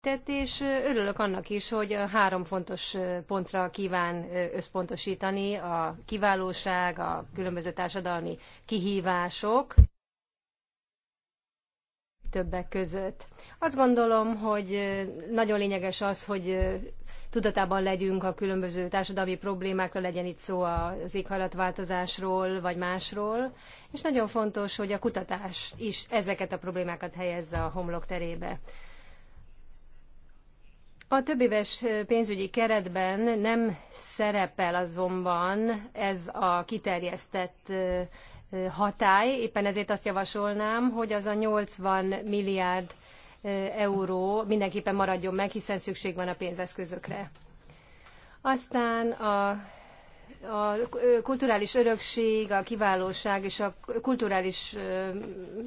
tett, és örülök annak is, hogy három fontos pontra kíván összpontosítani a kiválóság, a különböző társadalmi kihívások többek között. Azt gondolom, hogy nagyon lényeges az, hogy tudatában legyünk a különböző társadalmi problémákra, legyen itt szó az éghajlatváltozásról vagy másról, és nagyon fontos, hogy a kutatás is ezeket a problémákat helyezze a homlok terébe. A többéves pénzügyi keretben nem szerepel azonban ez a kiterjesztett hatály, éppen ezért azt javasolnám, hogy az a 80 milliárd euró mindenképpen maradjon meg, hiszen szükség van a pénzeszközökre. Aztán a, a kulturális örökség, a kiválóság és a kulturális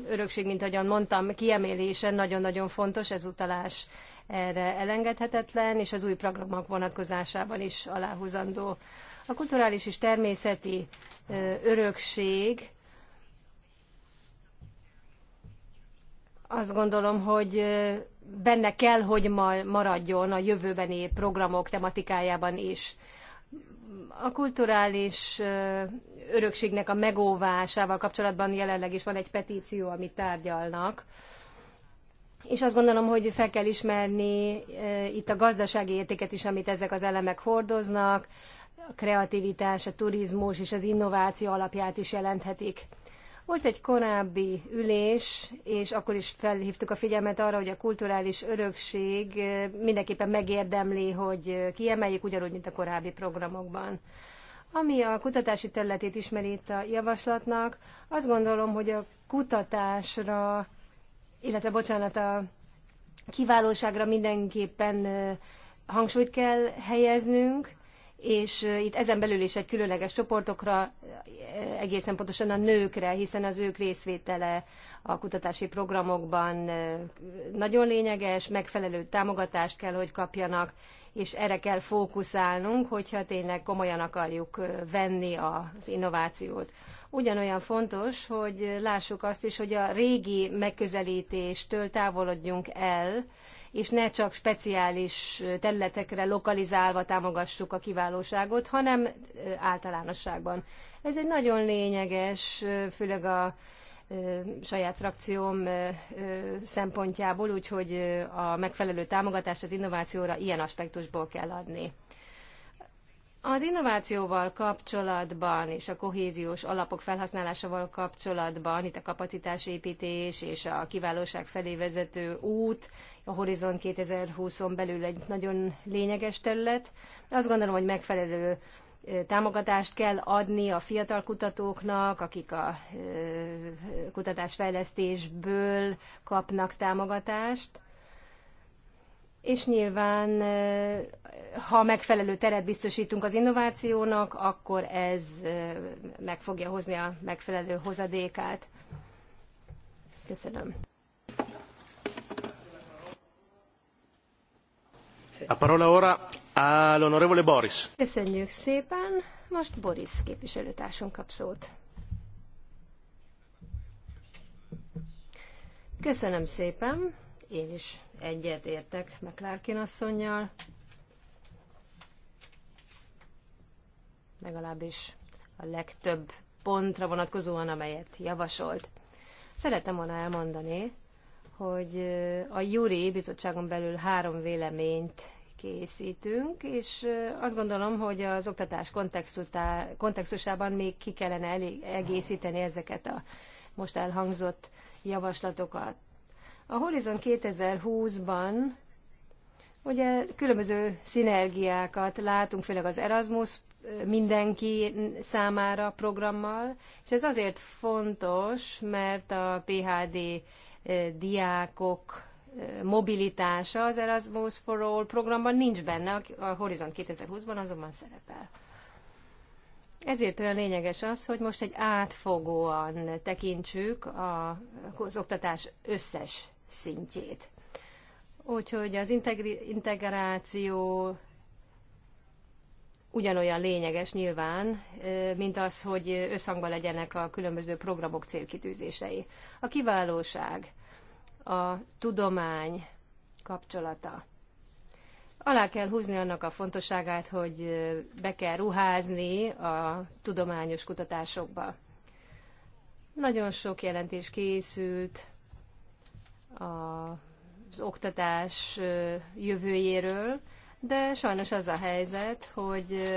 örökség, mint ahogyan mondtam, kiemelése nagyon-nagyon fontos, ez utalás erre elengedhetetlen, és az új programok vonatkozásában is aláhúzandó. A kulturális és természeti örökség azt gondolom, hogy benne kell, hogy maradjon a jövőbeni programok tematikájában is. A kulturális örökségnek a megóvásával kapcsolatban jelenleg is van egy petíció, amit tárgyalnak és azt gondolom, hogy fel kell ismerni e, itt a gazdasági értéket is, amit ezek az elemek hordoznak, a kreativitás, a turizmus és az innováció alapját is jelenthetik. Volt egy korábbi ülés, és akkor is felhívtuk a figyelmet arra, hogy a kulturális örökség e, mindenképpen megérdemli, hogy kiemeljük, ugyanúgy, mint a korábbi programokban. Ami a kutatási területét ismeri itt a javaslatnak, azt gondolom, hogy a kutatásra illetve bocsánat, a kiválóságra mindenképpen hangsúlyt kell helyeznünk, és itt ezen belül is egy különleges csoportokra, egészen pontosan a nőkre, hiszen az ők részvétele a kutatási programokban nagyon lényeges, megfelelő támogatást kell, hogy kapjanak, és erre kell fókuszálnunk, hogyha tényleg komolyan akarjuk venni az innovációt ugyanolyan fontos, hogy lássuk azt is, hogy a régi megközelítéstől távolodjunk el, és ne csak speciális területekre lokalizálva támogassuk a kiválóságot, hanem általánosságban. Ez egy nagyon lényeges, főleg a saját frakcióm szempontjából, úgyhogy a megfelelő támogatást az innovációra ilyen aspektusból kell adni. Az innovációval kapcsolatban és a kohéziós alapok felhasználásával kapcsolatban, itt a kapacitásépítés és a kiválóság felé vezető út, a Horizon 2020-on belül egy nagyon lényeges terület. Azt gondolom, hogy megfelelő támogatást kell adni a fiatal kutatóknak, akik a kutatásfejlesztésből kapnak támogatást és nyilván, ha megfelelő teret biztosítunk az innovációnak, akkor ez meg fogja hozni a megfelelő hozadékát. Köszönöm. A parola ora all'onorevole Boris. Köszönjük szépen. Most Boris képviselőtársunk kap szót. Köszönöm szépen. Én is egyet értek McLarkin asszonynal. Legalábbis a legtöbb pontra vonatkozóan, amelyet javasolt. Szeretem volna elmondani, hogy a Júri bizottságon belül három véleményt készítünk, és azt gondolom, hogy az oktatás kontextusában még ki kellene elég, egészíteni ezeket a most elhangzott javaslatokat. A Horizon 2020-ban ugye különböző szinergiákat látunk, főleg az Erasmus mindenki számára programmal, és ez azért fontos, mert a PHD diákok mobilitása az Erasmus for All programban nincs benne, a Horizon 2020-ban azonban szerepel. Ezért olyan lényeges az, hogy most egy átfogóan tekintsük az oktatás összes szintjét. Úgyhogy az integráció ugyanolyan lényeges nyilván, mint az, hogy összhangban legyenek a különböző programok célkitűzései. A kiválóság, a tudomány kapcsolata. Alá kell húzni annak a fontosságát, hogy be kell ruházni a tudományos kutatásokba. Nagyon sok jelentés készült az oktatás jövőjéről, de sajnos az a helyzet, hogy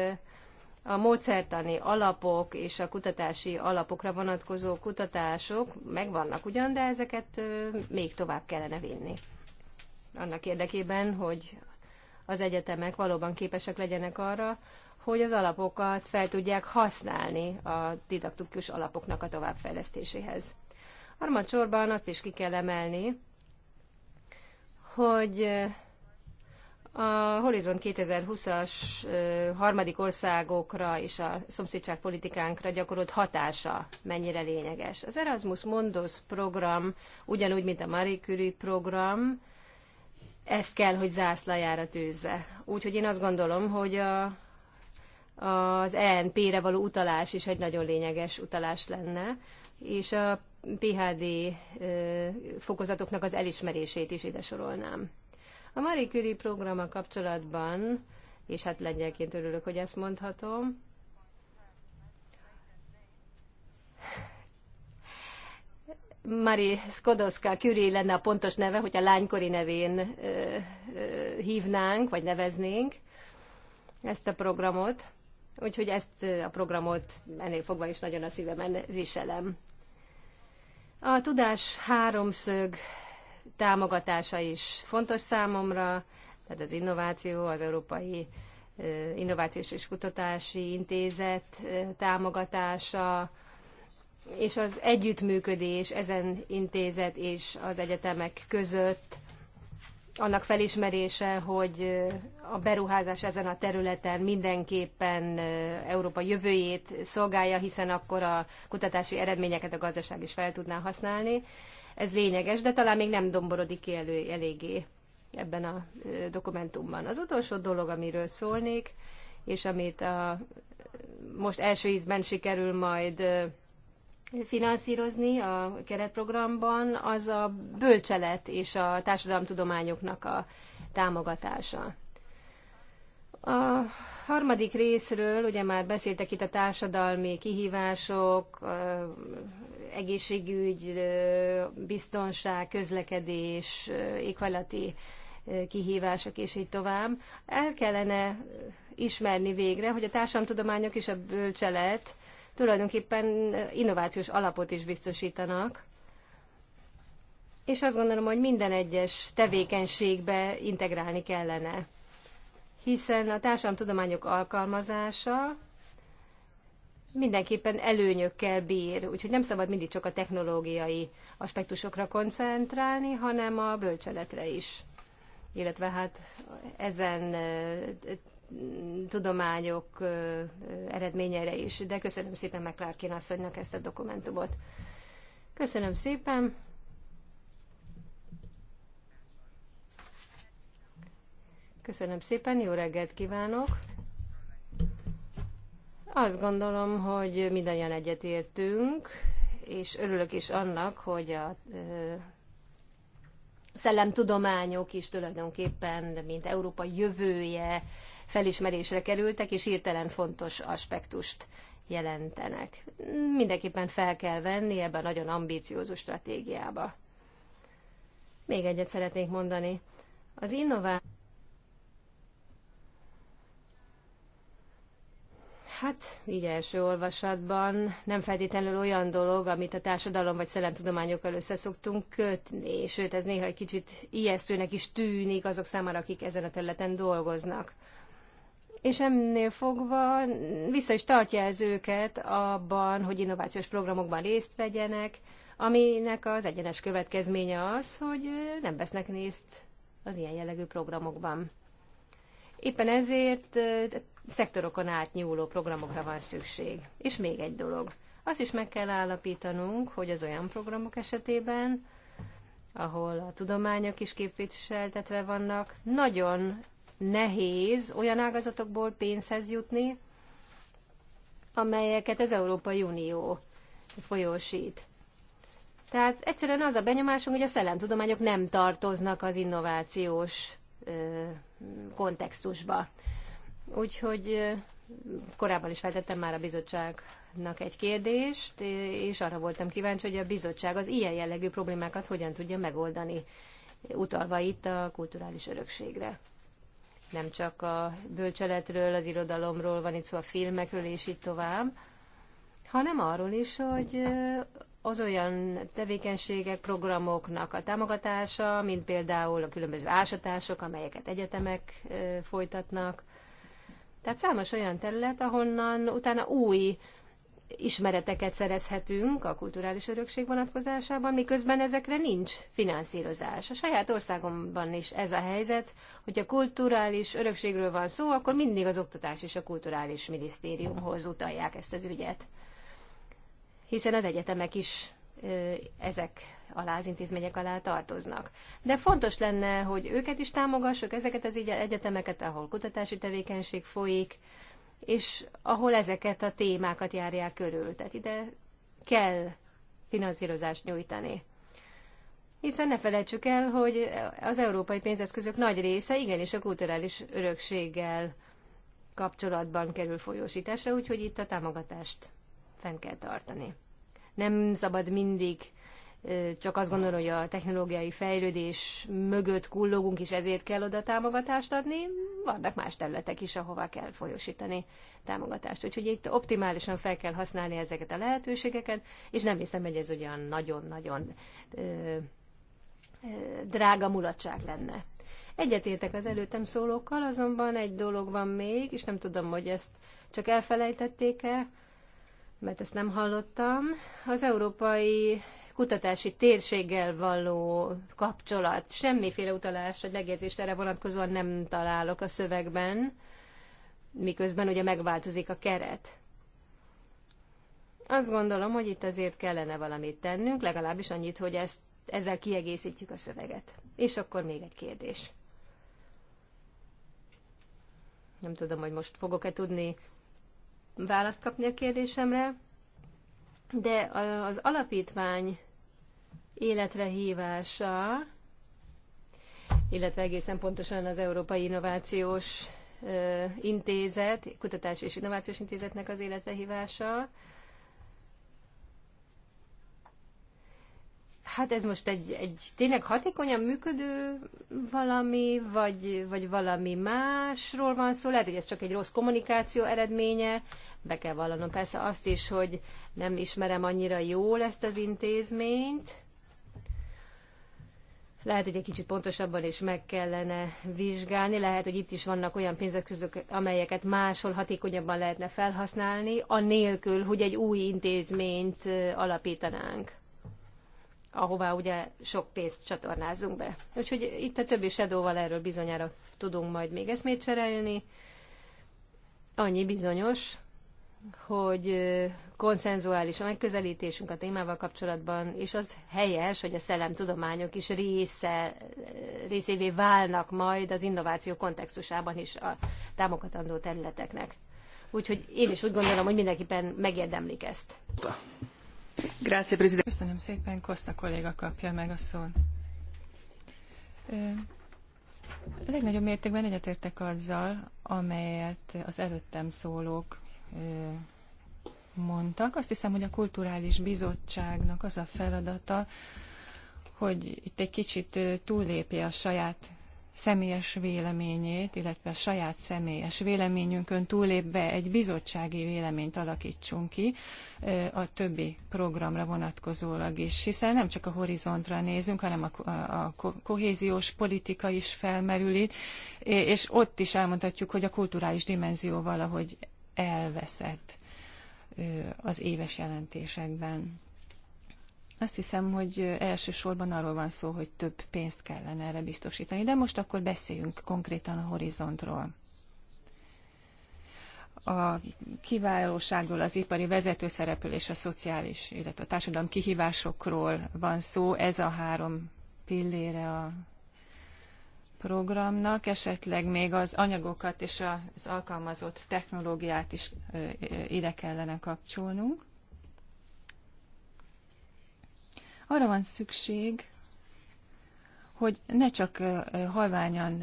a módszertani alapok és a kutatási alapokra vonatkozó kutatások megvannak ugyan, de ezeket még tovább kellene vinni. Annak érdekében, hogy az egyetemek valóban képesek legyenek arra, hogy az alapokat fel tudják használni a didaktikus alapoknak a továbbfejlesztéséhez. Harmadsorban azt is ki kell emelni, hogy a Horizont 2020-as harmadik országokra és a szomszédságpolitikánkra gyakorolt hatása mennyire lényeges. Az Erasmus Mondos program, ugyanúgy, mint a Marie Curie program, ezt kell, hogy zászlajára tűzze. Úgyhogy én azt gondolom, hogy a, az ENP-re való utalás is egy nagyon lényeges utalás lenne, és a PHD fokozatoknak az elismerését is ide sorolnám. A Marie Curie programmal kapcsolatban, és hát lengyelként örülök, hogy ezt mondhatom, Mari Skodoska Curie lenne a pontos neve, hogy a lánykori nevén ö, ö, hívnánk, vagy neveznénk ezt a programot. Úgyhogy ezt a programot ennél fogva is nagyon a szívemen viselem. A tudás háromszög támogatása is fontos számomra, tehát az innováció, az Európai Innovációs és Kutatási Intézet támogatása, és az együttműködés ezen intézet és az egyetemek között annak felismerése, hogy a beruházás ezen a területen mindenképpen Európa jövőjét szolgálja, hiszen akkor a kutatási eredményeket a gazdaság is fel tudná használni. Ez lényeges, de talán még nem domborodik ki elő eléggé ebben a dokumentumban. Az utolsó dolog, amiről szólnék, és amit a, most első ízben sikerül majd finanszírozni a keretprogramban, az a bölcselet és a társadalomtudományoknak a támogatása. A harmadik részről ugye már beszéltek itt a társadalmi kihívások, egészségügy, biztonság, közlekedés, éghajlati kihívások, és így tovább. El kellene ismerni végre, hogy a társadalomtudományok és a bölcselet tulajdonképpen innovációs alapot is biztosítanak. És azt gondolom, hogy minden egyes tevékenységbe integrálni kellene. Hiszen a társadalomtudományok alkalmazása mindenképpen előnyökkel bír, úgyhogy nem szabad mindig csak a technológiai aspektusokra koncentrálni, hanem a bölcseletre is illetve hát ezen tudományok eredményeire is. De köszönöm szépen McClarkin asszonynak ezt a dokumentumot. Köszönöm szépen. Köszönöm szépen, jó reggelt kívánok! Azt gondolom, hogy mindannyian egyetértünk, és örülök is annak, hogy a szellemtudományok is tulajdonképpen, mint Európa jövője felismerésre kerültek, és hirtelen fontos aspektust jelentenek. Mindenképpen fel kell venni ebben a nagyon ambíciózus stratégiába. Még egyet szeretnék mondani. Az innováció Hát, így első olvasatban nem feltétlenül olyan dolog, amit a társadalom vagy szellemtudományokkal össze szoktunk kötni, sőt, ez néha egy kicsit ijesztőnek is tűnik azok számára, akik ezen a területen dolgoznak és ennél fogva vissza is tartja ez őket abban, hogy innovációs programokban részt vegyenek, aminek az egyenes következménye az, hogy nem vesznek részt az ilyen jellegű programokban. Éppen ezért szektorokon átnyúló programokra van szükség. És még egy dolog. Azt is meg kell állapítanunk, hogy az olyan programok esetében, ahol a tudományok is képviseltetve vannak, nagyon nehéz olyan ágazatokból pénzhez jutni, amelyeket az Európai Unió folyósít. Tehát egyszerűen az a benyomásunk, hogy a szellemtudományok nem tartoznak az innovációs ö, kontextusba. Úgyhogy ö, korábban is feltettem már a bizottságnak egy kérdést, és arra voltam kíváncsi, hogy a bizottság az ilyen jellegű problémákat hogyan tudja megoldani, utalva itt a kulturális örökségre nem csak a bölcseletről, az irodalomról van itt szó, a filmekről és így tovább, hanem arról is, hogy az olyan tevékenységek, programoknak a támogatása, mint például a különböző ásatások, amelyeket egyetemek folytatnak. Tehát számos olyan terület, ahonnan utána új ismereteket szerezhetünk a kulturális örökség vonatkozásában, miközben ezekre nincs finanszírozás. A saját országomban is ez a helyzet, hogy a kulturális örökségről van szó, akkor mindig az oktatás és a kulturális minisztériumhoz utalják ezt az ügyet. Hiszen az egyetemek is ezek alá az intézmények alá tartoznak. De fontos lenne, hogy őket is támogassuk, ezeket az egyetemeket, ahol kutatási tevékenység folyik, és ahol ezeket a témákat járják körül. Tehát ide kell finanszírozást nyújtani. Hiszen ne felejtsük el, hogy az európai pénzeszközök nagy része igenis a kulturális örökséggel kapcsolatban kerül folyósításra, úgyhogy itt a támogatást fenn kell tartani. Nem szabad mindig csak azt gondolom, hogy a technológiai fejlődés mögött kullogunk, és ezért kell oda támogatást adni. Vannak más területek is, ahová kell folyosítani támogatást. Úgyhogy itt optimálisan fel kell használni ezeket a lehetőségeket, és nem hiszem, hogy ez olyan nagyon-nagyon drága mulatság lenne. Egyetértek az előttem szólókkal, azonban egy dolog van még, és nem tudom, hogy ezt csak elfelejtették-e, mert ezt nem hallottam. Az európai kutatási térséggel való kapcsolat. Semmiféle utalás vagy megjegyzést erre vonatkozóan nem találok a szövegben, miközben ugye megváltozik a keret. Azt gondolom, hogy itt azért kellene valamit tennünk, legalábbis annyit, hogy ezt, ezzel kiegészítjük a szöveget. És akkor még egy kérdés. Nem tudom, hogy most fogok-e tudni választ kapni a kérdésemre de az alapítvány életre hívása, illetve egészen pontosan az Európai Innovációs Intézet, Kutatás és Innovációs Intézetnek az életre hívása, hát ez most egy, egy tényleg hatékonyan működő valami, vagy, vagy valami másról van szó, lehet, hogy ez csak egy rossz kommunikáció eredménye, be kell vallanom persze azt is, hogy nem ismerem annyira jól ezt az intézményt, lehet, hogy egy kicsit pontosabban is meg kellene vizsgálni, lehet, hogy itt is vannak olyan pénzeszközök, amelyeket máshol hatékonyabban lehetne felhasználni, anélkül, hogy egy új intézményt alapítanánk ahová ugye sok pénzt csatornázunk be. Úgyhogy itt a többi sedóval erről bizonyára tudunk majd még eszmét cserélni. Annyi bizonyos, hogy konszenzuális a megközelítésünk a témával kapcsolatban, és az helyes, hogy a szellemtudományok is része, részévé válnak majd az innováció kontextusában is a támogatandó területeknek. Úgyhogy én is úgy gondolom, hogy mindenképpen megérdemlik ezt. Grazie, Presidente. Köszönöm szépen, Kosta kolléga kapja meg a szót. A legnagyobb mértékben egyetértek azzal, amelyet az előttem szólók mondtak. Azt hiszem, hogy a kulturális bizottságnak az a feladata, hogy itt egy kicsit túllépje a saját személyes véleményét, illetve a saját személyes véleményünkön túlépve egy bizottsági véleményt alakítsunk ki a többi programra vonatkozólag is, hiszen nem csak a horizontra nézünk, hanem a, a kohéziós politika is felmerül itt, és ott is elmondhatjuk, hogy a kulturális dimenzió valahogy elveszett az éves jelentésekben. Azt hiszem, hogy elsősorban arról van szó, hogy több pénzt kellene erre biztosítani, de most akkor beszéljünk konkrétan a horizontról. A kiválóságról, az ipari vezetőszerepről és a szociális, illetve a társadalom kihívásokról van szó. Ez a három pillére a programnak, esetleg még az anyagokat és az alkalmazott technológiát is ide kellene kapcsolnunk. Arra van szükség, hogy ne csak halványan,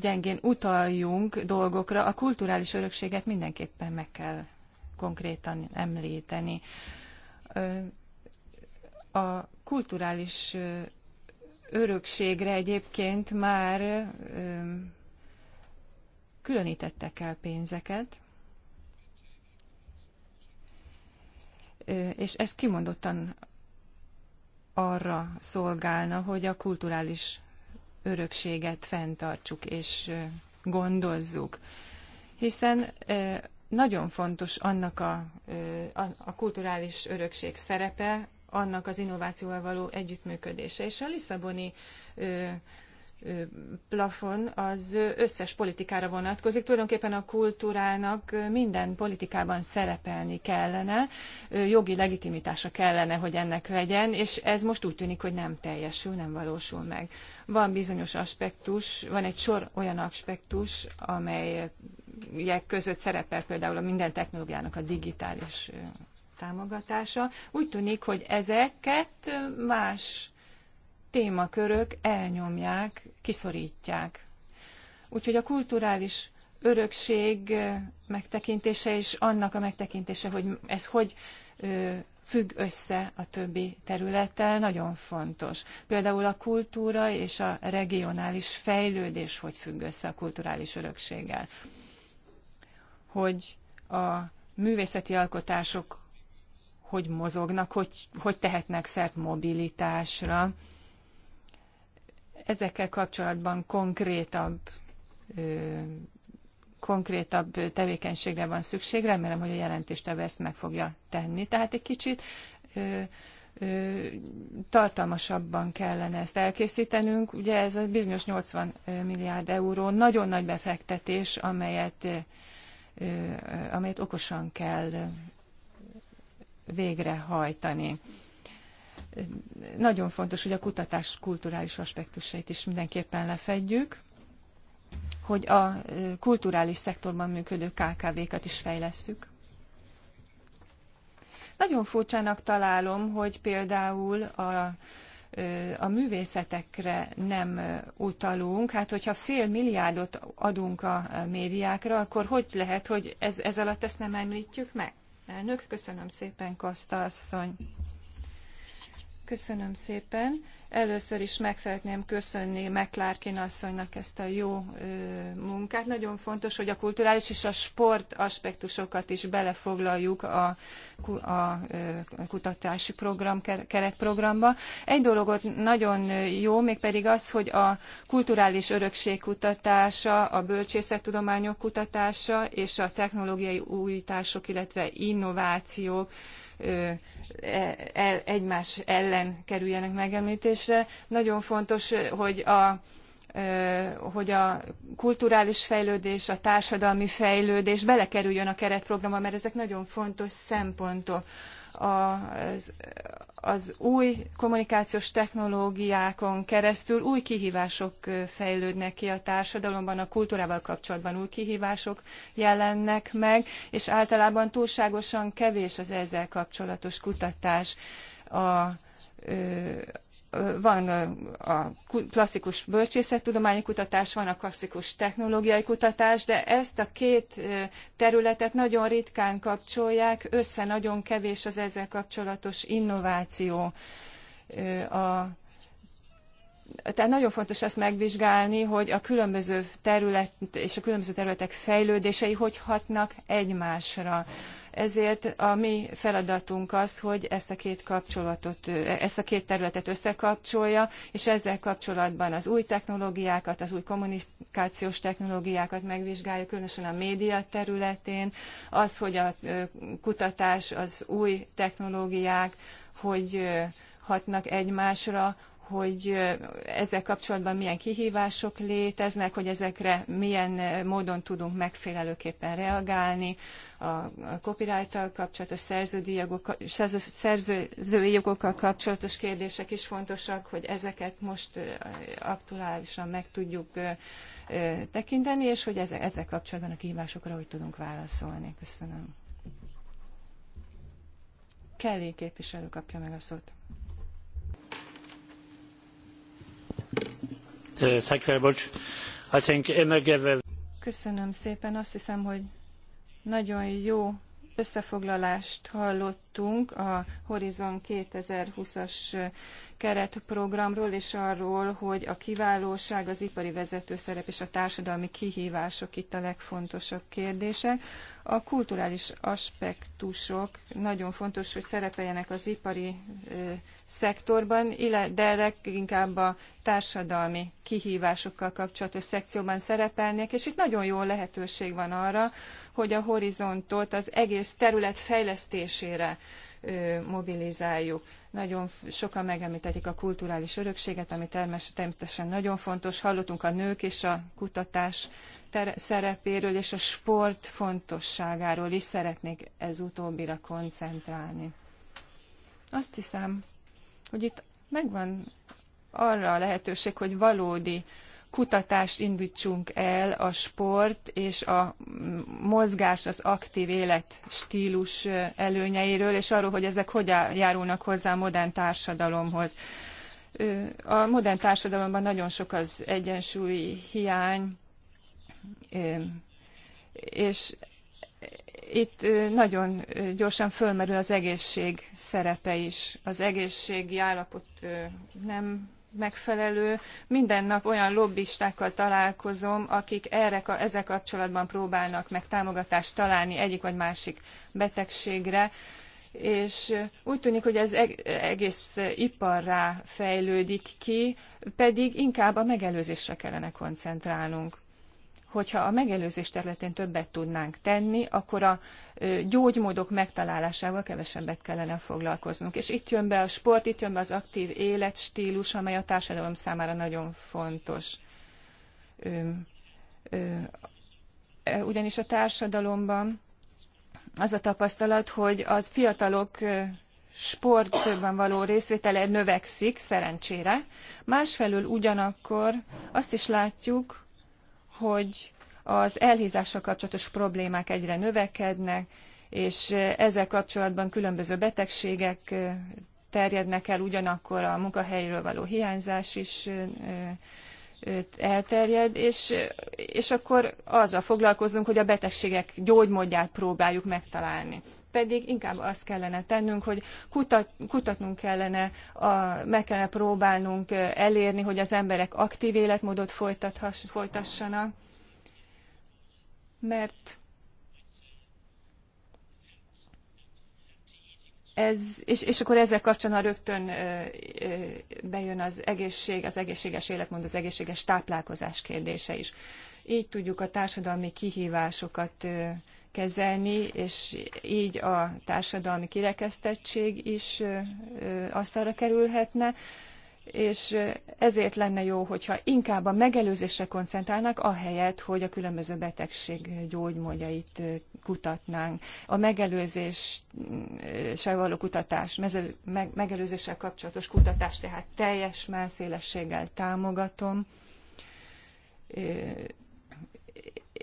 gyengén utaljunk dolgokra, a kulturális örökséget mindenképpen meg kell konkrétan említeni. A kulturális örökségre egyébként már különítettek el pénzeket, és ez kimondottan arra szolgálna, hogy a kulturális örökséget fenntartsuk és gondozzuk. Hiszen nagyon fontos annak a, a, kulturális örökség szerepe, annak az innovációval való együttműködése. És a Lisszaboni plafon az összes politikára vonatkozik. Tulajdonképpen a kultúrának minden politikában szerepelni kellene, jogi legitimitása kellene, hogy ennek legyen, és ez most úgy tűnik, hogy nem teljesül, nem valósul meg. Van bizonyos aspektus, van egy sor olyan aspektus, amelyek között szerepel például a minden technológiának a digitális támogatása. Úgy tűnik, hogy ezeket más témakörök elnyomják, kiszorítják. Úgyhogy a kulturális örökség megtekintése és annak a megtekintése, hogy ez hogy függ össze a többi területtel, nagyon fontos. Például a kultúra és a regionális fejlődés hogy függ össze a kulturális örökséggel. Hogy a művészeti alkotások hogy mozognak, hogy, hogy tehetnek szert mobilitásra, ezekkel kapcsolatban konkrétabb konkrétabb tevékenységre van szükség. Remélem, hogy a jelentéstevő ezt meg fogja tenni. Tehát egy kicsit ö, ö, tartalmasabban kellene ezt elkészítenünk. Ugye ez a bizonyos 80 milliárd euró nagyon nagy befektetés, amelyet, ö, amelyet okosan kell végrehajtani nagyon fontos, hogy a kutatás kulturális aspektusait is mindenképpen lefedjük, hogy a kulturális szektorban működő KKV-kat is fejlesszük. Nagyon furcsának találom, hogy például a, a művészetekre nem utalunk. Hát, hogyha fél milliárdot adunk a médiákra, akkor hogy lehet, hogy ez, ez alatt ezt nem említjük meg? Elnök, köszönöm szépen, Kosta asszony. Köszönöm szépen. Először is meg szeretném köszönni McClarkin asszonynak ezt a jó ö, munkát. Nagyon fontos, hogy a kulturális és a sport aspektusokat is belefoglaljuk a, a ö, kutatási program, keretprogramba. Egy dologot nagyon jó, mégpedig az, hogy a kulturális örökség kutatása, a bölcsészettudományok kutatása és a technológiai újítások, illetve innovációk, E, e, egymás ellen kerüljenek megemlítésre. Nagyon fontos, hogy a hogy a kulturális fejlődés, a társadalmi fejlődés belekerüljön a keretprogramba, mert ezek nagyon fontos szempontok az, az új kommunikációs technológiákon keresztül új kihívások fejlődnek ki a társadalomban, a kultúrával kapcsolatban új kihívások jelennek meg, és általában túlságosan kevés az ezzel kapcsolatos kutatás a van a klasszikus bölcsészettudományi kutatás, van a klasszikus technológiai kutatás, de ezt a két területet nagyon ritkán kapcsolják össze, nagyon kevés az ezzel kapcsolatos innováció. A tehát nagyon fontos azt megvizsgálni, hogy a különböző terület és a különböző területek fejlődései hogy hatnak egymásra. Ezért a mi feladatunk az, hogy ezt a két kapcsolatot, ezt a két területet összekapcsolja, és ezzel kapcsolatban az új technológiákat, az új kommunikációs technológiákat megvizsgálja, különösen a média területén, az, hogy a kutatás, az új technológiák, hogy hatnak egymásra, hogy ezzel kapcsolatban milyen kihívások léteznek, hogy ezekre milyen módon tudunk megfelelőképpen reagálni, a copyright-tal kapcsolatos szerzői jogokkal kapcsolatos kérdések is fontosak, hogy ezeket most aktuálisan meg tudjuk tekinteni, és hogy ezzel kapcsolatban a kihívásokra hogy tudunk válaszolni. Köszönöm. Kelly képviselő kapja meg a szót. Uh, Köszönöm szépen. Azt hiszem, hogy nagyon jó összefoglalást hallottunk a Horizon 2020-as uh, keretprogramról, és arról, hogy a kiválóság, az ipari vezetőszerep és a társadalmi kihívások itt a legfontosabb kérdések. A kulturális aspektusok nagyon fontos, hogy szerepeljenek az ipari szektorban, de leginkább a társadalmi kihívásokkal kapcsolatos szekcióban szerepelnek, és itt nagyon jó lehetőség van arra, hogy a horizontot az egész terület fejlesztésére mobilizáljuk nagyon sokan megemlítették a kulturális örökséget, ami természetesen nagyon fontos. Hallottunk a nők és a kutatás szerepéről és a sport fontosságáról is szeretnék ez utóbbira koncentrálni. Azt hiszem, hogy itt megvan arra a lehetőség, hogy valódi kutatást indítsunk el a sport és a mozgás, az aktív életstílus előnyeiről, és arról, hogy ezek hogyan járulnak hozzá a modern társadalomhoz. A modern társadalomban nagyon sok az egyensúly hiány, és itt nagyon gyorsan fölmerül az egészség szerepe is. Az egészségi állapot nem megfelelő. Minden nap olyan lobbistákkal találkozom, akik erre, ezzel kapcsolatban próbálnak meg támogatást találni egyik vagy másik betegségre és úgy tűnik, hogy ez egész iparrá fejlődik ki, pedig inkább a megelőzésre kellene koncentrálnunk hogyha a megelőzés területén többet tudnánk tenni, akkor a gyógymódok megtalálásával kevesebbet kellene foglalkoznunk. És itt jön be a sport, itt jön be az aktív életstílus, amely a társadalom számára nagyon fontos. E, ugyanis a társadalomban az a tapasztalat, hogy az fiatalok sportban való részvétele növekszik, szerencsére. Másfelől ugyanakkor azt is látjuk, hogy az elhízással kapcsolatos problémák egyre növekednek, és ezzel kapcsolatban különböző betegségek terjednek el, ugyanakkor a munkahelyről való hiányzás is elterjed, és, és akkor azzal foglalkozunk, hogy a betegségek gyógymódját próbáljuk megtalálni. Pedig inkább azt kellene tennünk, hogy kutat, kutatnunk kellene, a, meg kellene próbálnunk elérni, hogy az emberek aktív életmódot folytassanak, mert ez, és, és akkor ezzel kapcsolatban rögtön ö, ö, bejön az egészség, az egészséges életmód, az egészséges táplálkozás kérdése is. Így tudjuk a társadalmi kihívásokat ö, kezelni, és így a társadalmi kirekesztettség is ö, asztalra kerülhetne. Ö, és ezért lenne jó, hogyha inkább a megelőzésre koncentrálnak, ahelyett, hogy a különböző betegség gyógymódjait kutatnánk. A megelőzéssel való kutatás, megelőzéssel kapcsolatos kutatást tehát teljes melszélességgel támogatom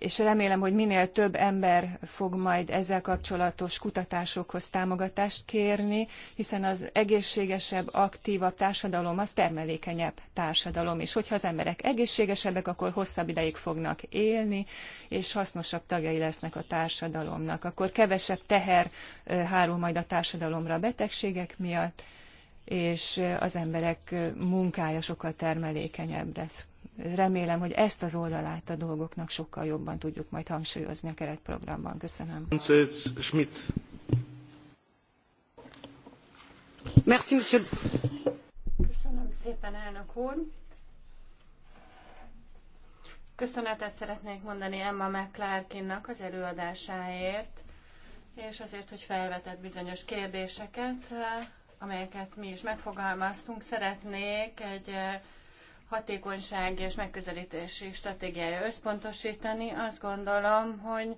és remélem, hogy minél több ember fog majd ezzel kapcsolatos kutatásokhoz támogatást kérni, hiszen az egészségesebb, aktívabb társadalom az termelékenyebb társadalom, és hogyha az emberek egészségesebbek, akkor hosszabb ideig fognak élni, és hasznosabb tagjai lesznek a társadalomnak. Akkor kevesebb teher hárul majd a társadalomra a betegségek miatt, és az emberek munkája sokkal termelékenyebb lesz remélem, hogy ezt az oldalát a dolgoknak sokkal jobban tudjuk majd hangsúlyozni a keretprogramban. Köszönöm. Schmidt. Merci, monsieur. Köszönöm szépen, elnök úr. Köszönetet szeretnék mondani Emma McClarkinnak az előadásáért, és azért, hogy felvetett bizonyos kérdéseket, amelyeket mi is megfogalmaztunk. Szeretnék egy hatékonyság és megközelítési stratégiája összpontosítani. Azt gondolom, hogy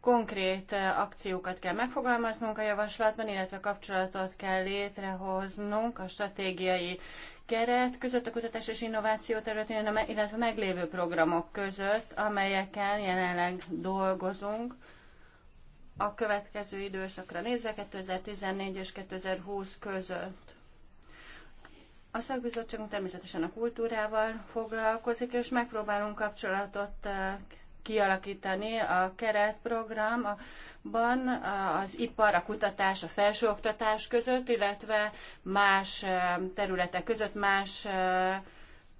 konkrét eh, akciókat kell megfogalmaznunk a javaslatban, illetve kapcsolatot kell létrehoznunk a stratégiai keret között a kutatás és innováció területén, illetve meglévő programok között, amelyeken jelenleg dolgozunk a következő időszakra nézve 2014 és 2020 között. A szakbizottságunk természetesen a kultúrával foglalkozik, és megpróbálunk kapcsolatot eh, kialakítani a keretprogramban eh, az ipar, a kutatás, a felsőoktatás között, illetve más eh, területek között, más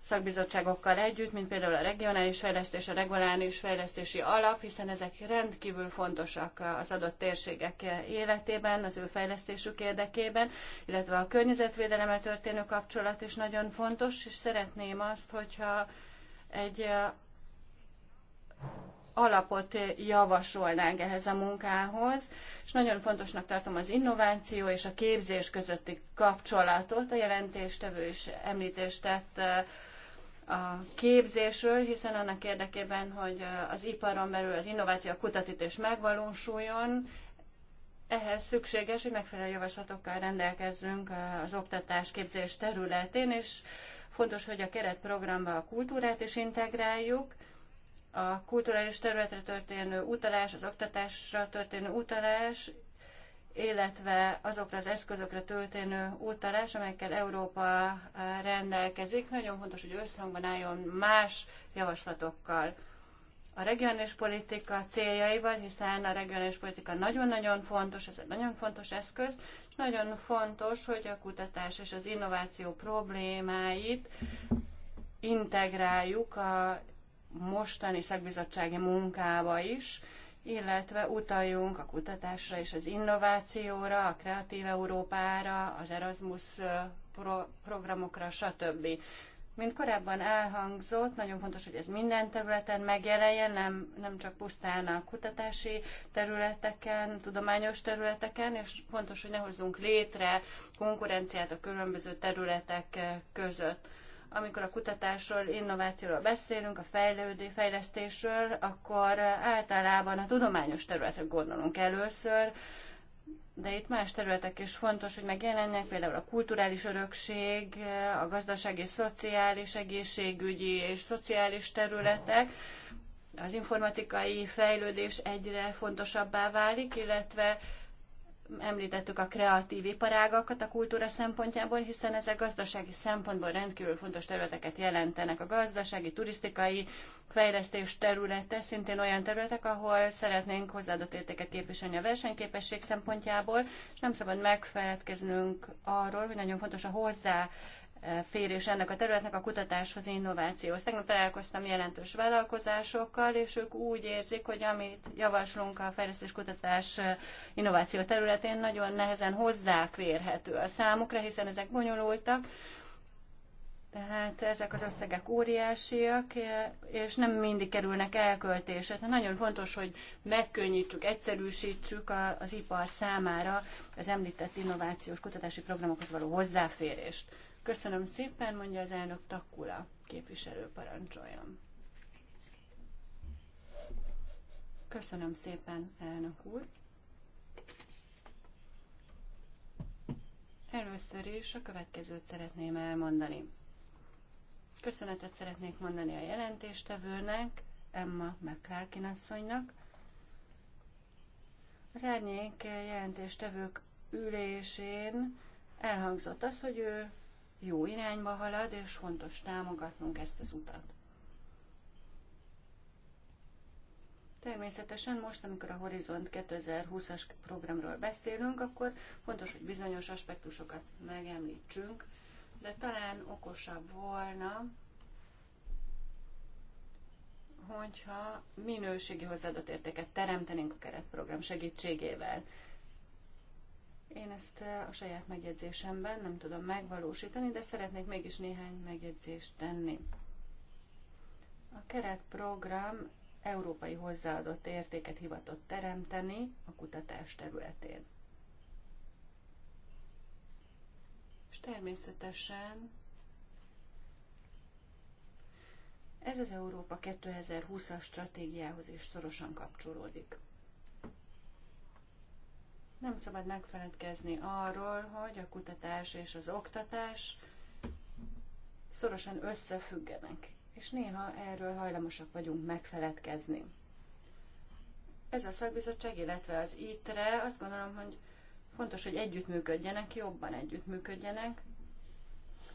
szakbizottságokkal együtt, mint például a regionális fejlesztés, a reguláris fejlesztési alap, hiszen ezek rendkívül fontosak az adott térségek életében, az ő fejlesztésük érdekében, illetve a környezetvédelemmel történő kapcsolat is nagyon fontos, és szeretném azt, hogyha egy alapot javasolnánk ehhez a munkához, és nagyon fontosnak tartom az innováció és a képzés közötti kapcsolatot. A jelentéstevő is említést tett a képzésről, hiszen annak érdekében, hogy az iparon belül az innováció, a kutatítás megvalósuljon, ehhez szükséges, hogy megfelelő javaslatokkal rendelkezzünk az oktatás képzés területén, és fontos, hogy a keretprogramba a kultúrát is integráljuk, a kulturális területre történő utalás, az oktatásra történő utalás illetve azokra az eszközökre történő utalás, amelyekkel Európa eh, rendelkezik. Nagyon fontos, hogy összhangban álljon más javaslatokkal a regionális politika céljaival, hiszen a regionális politika nagyon-nagyon fontos, ez egy nagyon fontos eszköz, és nagyon fontos, hogy a kutatás és az innováció problémáit integráljuk a mostani szakbizottsági munkába is, illetve utaljunk a kutatásra és az innovációra, a Kreatív Európára, az Erasmus pro- programokra, stb. Mint korábban elhangzott, nagyon fontos, hogy ez minden területen megjelenjen, nem, nem csak pusztán a kutatási területeken, tudományos területeken, és fontos, hogy ne hozzunk létre konkurenciát a különböző területek között amikor a kutatásról, innovációról beszélünk, a fejlődő fejlesztésről, akkor általában a tudományos területre gondolunk először, de itt más területek is fontos, hogy megjelenjenek, például a kulturális örökség, a gazdasági, és szociális, egészségügyi és szociális területek. Az informatikai fejlődés egyre fontosabbá válik, illetve említettük a kreatív iparágakat a kultúra szempontjából, hiszen ezek gazdasági szempontból rendkívül fontos területeket jelentenek. A gazdasági, turisztikai fejlesztés területe szintén olyan területek, ahol szeretnénk hozzáadott értéket képviselni a versenyképesség szempontjából, és nem szabad megfeledkeznünk arról, hogy nagyon fontos a hozzá hozzáférés ennek a területnek a kutatáshoz, innovációhoz. Tegnap találkoztam jelentős vállalkozásokkal, és ők úgy érzik, hogy amit javaslunk a fejlesztés kutatás innováció területén, nagyon nehezen hozzáférhető a számukra, hiszen ezek bonyolultak, tehát ezek az összegek óriásiak, és nem mindig kerülnek elköltésre. Tehát nagyon fontos, hogy megkönnyítsük, egyszerűsítsük az ipar számára az említett innovációs kutatási programokhoz való hozzáférést. Köszönöm szépen, mondja az elnök Takula képviselő parancsoljon. Köszönöm szépen, elnök úr. Először is a következőt szeretném elmondani. Köszönetet szeretnék mondani a jelentéstevőnek, Emma McClarkin asszonynak. Az árnyék jelentéstevők ülésén elhangzott az, hogy ő jó irányba halad, és fontos támogatnunk ezt az utat. Természetesen most, amikor a Horizont 2020-as programról beszélünk, akkor fontos, hogy bizonyos aspektusokat megemlítsünk, de talán okosabb volna, hogyha minőségi hozzáadott értéket teremtenénk a keretprogram segítségével. Én ezt eh, a saját megjegyzésemben nem tudom megvalósítani, de szeretnék mégis néhány megjegyzést tenni. A keretprogram európai hozzáadott értéket hivatott teremteni a kutatás területén. És természetesen ez az Európa 2020-as stratégiához is szorosan kapcsolódik. Nem szabad megfeledkezni arról, hogy a kutatás és az oktatás szorosan összefüggenek, és néha erről hajlamosak vagyunk megfeledkezni. Ez a szakbizottság, illetve az ITRE azt gondolom, hogy fontos, hogy együttműködjenek, jobban együttműködjenek.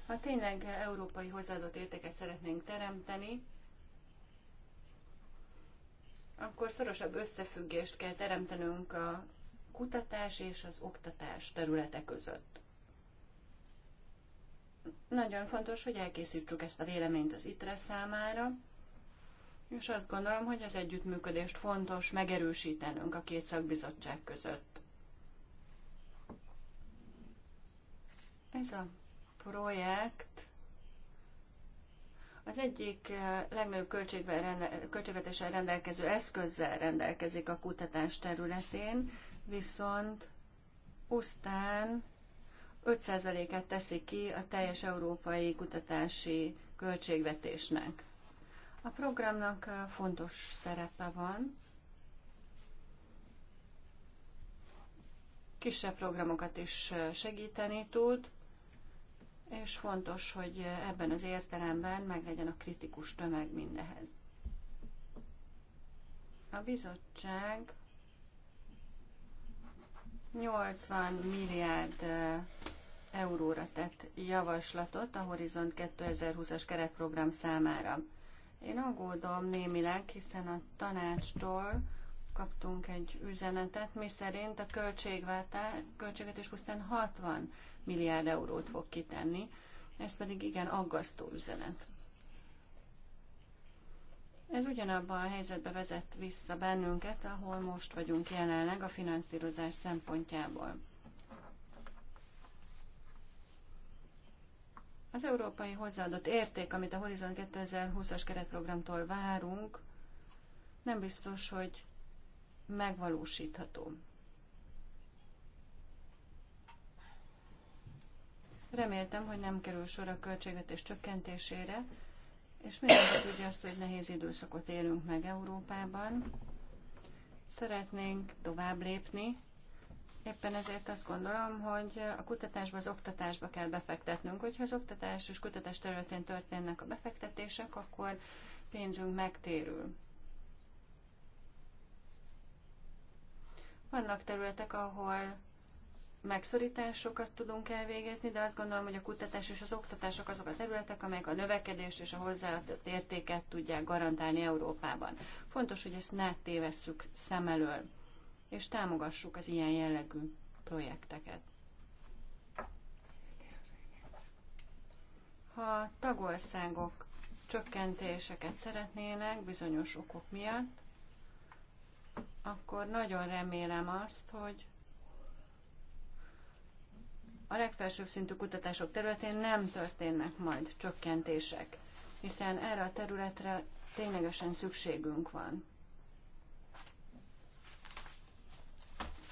Ha tényleg európai hozzáadott értéket szeretnénk teremteni, akkor szorosabb összefüggést kell teremtenünk a kutatás és az oktatás területe között. Nagyon fontos, hogy elkészítsük ezt a véleményt az ITRE számára, és azt gondolom, hogy az együttműködést fontos megerősítenünk a két szakbizottság között. Ez a projekt az egyik eh, legnagyobb költségvetéssel rendelkező eszközzel rendelkezik a kutatás területén, viszont pusztán 5 et teszi ki a teljes európai kutatási költségvetésnek. A programnak fontos szerepe van. Kisebb programokat is segíteni tud, és fontos, hogy ebben az értelemben meglegyen a kritikus tömeg mindehez. A bizottság 80 milliárd euróra tett javaslatot a Horizont 2020-as keretprogram számára. Én aggódom némileg, hiszen a tanácstól kaptunk egy üzenetet, mi szerint a is pusztán 60 milliárd eurót fog kitenni, ez pedig igen aggasztó üzenet. Ez ugyanabban a helyzetbe vezet vissza bennünket, ahol most vagyunk jelenleg a finanszírozás szempontjából. Az európai hozzáadott érték, amit a Horizon 2020-as keretprogramtól várunk, nem biztos, hogy megvalósítható. Reméltem, hogy nem kerül sor a költségvetés csökkentésére, és mindenki tudja azt, hogy nehéz időszakot élünk meg Európában. Szeretnénk tovább lépni, Éppen ezért azt gondolom, hogy a kutatásba, az oktatásba kell befektetnünk. Hogyha az oktatás és kutatás területén történnek a befektetések, akkor pénzünk megtérül. Vannak területek, ahol megszorításokat tudunk elvégezni, de azt gondolom, hogy a kutatás és az oktatások azok a területek, amelyek a növekedést és a hozzáadott értéket tudják garantálni Európában. Fontos, hogy ezt ne tévesszük szem elől, és támogassuk az ilyen jellegű projekteket. Ha tagországok csökkentéseket szeretnének bizonyos okok miatt, akkor nagyon remélem azt, hogy a legfelsőbb szintű kutatások területén nem történnek majd csökkentések, hiszen erre a területre ténylegesen szükségünk van.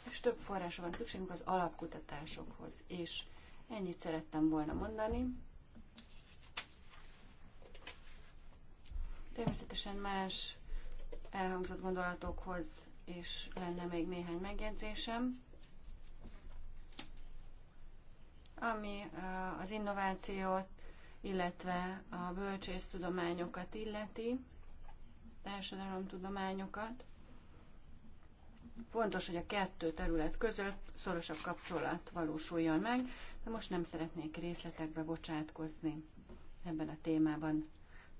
És több forrásra van szükségünk az alapkutatásokhoz is. Ennyit szerettem volna mondani. Természetesen más elhangzott gondolatokhoz is lenne még néhány megjegyzésem ami az innovációt, illetve a bölcsésztudományokat illeti, társadalomtudományokat. Fontos, hogy a kettő terület között szorosabb kapcsolat valósuljon meg, de most nem szeretnék részletekbe bocsátkozni ebben a témában.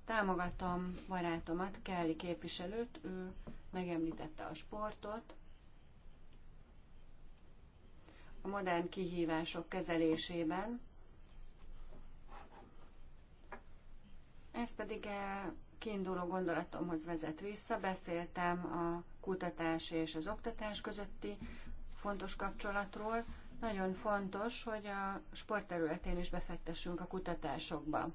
Támogatom barátomat, Kelly képviselőt, ő megemlítette a sportot, a modern kihívások kezelésében. Ez pedig a kiinduló gondolatomhoz vezet vissza. Beszéltem a kutatás és az oktatás közötti fontos kapcsolatról. Nagyon fontos, hogy a sportterületén is befektessünk a kutatásokba.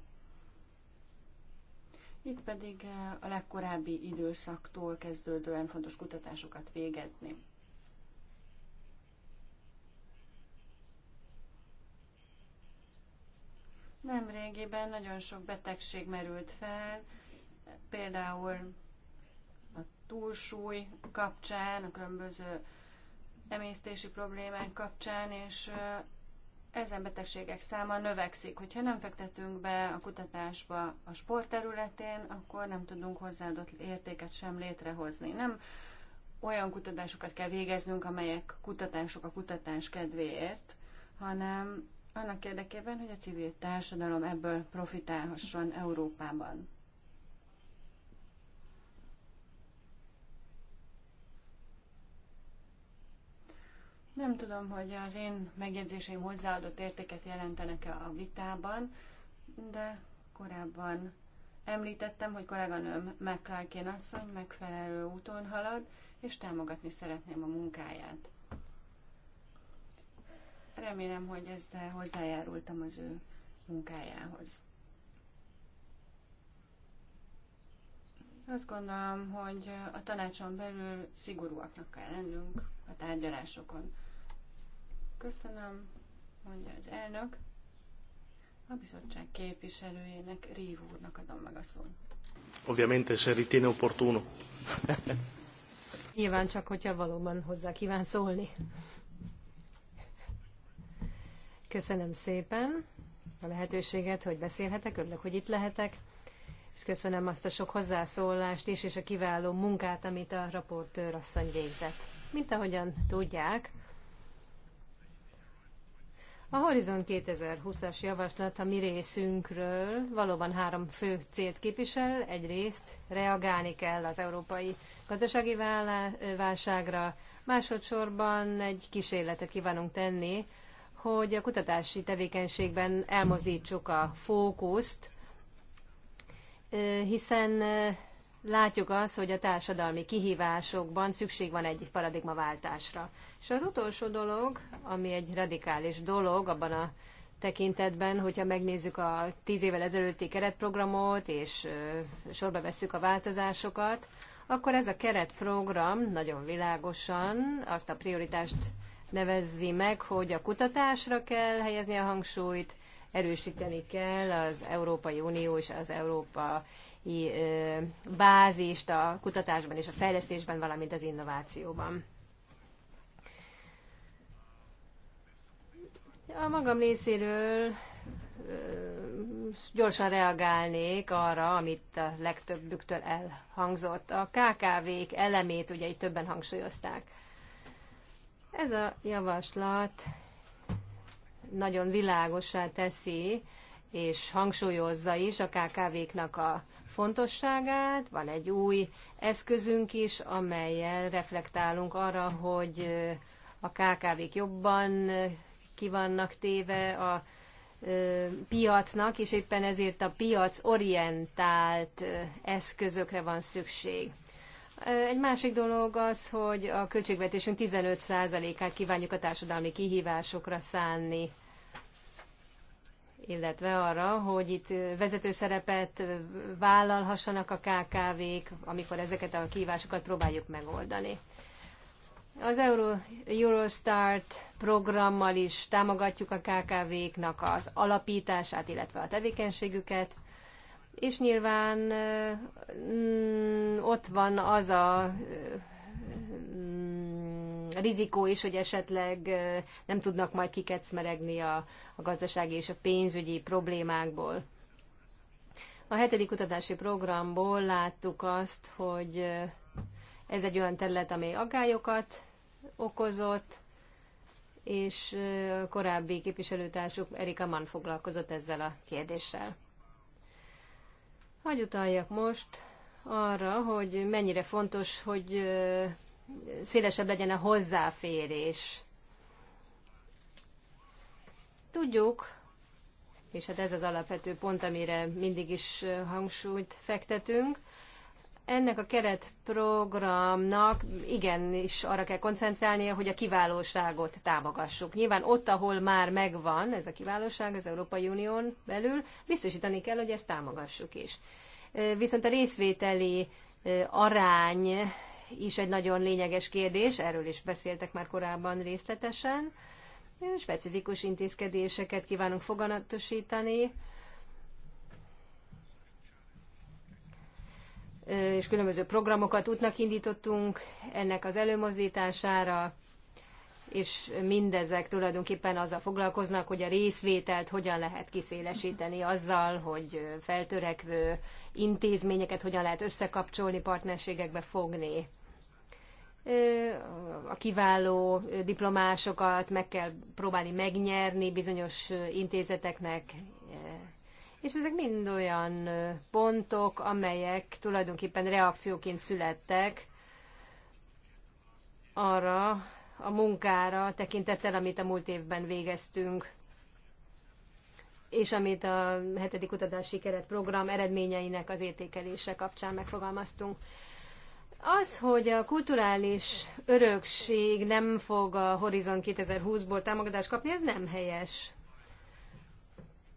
Itt pedig a legkorábbi időszaktól kezdődően fontos kutatásokat végezni. Nem régiben nagyon sok betegség merült fel, például a túlsúly kapcsán, a különböző emésztési problémák kapcsán, és ezen betegségek száma növekszik. Hogyha nem fektetünk be a kutatásba a sport területén, akkor nem tudunk hozzáadott értéket sem létrehozni. Nem olyan kutatásokat kell végeznünk, amelyek kutatások a kutatás kedvéért, hanem annak érdekében, hogy a civil társadalom ebből profitálhasson Európában. Nem tudom, hogy az én megjegyzéseim hozzáadott értéket jelentenek-e a vitában, de korábban említettem, hogy kolléganőm McClarkén asszony megfelelő úton halad, és támogatni szeretném a munkáját. Remélem, hogy ezzel hozzájárultam az ő munkájához. Azt gondolom, hogy a tanácson belül szigorúaknak kell lennünk a tárgyalásokon. Köszönöm, mondja az elnök. A bizottság képviselőjének, Rív úrnak adom meg a szót. Obviamente, se ritiene opportuno. Nyilván csak, hogyha valóban hozzá kíván szólni. Köszönöm szépen a lehetőséget, hogy beszélhetek, örülök, hogy itt lehetek, és köszönöm azt a sok hozzászólást is, és a kiváló munkát, amit a raportőr asszony végzett. Mint ahogyan tudják, a Horizon 2020-as javaslat a mi részünkről valóban három fő célt képvisel. Egyrészt reagálni kell az európai gazdasági válságra, másodszorban egy kísérletet kívánunk tenni hogy a kutatási tevékenységben elmozdítsuk a fókuszt, hiszen látjuk azt, hogy a társadalmi kihívásokban szükség van egy paradigmaváltásra. És az utolsó dolog, ami egy radikális dolog abban a tekintetben, hogyha megnézzük a tíz évvel ezelőtti keretprogramot, és sorba vesszük a változásokat, akkor ez a keretprogram nagyon világosan azt a prioritást nevezzi meg, hogy a kutatásra kell helyezni a hangsúlyt, erősíteni kell az Európai Unió és az európai bázist a kutatásban és a fejlesztésben, valamint az innovációban. A magam részéről gyorsan reagálnék arra, amit a legtöbbüktől elhangzott. A KKV-k elemét ugye itt többen hangsúlyozták. Ez a javaslat nagyon világosá teszi, és hangsúlyozza is a KKV-knak a fontosságát. Van egy új eszközünk is, amelyel reflektálunk arra, hogy a KKV-k jobban kivannak téve a piacnak, és éppen ezért a piac orientált eszközökre van szükség. Egy másik dolog az, hogy a költségvetésünk 15%-át kívánjuk a társadalmi kihívásokra szánni illetve arra, hogy itt vezető szerepet vállalhassanak a KKV-k, amikor ezeket a kihívásokat próbáljuk megoldani. Az Euro, Eurostart programmal is támogatjuk a KKV-knak az alapítását, illetve a tevékenységüket, és nyilván mm, ott van az a mm, rizikó is, hogy esetleg nem tudnak majd kikecmeregni a, a gazdasági és a pénzügyi problémákból. A hetedik kutatási programból láttuk azt, hogy ez egy olyan terület, amely aggályokat okozott, és korábbi képviselőtársuk Erika Mann foglalkozott ezzel a kérdéssel. Hogy utaljak most arra, hogy mennyire fontos, hogy szélesebb legyen a hozzáférés. Tudjuk, és hát ez az alapvető pont, amire mindig is hangsúlyt fektetünk, ennek a keretprogramnak igenis arra kell koncentrálnia, hogy a kiválóságot támogassuk. Nyilván ott, ahol már megvan ez a kiválóság az Európai Unión belül, biztosítani kell, hogy ezt támogassuk is. Viszont a részvételi arány is egy nagyon lényeges kérdés, erről is beszéltek már korábban részletesen. Specifikus intézkedéseket kívánunk foganatosítani és különböző programokat útnak indítottunk ennek az előmozdítására, és mindezek tulajdonképpen azzal foglalkoznak, hogy a részvételt hogyan lehet kiszélesíteni azzal, hogy feltörekvő intézményeket hogyan lehet összekapcsolni, partnerségekbe fogni. A kiváló diplomásokat meg kell próbálni megnyerni bizonyos intézeteknek, és ezek mind olyan pontok, amelyek tulajdonképpen reakcióként születtek arra a munkára tekintettel, amit a múlt évben végeztünk, és amit a hetedik kutatási keretprogram eredményeinek az értékelése kapcsán megfogalmaztunk. Az, hogy a kulturális örökség nem fog a Horizon 2020-ból támogatást kapni, ez nem helyes.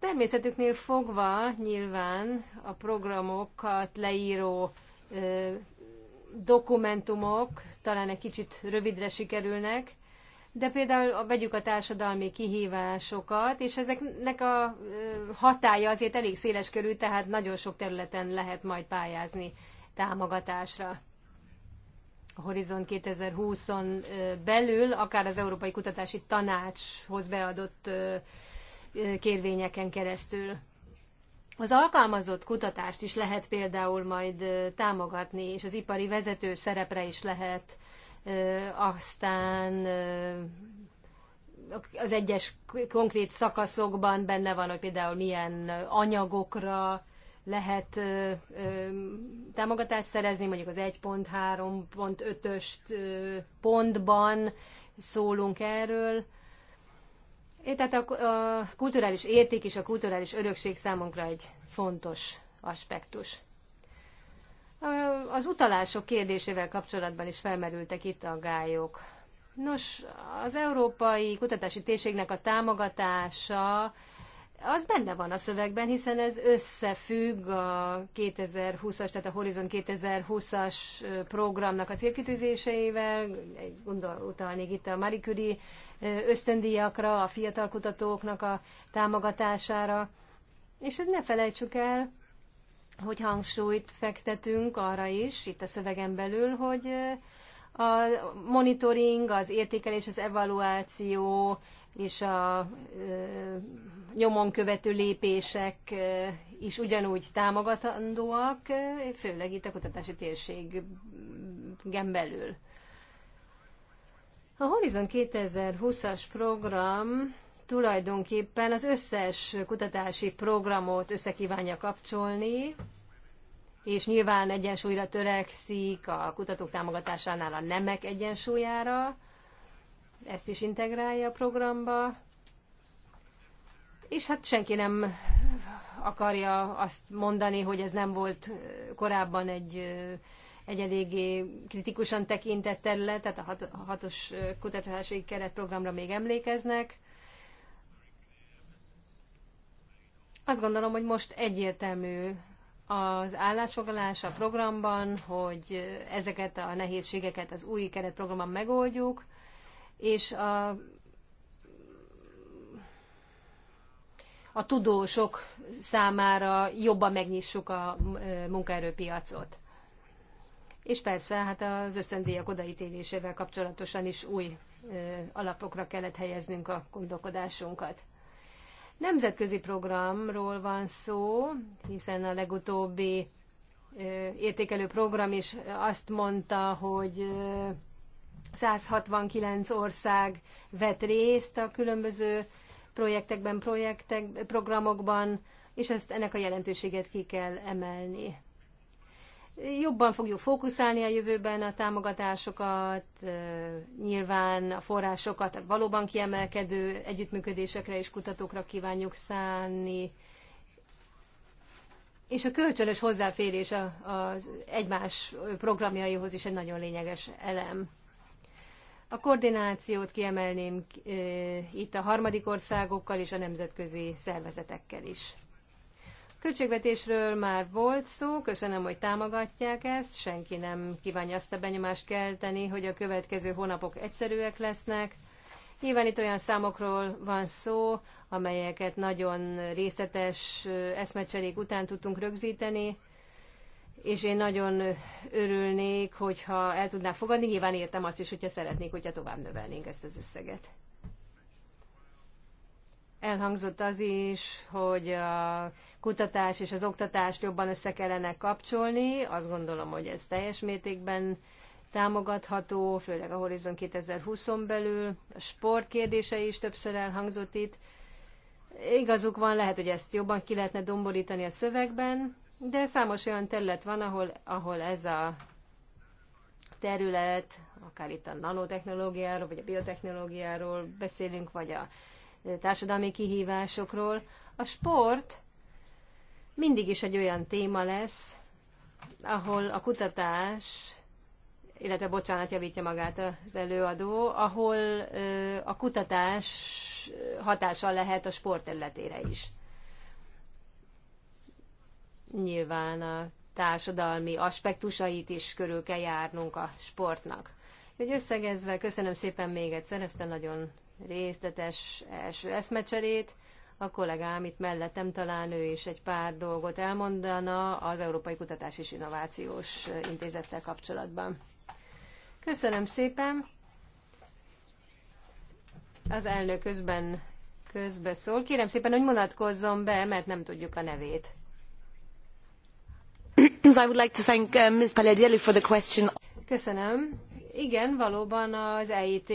Természetüknél fogva nyilván a programokat leíró ö, dokumentumok talán egy kicsit rövidre sikerülnek, de például a, vegyük a társadalmi kihívásokat, és ezeknek a hatája azért elég széles körű, tehát nagyon sok területen lehet majd pályázni támogatásra. A Horizon 2020-on belül, akár az Európai Kutatási Tanácshoz beadott kérvényeken keresztül. Az alkalmazott kutatást is lehet például majd támogatni, és az ipari vezető szerepre is lehet aztán az egyes konkrét szakaszokban benne van, hogy például milyen anyagokra lehet támogatást szerezni, mondjuk az 1.3.5-ös pontban szólunk erről, tehát a, a kulturális érték és a kulturális örökség számunkra egy fontos aspektus. Az utalások kérdésével kapcsolatban is felmerültek itt a gályok. Nos, az Európai Kutatási Térségnek a támogatása az benne van a szövegben, hiszen ez összefügg a 2020-as, tehát a Horizon 2020-as programnak a célkitűzéseivel. Gondol utalnék itt a Marie Curie ösztöndíjakra, a fiatal kutatóknak a támogatására. És ezt hát ne felejtsük el, hogy hangsúlyt fektetünk arra is, itt a szövegen belül, hogy eh, a monitoring, az értékelés, az evaluáció és a eh, nyomon követő lépések eh, is ugyanúgy támogatandóak, főleg itt a kutatási térségen belül. A Horizon 2020-as program tulajdonképpen az összes kutatási programot összekívánja kapcsolni, és nyilván egyensúlyra törekszik a kutatók támogatásánál a nemek egyensúlyára, ezt is integrálja a programba, és hát senki nem akarja azt mondani, hogy ez nem volt korábban egy egy eléggé kritikusan tekintett terület, tehát a, hat, a hatos kutatási keretprogramra még emlékeznek. Azt gondolom, hogy most egyértelmű az állásfoglalás a programban, hogy ezeket a nehézségeket az új keretprogramban megoldjuk, és a, a tudósok számára jobban megnyissuk a munkaerőpiacot és persze hát az ösztöndíjak odaítélésével kapcsolatosan is új alapokra kellett helyeznünk a gondolkodásunkat. Nemzetközi programról van szó, hiszen a legutóbbi értékelő program is azt mondta, hogy 169 ország vett részt a különböző projektekben, projektek, programokban, és ezt ennek a jelentőséget ki kell emelni. Jobban fogjuk fókuszálni a jövőben a támogatásokat, nyilván a forrásokat valóban kiemelkedő együttműködésekre és kutatókra kívánjuk szánni, és a kölcsönös hozzáférés az egymás programjaihoz is egy nagyon lényeges elem. A koordinációt kiemelném itt a harmadik országokkal és a nemzetközi szervezetekkel is. Költségvetésről már volt szó, köszönöm, hogy támogatják ezt, senki nem kívánja azt a benyomást kelteni, hogy a következő hónapok egyszerűek lesznek. Nyilván itt olyan számokról van szó, amelyeket nagyon részletes eszmecserék után tudtunk rögzíteni, és én nagyon örülnék, hogyha el tudnám fogadni. Nyilván értem azt is, hogyha szeretnék, hogyha tovább növelnénk ezt az összeget. Elhangzott az is, hogy a kutatás és az oktatást jobban össze kellene kapcsolni. Azt gondolom, hogy ez teljes mértékben támogatható, főleg a Horizon 2020-on belül. A sport kérdése is többször elhangzott itt. Igazuk van, lehet, hogy ezt jobban ki lehetne domborítani a szövegben, de számos olyan terület van, ahol, ahol ez a terület, akár itt a nanotechnológiáról, vagy a biotechnológiáról beszélünk, vagy a társadalmi kihívásokról. A sport mindig is egy olyan téma lesz, ahol a kutatás, illetve bocsánat, javítja magát az előadó, ahol a kutatás hatása lehet a sport területére is. Nyilván a társadalmi aspektusait is körül kell járnunk a sportnak. Hogy összegezve, köszönöm szépen még egyszer ezt a nagyon részletes első eszmecserét. A kollégám itt mellettem talán ő is egy pár dolgot elmondana az Európai Kutatás és Innovációs Intézettel kapcsolatban. Köszönöm szépen! Az elnök közben közbeszól. Kérem szépen, hogy mutatkozzon be, mert nem tudjuk a nevét. I would like to thank uh, Ms. for the question. Köszönöm. Igen, valóban az EIT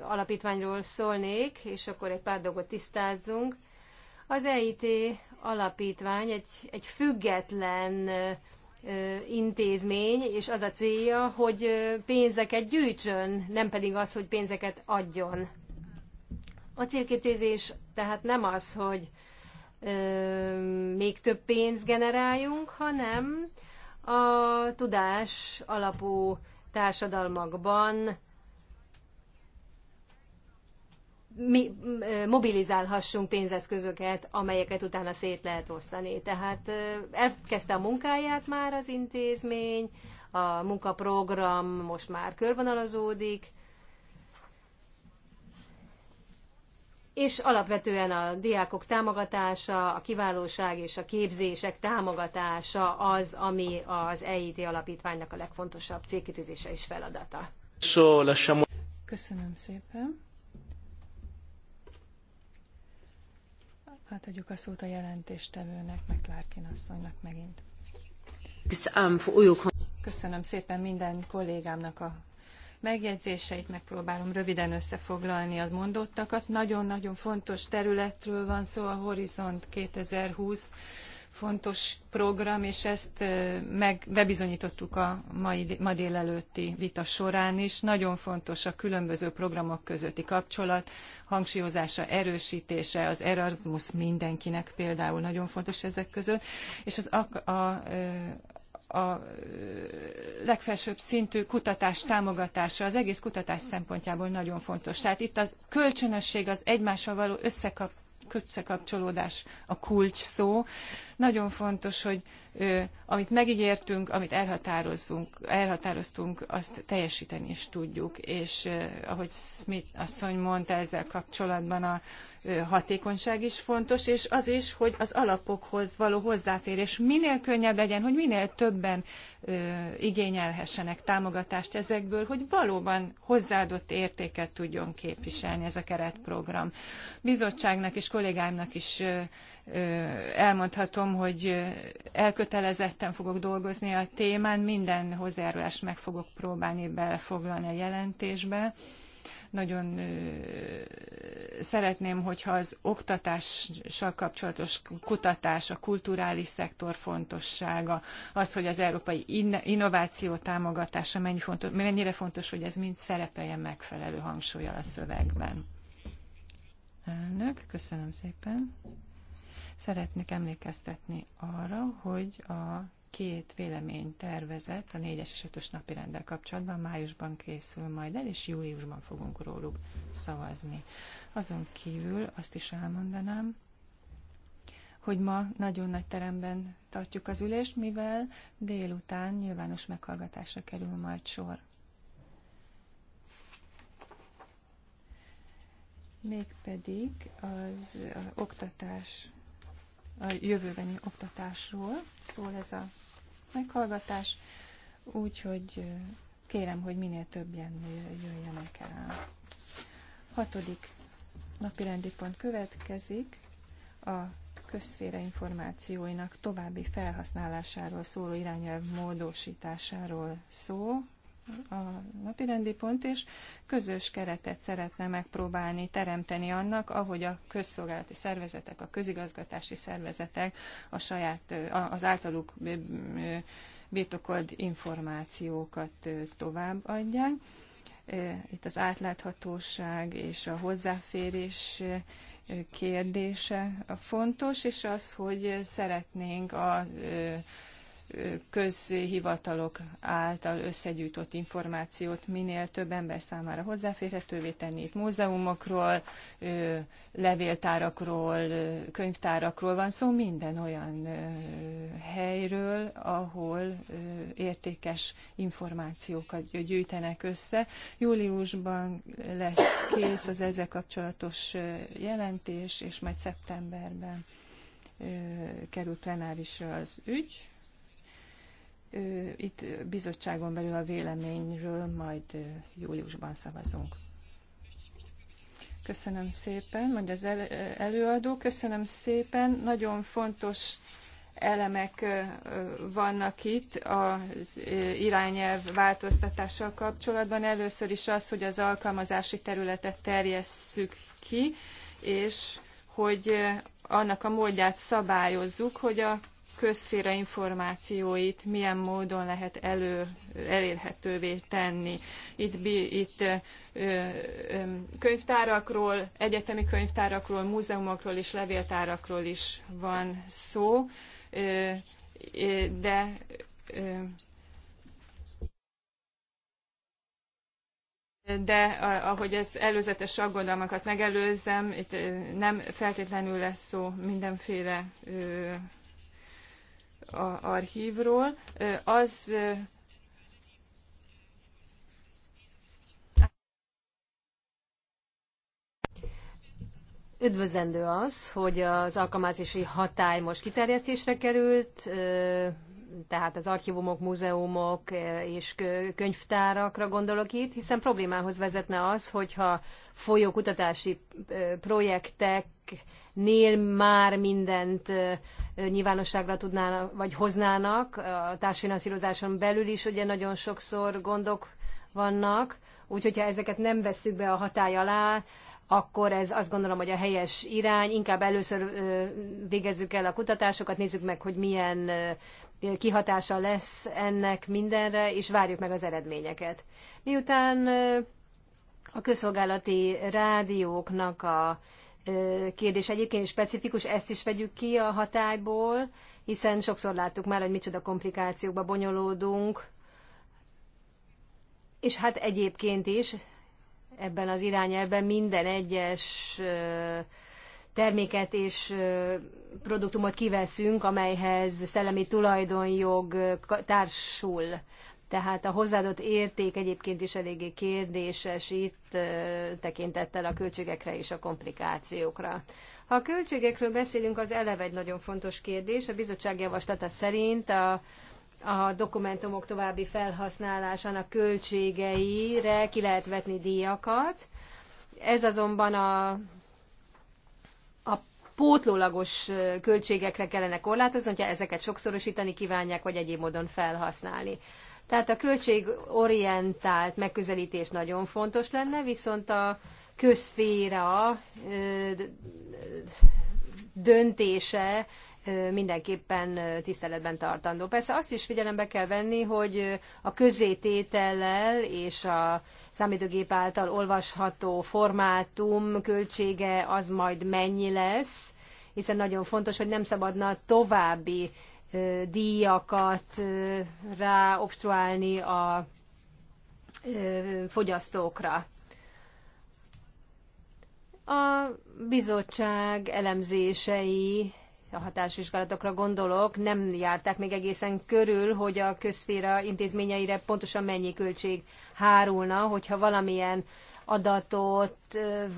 alapítványról szólnék, és akkor egy pár dolgot tisztázzunk. Az EIT alapítvány egy, egy független intézmény, és az a célja, hogy pénzeket gyűjtsön, nem pedig az, hogy pénzeket adjon. A célkitűzés tehát nem az, hogy még több pénzt generáljunk, hanem a tudás alapú társadalmakban mi mobilizálhassunk pénzeszközöket, amelyeket utána szét lehet osztani. Tehát elkezdte a munkáját már az intézmény, a munkaprogram most már körvonalazódik, és alapvetően a diákok támogatása, a kiválóság és a képzések támogatása az, ami az EIT alapítványnak a legfontosabb célkitűzése és feladata. Köszönöm szépen. Hát adjuk a szót a jelentéstevőnek, meg Lárkin asszonynak megint. Um, Köszönöm szépen minden kollégámnak a megjegyzéseit, megpróbálom röviden összefoglalni a mondottakat. Nagyon-nagyon fontos területről van szó, a Horizont 2020 fontos program, és ezt meg, bebizonyítottuk a mai, ma délelőtti vita során is. Nagyon fontos a különböző programok közötti kapcsolat, hangsúlyozása, erősítése, az Erasmus mindenkinek például nagyon fontos ezek között, és az a, a, a legfelsőbb szintű kutatás támogatása az egész kutatás szempontjából nagyon fontos. Tehát itt a kölcsönösség, az egymással való összekap összekapcsolódás a kulcs szó. Nagyon fontos, hogy amit megígértünk, amit elhatározunk, elhatároztunk, azt teljesíteni is tudjuk. És ahogy Smith asszony mondta ezzel kapcsolatban a hatékonyság is fontos, és az is, hogy az alapokhoz való hozzáférés minél könnyebb legyen, hogy minél többen igényelhessenek támogatást ezekből, hogy valóban hozzáadott értéket tudjon képviselni ez a keretprogram. Bizottságnak és kollégáimnak is elmondhatom, hogy elkötelezetten fogok dolgozni a témán, minden hozzájárulást meg fogok próbálni belefoglalni a jelentésbe nagyon szeretném, hogyha az oktatással kapcsolatos kutatás, a kulturális szektor fontossága, az, hogy az európai innováció támogatása mennyi fontos, mennyire fontos, hogy ez mind szerepeljen megfelelő hangsúlyal a szövegben. Elnök, köszönöm szépen. Szeretnék emlékeztetni arra, hogy a két tervezett a 4-es és 5-ös napi rendel kapcsolatban májusban készül majd el, és júliusban fogunk róluk szavazni. Azon kívül azt is elmondanám, hogy ma nagyon nagy teremben tartjuk az ülést, mivel délután nyilvános meghallgatásra kerül majd sor. Mégpedig az oktatás a jövőbeni oktatásról szól ez a meghallgatás, úgyhogy kérem, hogy minél többen jöjjenek el. Hatodik napirendi pont következik, a közszféra információinak további felhasználásáról szóló irányelv módosításáról szó, a napirendi pont, és közös keretet szeretne megpróbálni teremteni annak, ahogy a közszolgálati szervezetek, a közigazgatási szervezetek a saját, az általuk birtokolt információkat továbbadják. Itt az átláthatóság és a hozzáférés kérdése fontos, és az, hogy szeretnénk a közhivatalok által összegyűjtött információt minél több ember számára hozzáférhetővé tenni. Itt múzeumokról, levéltárakról, könyvtárakról van szó, minden olyan helyről, ahol értékes információkat gyűjtenek össze. Júliusban lesz kész az ezzel kapcsolatos jelentés, és majd szeptemberben kerül plenárisra az ügy itt bizottságon belül a véleményről majd júliusban szavazunk. Köszönöm szépen, mondja az előadó, köszönöm szépen. Nagyon fontos elemek vannak itt az irányelv változtatással kapcsolatban. Először is az, hogy az alkalmazási területet terjesszük ki, és hogy annak a módját szabályozzuk, hogy a közféra információit milyen módon lehet elő, elérhetővé tenni. Itt, itt könyvtárakról, egyetemi könyvtárakról, múzeumokról és levéltárakról is van szó, de de ahogy ez előzetes aggodalmakat megelőzzem, itt nem feltétlenül lesz szó mindenféle a archívról, az Üdvözlendő az, hogy az alkalmazási hatály most kiterjesztésre került, tehát az archívumok, múzeumok eh, és könyvtárakra gondolok itt, hiszen problémához vezetne az, hogyha folyókutatási eh, projekteknél már mindent eh, nyilvánosságra tudnának, vagy hoznának, a társfinanszírozáson belül is ugye nagyon sokszor gondok vannak, úgyhogy ha ezeket nem vesszük be a hatály alá, akkor ez azt gondolom, hogy a helyes irány. Inkább először végezzük el a kutatásokat, nézzük meg, hogy milyen kihatása lesz ennek mindenre, és várjuk meg az eredményeket. Miután a közszolgálati rádióknak a kérdés egyébként specifikus, ezt is vegyük ki a hatályból, hiszen sokszor láttuk már, hogy micsoda komplikációkba bonyolódunk, és hát egyébként is ebben az irányelben minden egyes terméket és produktumot kiveszünk, amelyhez szellemi tulajdonjog társul. Tehát a hozzáadott érték egyébként is eléggé kérdéses itt tekintettel a költségekre és a komplikációkra. Ha a költségekről beszélünk, az eleve egy nagyon fontos kérdés. A bizottság javaslata szerint a a dokumentumok további felhasználásának költségeire ki lehet vetni díjakat. Ez azonban a pótlólagos költségekre kellene korlátozni, hogyha ezeket sokszorosítani kívánják, vagy egyéb módon felhasználni. Tehát a költségorientált megközelítés nagyon fontos lenne, viszont a közféra döntése mindenképpen tiszteletben tartandó. Persze azt is figyelembe kell venni, hogy a közététellel és a számítógép által olvasható formátum költsége az majd mennyi lesz, hiszen nagyon fontos, hogy nem szabadna további ö, díjakat ö, ráobstruálni a ö, fogyasztókra. A bizottság elemzései a hatásvizsgálatokra gondolok, nem járták még egészen körül, hogy a közféra intézményeire pontosan mennyi költség hárulna, hogyha valamilyen adatot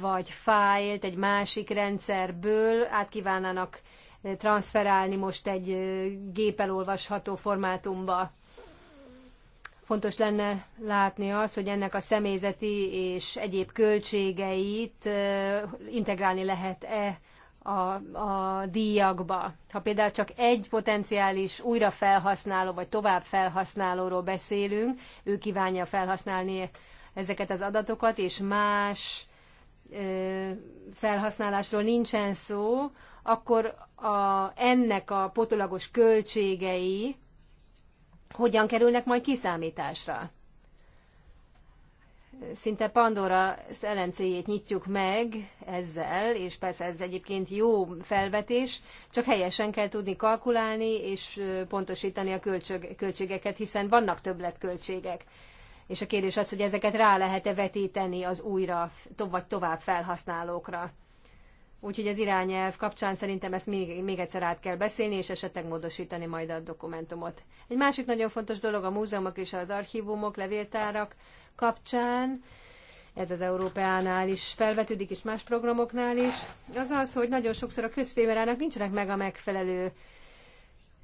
vagy fájlt egy másik rendszerből átkívánnának transferálni most egy gépel olvasható formátumba. Fontos lenne látni azt, hogy ennek a személyzeti és egyéb költségeit integrálni lehet-e a, a díjakba. Ha például csak egy potenciális újrafelhasználó vagy tovább felhasználóról beszélünk, ő kívánja felhasználni ezeket az adatokat, és más ö, felhasználásról nincsen szó, akkor a, ennek a potolagos költségei hogyan kerülnek majd kiszámításra? szinte Pandora szelencéjét nyitjuk meg ezzel, és persze ez egyébként jó felvetés, csak helyesen kell tudni kalkulálni és pontosítani a költségeket, hiszen vannak többletköltségek. És a kérdés az, hogy ezeket rá lehet-e vetíteni az újra vagy tovább felhasználókra. Úgyhogy az irányelv kapcsán szerintem ezt még, még egyszer át kell beszélni, és esetleg módosítani majd a dokumentumot. Egy másik nagyon fontos dolog a múzeumok és az archívumok, levéltárak kapcsán, ez az Európeánál is felvetődik, és más programoknál is, az az, hogy nagyon sokszor a közfémerának nincsenek meg a megfelelő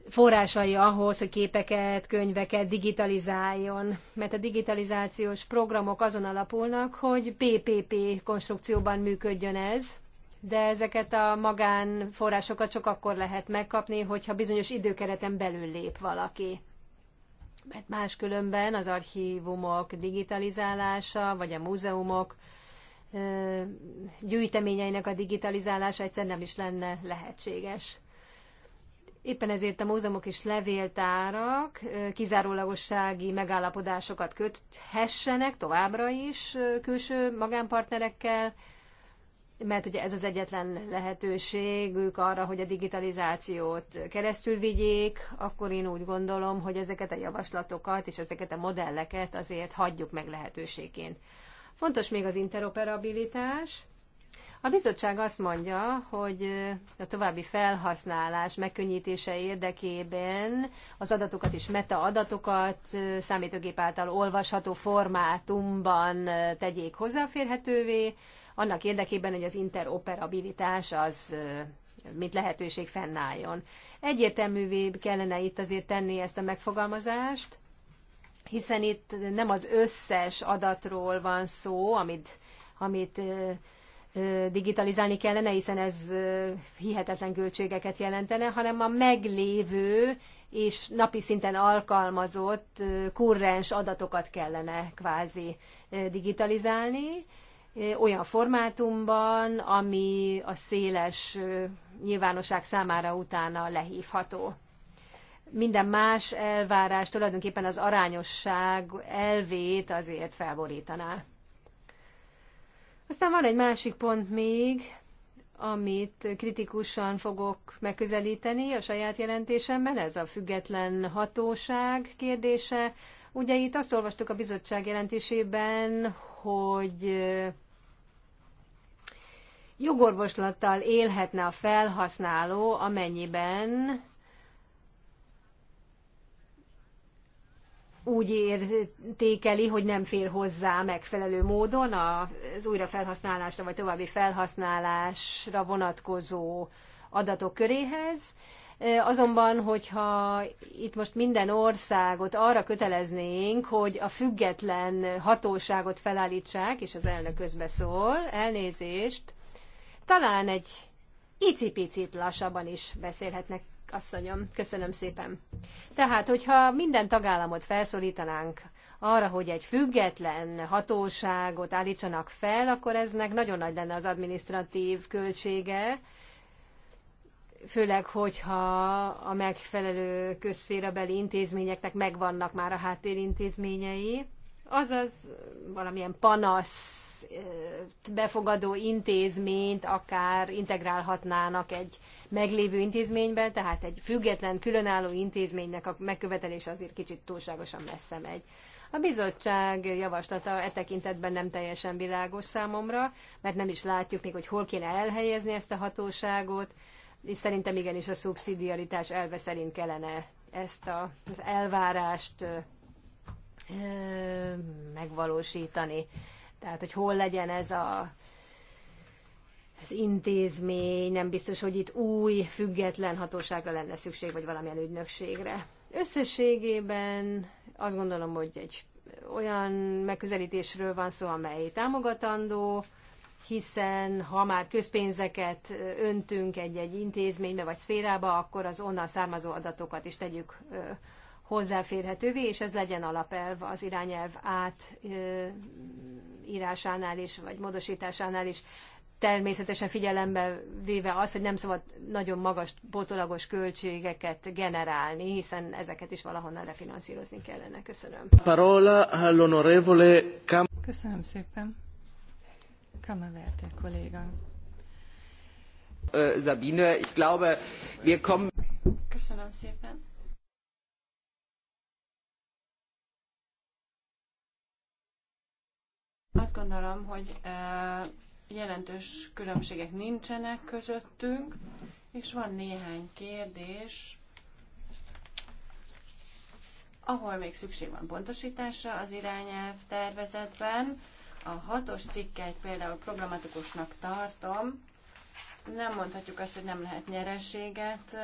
forrásai ahhoz, hogy képeket, könyveket digitalizáljon, mert a digitalizációs programok azon alapulnak, hogy PPP konstrukcióban működjön ez, de ezeket a magánforrásokat csak akkor lehet megkapni, hogyha bizonyos időkereten belül lép valaki. Mert máskülönben az archívumok digitalizálása, vagy a múzeumok gyűjteményeinek a digitalizálása egyszer nem is lenne lehetséges. Éppen ezért a múzeumok és levéltárak kizárólagossági megállapodásokat köthessenek továbbra is külső magánpartnerekkel, mert ugye ez az egyetlen lehetőségük arra, hogy a digitalizációt keresztül vigyék, akkor én úgy gondolom, hogy ezeket a javaslatokat és ezeket a modelleket azért hagyjuk meg lehetőségként. Fontos még az interoperabilitás. A bizottság azt mondja, hogy a további felhasználás megkönnyítése érdekében az adatokat és metaadatokat számítógép által olvasható formátumban tegyék hozzáférhetővé, annak érdekében, hogy az interoperabilitás az mint lehetőség fennálljon. Egyértelművé kellene itt azért tenni ezt a megfogalmazást, hiszen itt nem az összes adatról van szó, amit, amit digitalizálni kellene, hiszen ez hihetetlen költségeket jelentene, hanem a meglévő és napi szinten alkalmazott kurrens adatokat kellene kvázi digitalizálni, olyan formátumban, ami a széles nyilvánosság számára utána lehívható. Minden más elvárás tulajdonképpen az arányosság elvét azért felborítaná. Aztán van egy másik pont még, amit kritikusan fogok megközelíteni a saját jelentésemben, ez a független hatóság kérdése. Ugye itt azt olvastuk a bizottság jelentésében, hogy jogorvoslattal élhetne a felhasználó, amennyiben úgy értékeli, hogy nem fér hozzá megfelelő módon az újrafelhasználásra vagy további felhasználásra vonatkozó adatok köréhez. Azonban, hogyha itt most minden országot arra köteleznénk, hogy a független hatóságot felállítsák, és az elnök közbeszól, elnézést, talán egy icipicit lassabban is beszélhetnek, asszonyom. Köszönöm szépen. Tehát, hogyha minden tagállamot felszólítanánk arra, hogy egy független hatóságot állítsanak fel, akkor eznek nagyon nagy lenne az administratív költsége, főleg, hogyha a megfelelő közférabeli intézményeknek megvannak már a háttérintézményei, azaz valamilyen panasz befogadó intézményt akár integrálhatnának egy meglévő intézménybe, tehát egy független, különálló intézménynek a megkövetelés azért kicsit túlságosan messze megy. A bizottság javaslata e tekintetben nem teljesen világos számomra, mert nem is látjuk még, hogy hol kéne elhelyezni ezt a hatóságot, és szerintem igenis a szubszidiaritás elve szerint kellene ezt a, az elvárást megvalósítani. Tehát, hogy hol legyen ez a, az intézmény, nem biztos, hogy itt új, független hatóságra lenne szükség, vagy valamilyen ügynökségre. Összességében azt gondolom, hogy egy olyan megközelítésről van szó, amely támogatandó, hiszen ha már közpénzeket öntünk egy-egy intézménybe vagy szférába, akkor az onnan származó adatokat is tegyük hozzáférhetővé, és ez legyen alapelv az irányelv átírásánál is, vagy módosításánál is. Természetesen figyelembe véve az, hogy nem szabad nagyon magas botolagos költségeket generálni, hiszen ezeket is valahonnan refinanszírozni kellene. Köszönöm. Parola all'onorevole Cam... Köszönöm szépen. Kamerverte kolléga. Sabine, ich glaube, wir kommen... Köszönöm szépen Azt gondolom, hogy jelentős különbségek nincsenek közöttünk, és van néhány kérdés, ahol még szükség van pontosításra az irányelv tervezetben. A hatos cikket például programatikusnak tartom. Nem mondhatjuk azt, hogy nem lehet nyereséget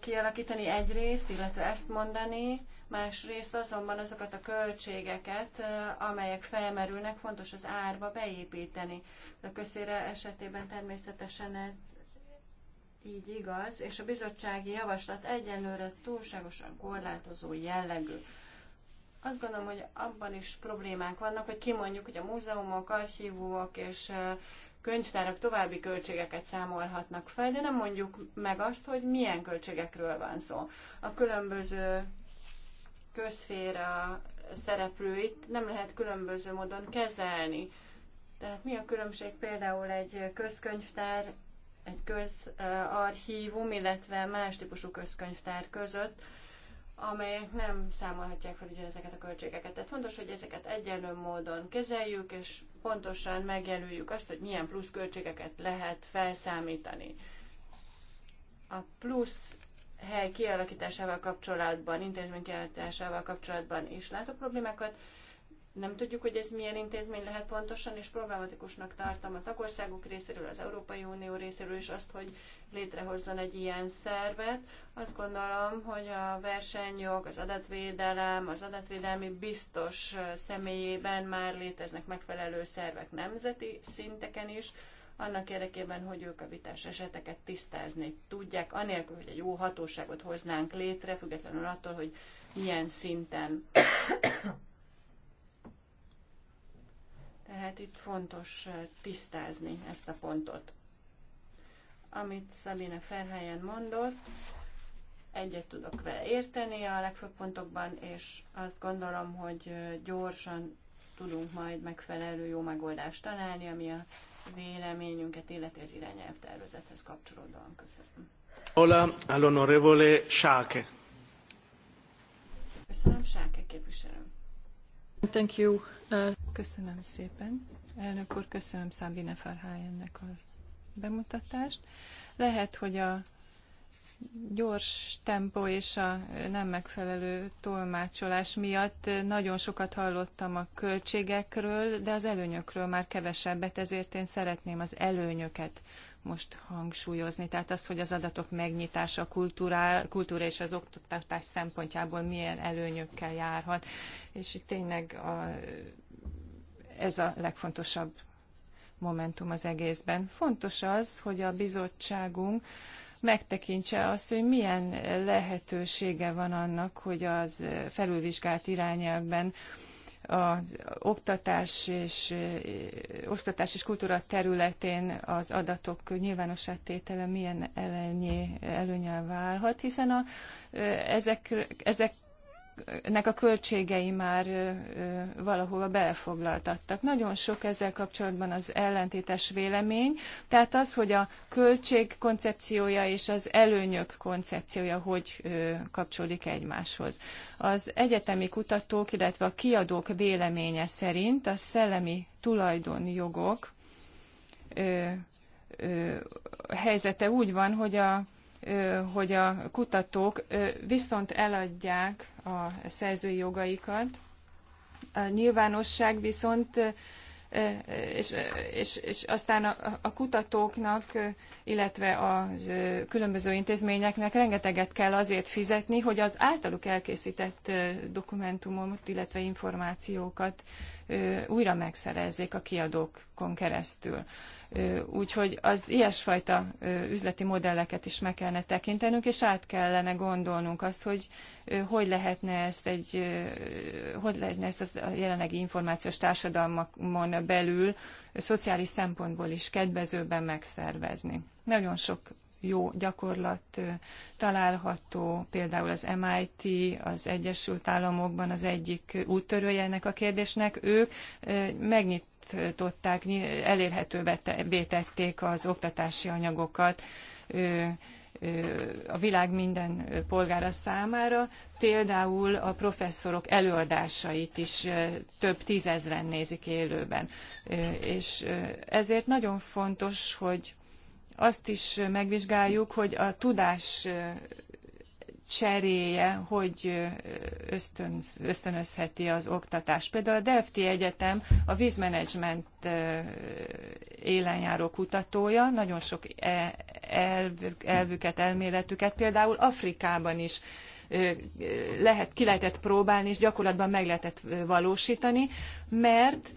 kialakítani egyrészt, illetve ezt mondani, másrészt azonban azokat a költségeket, amelyek felmerülnek, fontos az árba beépíteni. A köszére esetében természetesen ez így igaz, és a bizottsági javaslat egyenlőre túlságosan korlátozó jellegű. Azt gondolom, hogy abban is problémák vannak, hogy kimondjuk, hogy a múzeumok, archívumok és könyvtárak további költségeket számolhatnak fel, de nem mondjuk meg azt, hogy milyen költségekről van szó. A különböző közféra szereplőit nem lehet különböző módon kezelni. Tehát mi a különbség például egy közkönyvtár, egy közarchívum, illetve más típusú közkönyvtár között, amelyek nem számolhatják fel ezeket a költségeket. Tehát fontos, hogy ezeket egyenlő módon kezeljük, és pontosan megjelöljük azt, hogy milyen plusz költségeket lehet felszámítani. A plusz hely kialakításával kapcsolatban, intézmény kialakításával kapcsolatban is látok problémákat. Nem tudjuk, hogy ez milyen intézmény lehet pontosan, és problematikusnak tartom a tagországok részéről, az Európai Unió részéről is azt, hogy létrehozzon egy ilyen szervet. Azt gondolom, hogy a versenyjog, az adatvédelem, az adatvédelmi biztos személyében már léteznek megfelelő szervek nemzeti szinteken is, annak érdekében, hogy ők a vitás eseteket tisztázni tudják, anélkül, hogy egy jó hatóságot hoznánk létre, függetlenül attól, hogy milyen szinten. Tehát itt fontos eh, tisztázni ezt a pontot. Amit Szabina Ferhelyen mondott, egyet tudok vele érteni a legfőbb pontokban, és azt gondolom, hogy eh, gyorsan tudunk majd megfelelő jó megoldást találni, ami a véleményünket illeti az irányelvtervezethez kapcsolódóan. Köszönöm. Hola, all'onorevole Sáke. Köszönöm, Sáke képviselő. Thank you. Uh, köszönöm szépen. Elnök úr, köszönöm Szábine Farhájennek az bemutatást. Lehet, hogy a gyors tempó és a nem megfelelő tolmácsolás miatt nagyon sokat hallottam a költségekről, de az előnyökről már kevesebbet, ezért én szeretném az előnyöket most hangsúlyozni. Tehát az, hogy az adatok megnyitása a kultúra és az oktatás szempontjából milyen előnyökkel járhat. És itt tényleg a, ez a legfontosabb momentum az egészben. Fontos az, hogy a bizottságunk megtekintse azt, hogy milyen lehetősége van annak, hogy az felülvizsgált irányelvben az oktatás és, oktatás és kultúra területén az adatok nyilvánossá tétele milyen előnyel válhat, hiszen a, ezek, ezek nek a költségei már valahova belefoglaltattak. Nagyon sok ezzel kapcsolatban az ellentétes vélemény, tehát az, hogy a költség koncepciója és az előnyök koncepciója hogy kapcsolódik egymáshoz. Az egyetemi kutatók, illetve a kiadók véleménye szerint a szellemi tulajdonjogok helyzete úgy van, hogy a hogy a kutatók viszont eladják a szerzői jogaikat. A nyilvánosság viszont és, és, és aztán a, a kutatóknak, illetve a különböző intézményeknek rengeteget kell azért fizetni, hogy az általuk elkészített dokumentumot, illetve információkat újra megszerezzék a kiadókon keresztül. Úgyhogy az ilyesfajta üzleti modelleket is meg kellene tekintenünk, és át kellene gondolnunk azt, hogy hogy lehetne ezt egy, hogy lehetne ezt a jelenlegi információs társadalmakon belül szociális szempontból is kedvezőbben megszervezni. Nagyon sok jó gyakorlat található, például az MIT az Egyesült Államokban az egyik úttörője ennek a kérdésnek. Ők megnyitották, elérhetővé tették az oktatási anyagokat a világ minden polgára számára. Például a professzorok előadásait is több tízezren nézik élőben. És ezért nagyon fontos, hogy azt is megvizsgáljuk, hogy a tudás cseréje, hogy ösztönz, ösztönözheti az oktatást. Például a Delfti Egyetem a vízmenedzsment járó kutatója, nagyon sok e, elvüket, elméletüket például Afrikában is lehet, ki lehetett próbálni, és gyakorlatban meg lehetett valósítani mert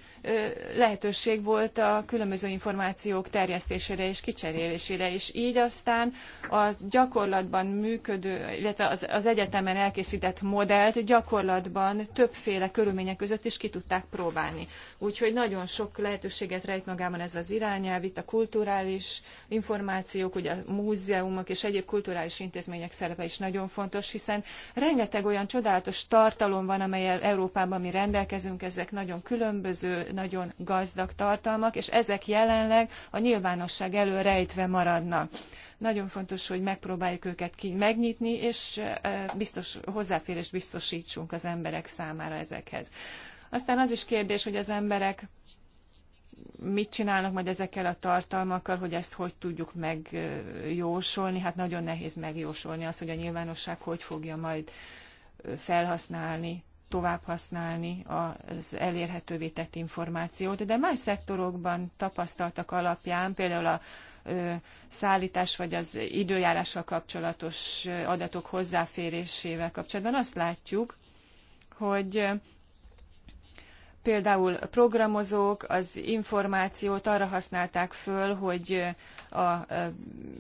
lehetőség volt a különböző információk terjesztésére és kicserélésére, és így aztán a gyakorlatban működő, illetve az, az egyetemen elkészített modellt gyakorlatban többféle körülmények között is ki tudták próbálni. Úgyhogy nagyon sok lehetőséget rejt magában ez az irányelv, itt a kulturális információk, ugye a múzeumok és egyéb kulturális intézmények szerepe is nagyon fontos, hiszen rengeteg olyan csodálatos tartalom van, amelyel Európában mi rendelkezünk, ezek nagyon különböző, nagyon gazdag tartalmak, és ezek jelenleg a nyilvánosság elől rejtve maradnak. Nagyon fontos, hogy megpróbáljuk őket ki megnyitni, és e, biztos, hozzáférést biztosítsunk az emberek számára ezekhez. Aztán az is kérdés, hogy az emberek mit csinálnak majd ezekkel a tartalmakkal, hogy ezt hogy tudjuk megjósolni. Hát nagyon nehéz megjósolni azt, hogy a nyilvánosság hogy fogja majd felhasználni tovább használni az elérhetővé tett információt, de más szektorokban tapasztaltak alapján, például a szállítás vagy az időjárással kapcsolatos adatok hozzáférésével kapcsolatban azt látjuk, hogy például programozók az információt arra használták föl, hogy, a,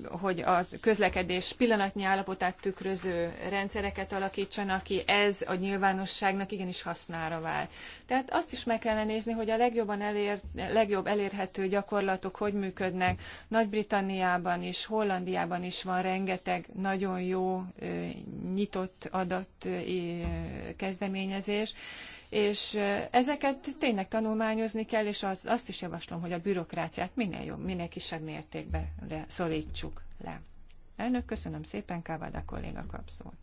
hogy az közlekedés pillanatnyi állapotát tükröző rendszereket alakítsanak ki, ez a nyilvánosságnak igenis hasznára vált. Tehát azt is meg kellene nézni, hogy a legjobban elér, legjobb elérhető gyakorlatok hogy működnek. Nagy-Britanniában is, Hollandiában is van rengeteg nagyon jó nyitott adat kezdeményezés, és ezeket tényleg tanulmányozni kell, és az, azt is javaslom, hogy a bürokráciát minél jobb, minél kisebb mértékben szorítsuk le. Elnök, köszönöm szépen, Káváda kolléga kapszót.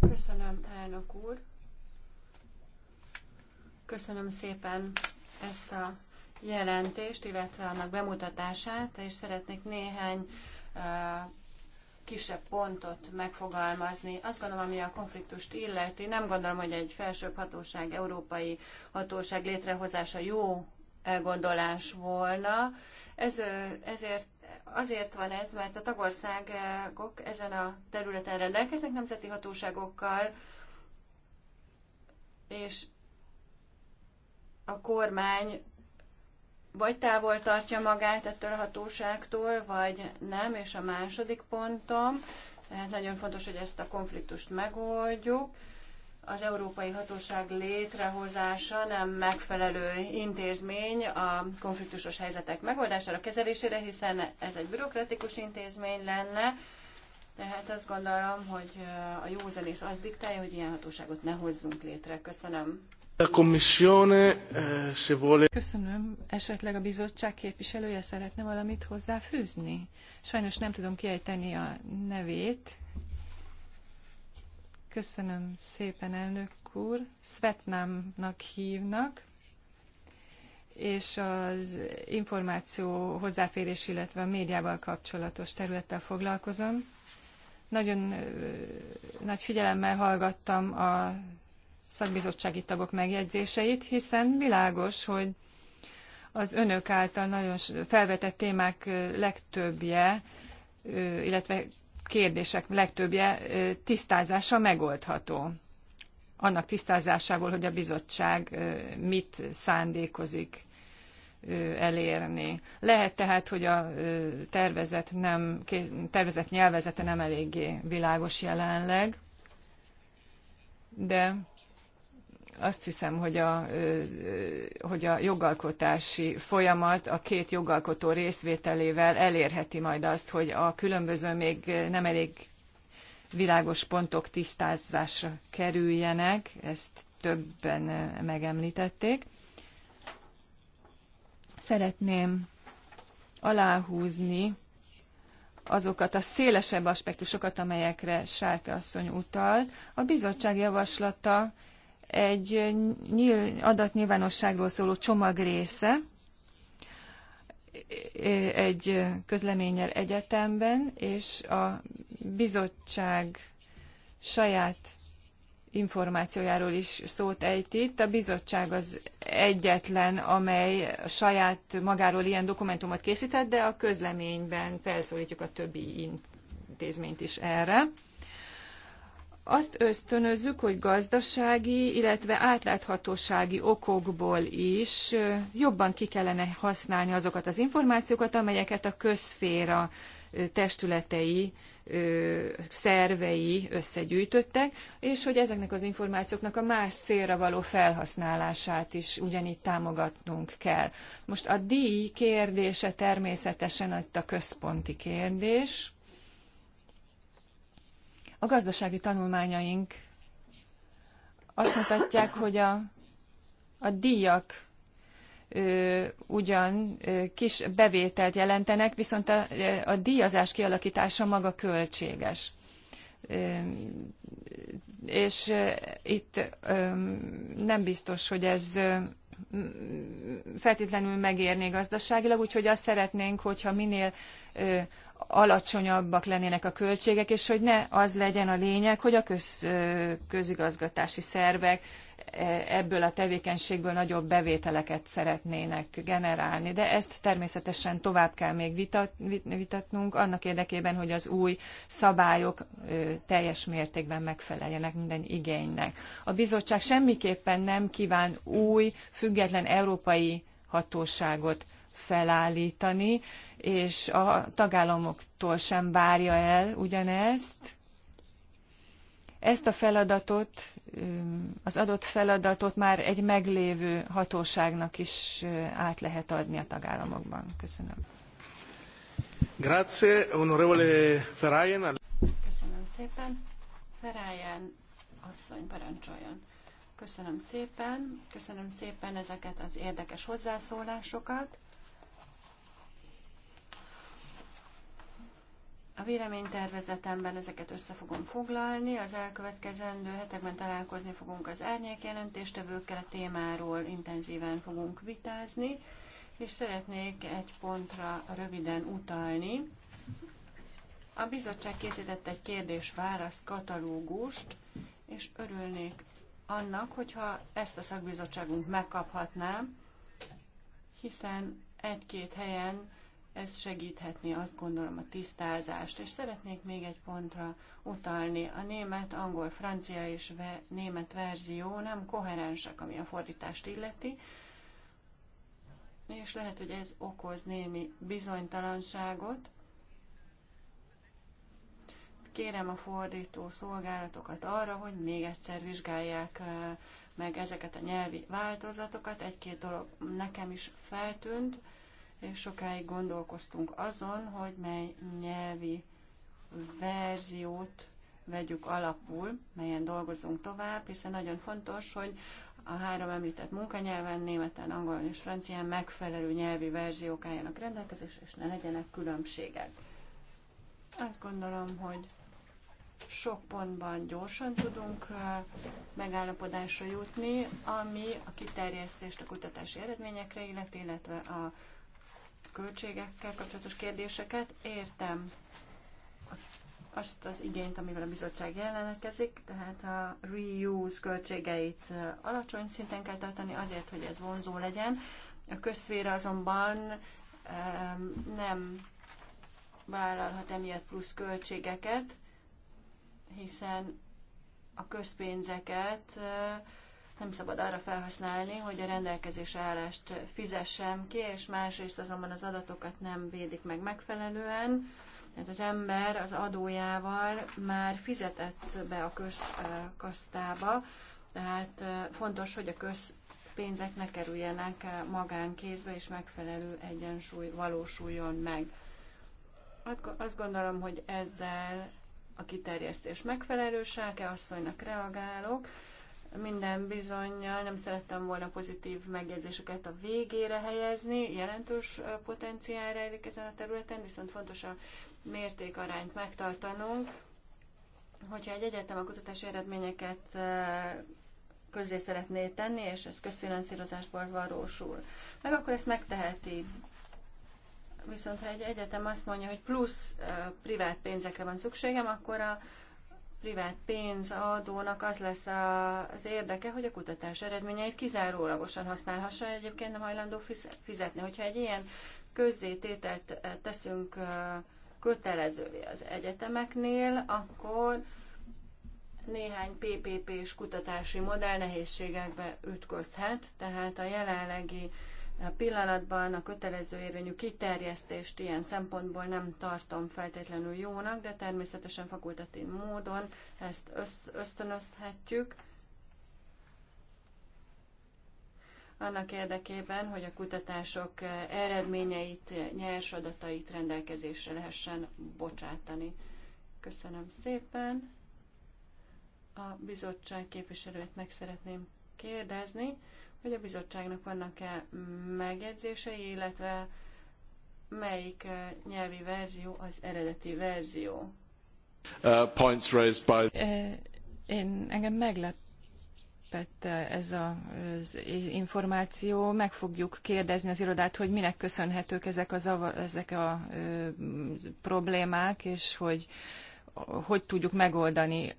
Köszönöm, elnök úr. Köszönöm szépen ezt a jelentést, illetve annak bemutatását, és szeretnék néhány uh, kisebb pontot megfogalmazni. Azt gondolom, ami a konfliktust illeti, nem gondolom, hogy egy felsőbb hatóság, európai hatóság létrehozása jó elgondolás volna. Ez, ezért azért van ez, mert a tagországok ezen a területen rendelkeznek nemzeti hatóságokkal, és a kormány vagy távol tartja magát ettől a hatóságtól, vagy nem, és a második pontom, tehát nagyon fontos, hogy ezt a konfliktust megoldjuk. Az Európai Hatóság létrehozása nem megfelelő intézmény a konfliktusos helyzetek megoldására, kezelésére, hiszen ez egy bürokratikus intézmény lenne, tehát azt gondolom, hogy a jó zenész az diktálja, hogy ilyen hatóságot ne hozzunk létre. Köszönöm. Eh, Köszönöm. Esetleg a bizottság képviselője szeretne valamit hozzáfűzni? Sajnos nem tudom kiejteni a nevét. Köszönöm szépen, elnök úr. Svetnámnak hívnak, és az információ hozzáférés, illetve a médiával kapcsolatos területtel foglalkozom. Nagyon ö, nagy figyelemmel hallgattam a szakbizottsági tagok megjegyzéseit, hiszen világos, hogy az önök által nagyon felvetett témák legtöbbje, illetve kérdések legtöbbje tisztázása megoldható. Annak tisztázásából, hogy a bizottság mit szándékozik elérni. Lehet tehát, hogy a tervezet, nem, tervezet nyelvezete nem eléggé világos jelenleg, de azt hiszem, hogy a, hogy a jogalkotási folyamat a két jogalkotó részvételével elérheti majd azt, hogy a különböző még nem elég világos pontok tisztázásra kerüljenek, ezt többen megemlítették. Szeretném aláhúzni azokat a szélesebb aspektusokat, amelyekre Sárke asszony utal. A bizottság javaslata egy adatnyilvánosságról szóló csomag része, e, egy közleménnyel egyetemben, és a bizottság saját információjáról is szót ejt itt. A bizottság az egyetlen, amely saját magáról ilyen dokumentumot készített, de a közleményben felszólítjuk a többi intézményt is erre azt ösztönözzük, hogy gazdasági, illetve átláthatósági okokból is jobban ki kellene használni azokat az információkat, amelyeket a közféra testületei, szervei összegyűjtöttek, és hogy ezeknek az információknak a más célra való felhasználását is ugyanígy támogatnunk kell. Most a díj kérdése természetesen itt a központi kérdés, a gazdasági tanulmányaink azt mutatják, hogy a, a díjak ö, ugyan ö, kis bevételt jelentenek, viszont a, a díjazás kialakítása maga költséges. Ö, és itt nem biztos, hogy ez feltétlenül megérné gazdaságilag, úgyhogy azt szeretnénk, hogyha minél alacsonyabbak lennének a költségek, és hogy ne az legyen a lényeg, hogy a köz, közigazgatási szervek e, ebből a tevékenységből nagyobb bevételeket szeretnének generálni. De ezt természetesen tovább kell még vitat, vitatnunk, annak érdekében, hogy az új szabályok teljes mértékben megfeleljenek minden igénynek. A bizottság semmiképpen nem kíván új, független európai hatóságot felállítani, és a tagállamoktól sem várja el ugyanezt. Ezt a feladatot, az adott feladatot már egy meglévő hatóságnak is át lehet adni a tagállamokban. Köszönöm. Grazie, onorevole Ferrajen. Köszönöm szépen. Ferrajen asszony parancsoljon. Köszönöm szépen, köszönöm szépen ezeket az érdekes hozzászólásokat. A véleménytervezetemben ezeket össze fogom foglalni, az elkövetkezendő hetekben találkozni fogunk az árnyék jelentéstevőkkel, a témáról intenzíven fogunk vitázni, és szeretnék egy pontra röviden utalni. A bizottság készített egy kérdés-válasz katalógust, és örülnék annak, hogyha ezt a szakbizottságunk megkaphatná, hiszen egy-két helyen ez segíthetné azt gondolom a tisztázást. És szeretnék még egy pontra utalni. A német, angol, francia és ve- német verzió nem koherensek, ami a fordítást illeti, és lehet, hogy ez okoz némi bizonytalanságot. Kérem a fordító szolgálatokat arra, hogy még egyszer vizsgálják meg ezeket a nyelvi változatokat. Egy-két dolog nekem is feltűnt és sokáig gondolkoztunk azon, hogy mely nyelvi verziót vegyük alapul, melyen dolgozunk tovább, hiszen nagyon fontos, hogy a három említett munkanyelven, németen, angolon és francián megfelelő nyelvi verziók álljanak rendelkezésre, és ne legyenek különbségek. Azt gondolom, hogy sok pontban gyorsan tudunk megállapodásra jutni, ami a kiterjesztést a kutatási eredményekre illetve a költségekkel kapcsolatos kérdéseket. Értem azt az igényt, amivel a bizottság jelenkezik, tehát a reuse költségeit alacsony szinten kell tartani azért, hogy ez vonzó legyen. A közszféra azonban nem vállalhat emiatt plusz költségeket, hiszen a közpénzeket nem szabad arra felhasználni, hogy a rendelkezés állást fizessem ki, és másrészt azonban az adatokat nem védik meg megfelelően. Tehát az ember az adójával már fizetett be a közkasztába, tehát fontos, hogy a közpénzek ne kerüljenek magánkézbe, és megfelelő egyensúly valósuljon meg. Azt gondolom, hogy ezzel a kiterjesztés megfelelő, Sáke asszonynak reagálok, minden bizonyal nem szerettem volna pozitív megjegyzéseket a végére helyezni, jelentős potenciál rejlik ezen a területen, viszont fontos a mértékarányt megtartanunk. Hogyha egy egyetem a kutatási eredményeket közé szeretné tenni, és ez közfinanszírozásból valósul, meg akkor ezt megteheti. Viszont ha egy egyetem azt mondja, hogy plusz privát pénzekre van szükségem, akkor a privát pénz adónak az lesz az érdeke, hogy a kutatás eredményeit kizárólagosan használhassa, egyébként nem hajlandó fizetni. Hogyha egy ilyen közzétételt eh, teszünk eh, kötelezővé az egyetemeknél, akkor néhány PPP-s kutatási modell nehézségekbe ütközhet, tehát a jelenlegi uh, pillanatban a kötelező érvényű kiterjesztést ilyen szempontból nem tartom feltétlenül jónak, de természetesen fakultatív módon ezt ösztönözhetjük. annak érdekében, hogy a kutatások eredményeit, nyers adatait rendelkezésre lehessen bocsátani. Köszönöm szépen. A bizottság képviselőt meg szeretném kérdezni, hogy a bizottságnak vannak-e megjegyzései, illetve melyik eh, nyelvi verzió az eredeti verzió. Uh, points raised by... Eh, én, engem meglep meglepett eh, ez a, az információ. Meg fogjuk kérdezni az irodát, hogy minek köszönhetők ezek a, ezek a ö, problémák, és hogy hogy tudjuk megoldani,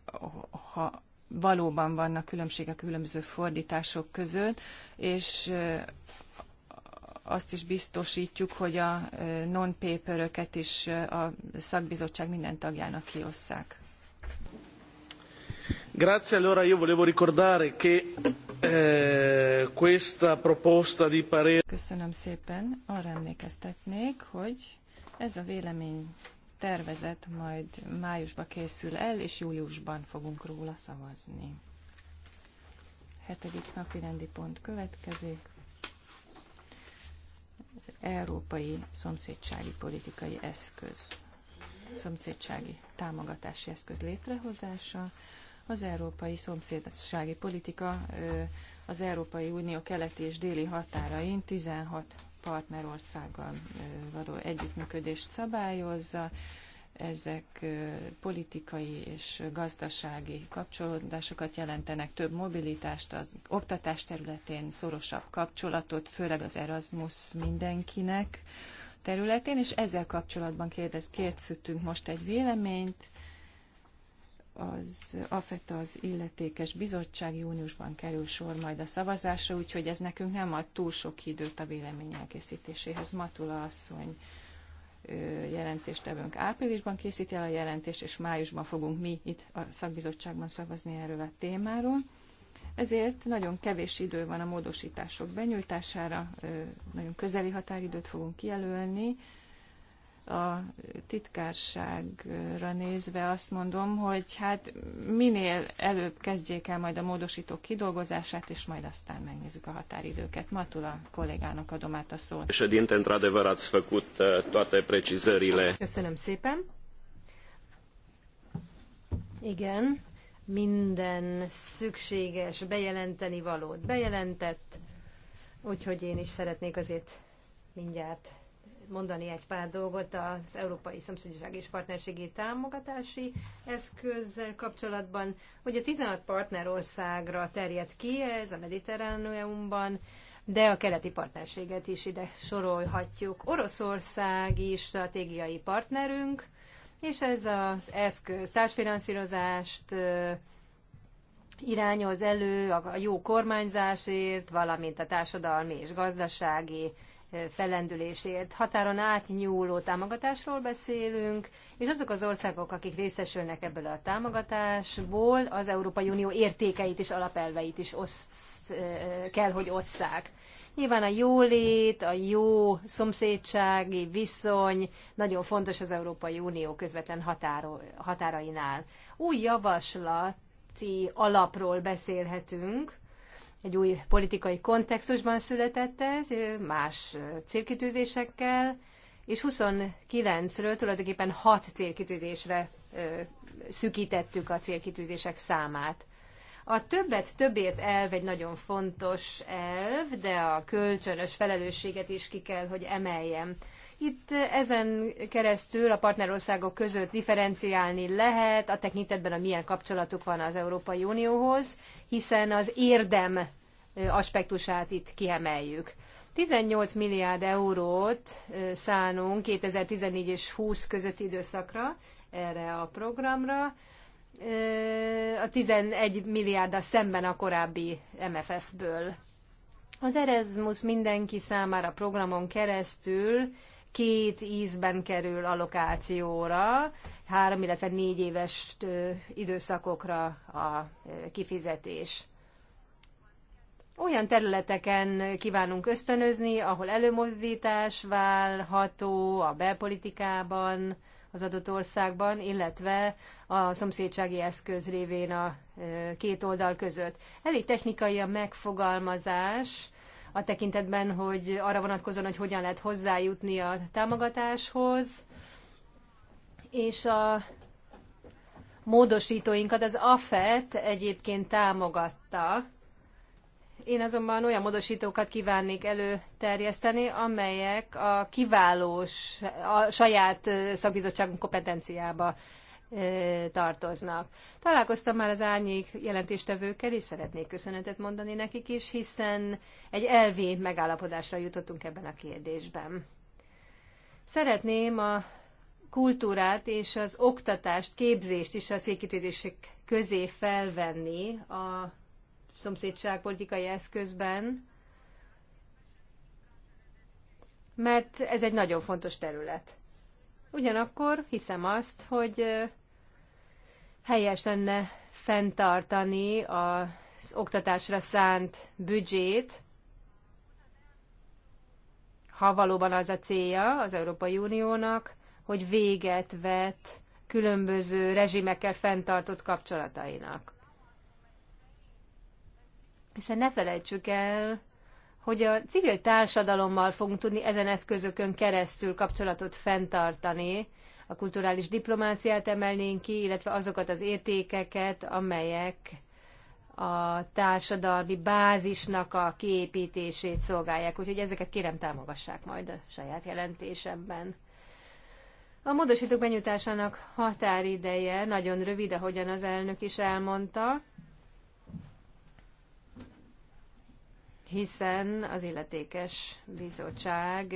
ha valóban vannak különbségek különböző fordítások között, és azt is biztosítjuk, hogy a non-paperöket is a szakbizottság minden tagjának kiosszák. Grazie, allora io volevo ricordare che eh, questa proposta di parere... Köszönöm szépen, arra emlékeztetnék, hogy ez a vélemény tervezet majd májusba készül el, és júliusban fogunk róla szavazni. Hetedik napi rendi pont következik. Az európai szomszédsági politikai eszköz, szomszédsági támogatási eszköz létrehozása. Az európai szomszédsági politika az Európai Unió keleti és déli határain 16 partnerországgal való együttműködést szabályozza. Ezek politikai és gazdasági kapcsolódásokat jelentenek, több mobilitást az oktatás területén, szorosabb kapcsolatot, főleg az Erasmus mindenkinek területén, és ezzel kapcsolatban kérdez, készítünk most egy véleményt az AFET az illetékes bizottság júniusban kerül sor majd a szavazásra, úgyhogy ez nekünk nem ad túl sok időt a vélemény elkészítéséhez. Matula asszony jelentést áprilisban készíti el a jelentést, és májusban fogunk mi itt a szakbizottságban szavazni erről a témáról. Ezért nagyon kevés idő van a módosítások benyújtására, nagyon közeli határidőt fogunk kijelölni, a titkárságra nézve azt mondom, hogy hát minél előbb kezdjék el majd a módosítók kidolgozását, és majd aztán megnézzük a határidőket. Matula kollégának adom át a szót. És a dintent ați făcut uh, toate precizările. Köszönöm szépen. Igen, minden szükséges bejelenteni valót bejelentett, úgyhogy én is szeretnék azért mindjárt mondani egy pár dolgot az Európai Szomszédság és Partnerségi Támogatási Eszközzel kapcsolatban. Ugye 16 partnerországra terjed ki ez a Mediterráneumban, de a keleti partnerséget is ide sorolhatjuk. Oroszország is stratégiai partnerünk, és ez az eszköz társfinanszírozást irányoz elő a jó kormányzásért, valamint a társadalmi és gazdasági fellendülésért. Határon átnyúló támogatásról beszélünk, és azok az országok, akik részesülnek ebből a támogatásból, az Európai Unió értékeit és alapelveit is osz, kell, hogy osszák. Nyilván a jólét, a jó szomszédsági viszony nagyon fontos az Európai Unió közvetlen határo, határainál. Új javaslati alapról beszélhetünk, egy új politikai kontextusban született ez, más célkitűzésekkel, és 29-ről tulajdonképpen 6 célkitűzésre szükítettük a célkitűzések számát. A többet többért elv egy nagyon fontos elv, de a kölcsönös felelősséget is ki kell, hogy emeljem. Itt ezen keresztül a partnerországok között differenciálni lehet, a tekintetben, a milyen kapcsolatuk van az Európai Unióhoz, hiszen az érdem aspektusát itt kiemeljük. 18 milliárd eurót szánunk 2014 és 20 közötti időszakra erre a programra, a 11 milliárda szemben a korábbi MFF-ből. Az Erasmus mindenki számára programon keresztül két ízben kerül allokációra, három, illetve négy éves időszakokra a kifizetés. Olyan területeken kívánunk ösztönözni, ahol előmozdítás válható a belpolitikában, az adott országban, illetve a szomszédsági eszköz révén a két oldal között. Elég technikai a megfogalmazás, a tekintetben, hogy arra vonatkozóan, hogy hogyan lehet hozzájutni a támogatáshoz, és a módosítóinkat az AFET egyébként támogatta. Én azonban olyan módosítókat kívánnék előterjeszteni, amelyek a kiválós, a saját szakbizottságunk kompetenciába tartoznak. Találkoztam már az árnyék jelentéstevőkkel, és szeretnék köszönetet mondani nekik is, hiszen egy elvi megállapodásra jutottunk ebben a kérdésben. Szeretném a kultúrát és az oktatást, képzést is a cégkitűzések közé felvenni a szomszédságpolitikai eszközben, mert ez egy nagyon fontos terület. Ugyanakkor hiszem azt, hogy helyes lenne fenntartani az oktatásra szánt büdzsét, ha valóban az a célja az Európai Uniónak, hogy véget vet különböző rezsimekkel fenntartott kapcsolatainak. Hiszen ne felejtsük el, hogy a civil társadalommal fogunk tudni ezen eszközökön keresztül kapcsolatot fenntartani, a kulturális diplomáciát emelnénk ki, illetve azokat az értékeket, amelyek a társadalmi bázisnak a kiépítését szolgálják. Úgyhogy ezeket kérem támogassák majd a saját jelentésemben. A módosítók benyújtásának határideje nagyon rövid, ahogyan az elnök is elmondta, hiszen az illetékes bizottság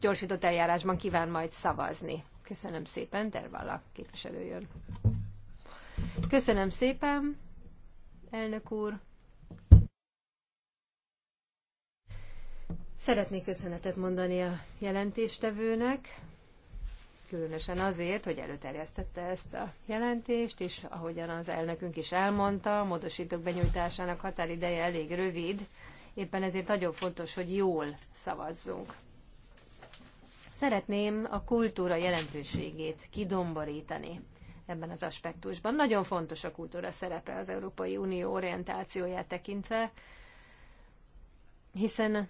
gyorsított eljárásban kíván majd szavazni. Köszönöm szépen, Dervalla képviselő jön. Köszönöm szépen, elnök úr. Szeretnék köszönetet mondani a jelentéstevőnek, különösen azért, hogy előterjesztette ezt a jelentést, és ahogyan az elnökünk is elmondta, a módosítók benyújtásának határideje elég rövid, éppen ezért nagyon fontos, hogy jól szavazzunk. Szeretném a kultúra jelentőségét kidomborítani ebben az aspektusban. Nagyon fontos a kultúra szerepe az Európai Unió orientációját tekintve, hiszen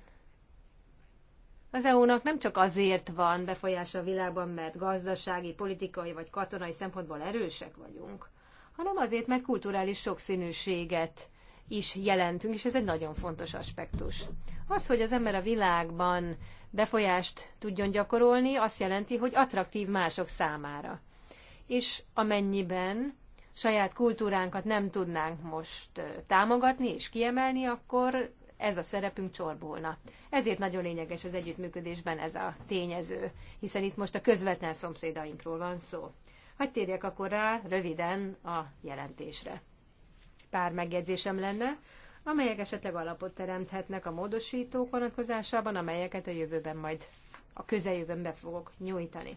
az EU-nak nem csak azért van befolyása a világban, mert gazdasági, politikai vagy katonai szempontból erősek vagyunk, hanem azért, mert kulturális sokszínűséget is jelentünk, és ez egy nagyon fontos aspektus. Az, hogy az ember a világban befolyást tudjon gyakorolni, azt jelenti, hogy attraktív mások számára. És amennyiben saját kultúránkat nem tudnánk most támogatni és kiemelni, akkor ez a szerepünk csorbulna. Ezért nagyon lényeges az együttműködésben ez a tényező, hiszen itt most a közvetlen szomszédainkról van szó. Hagy térjek akkor rá röviden a jelentésre pár megjegyzésem lenne, amelyek esetleg alapot teremthetnek a módosítók vonatkozásában, amelyeket a jövőben majd, a közeljövőben be fogok nyújtani.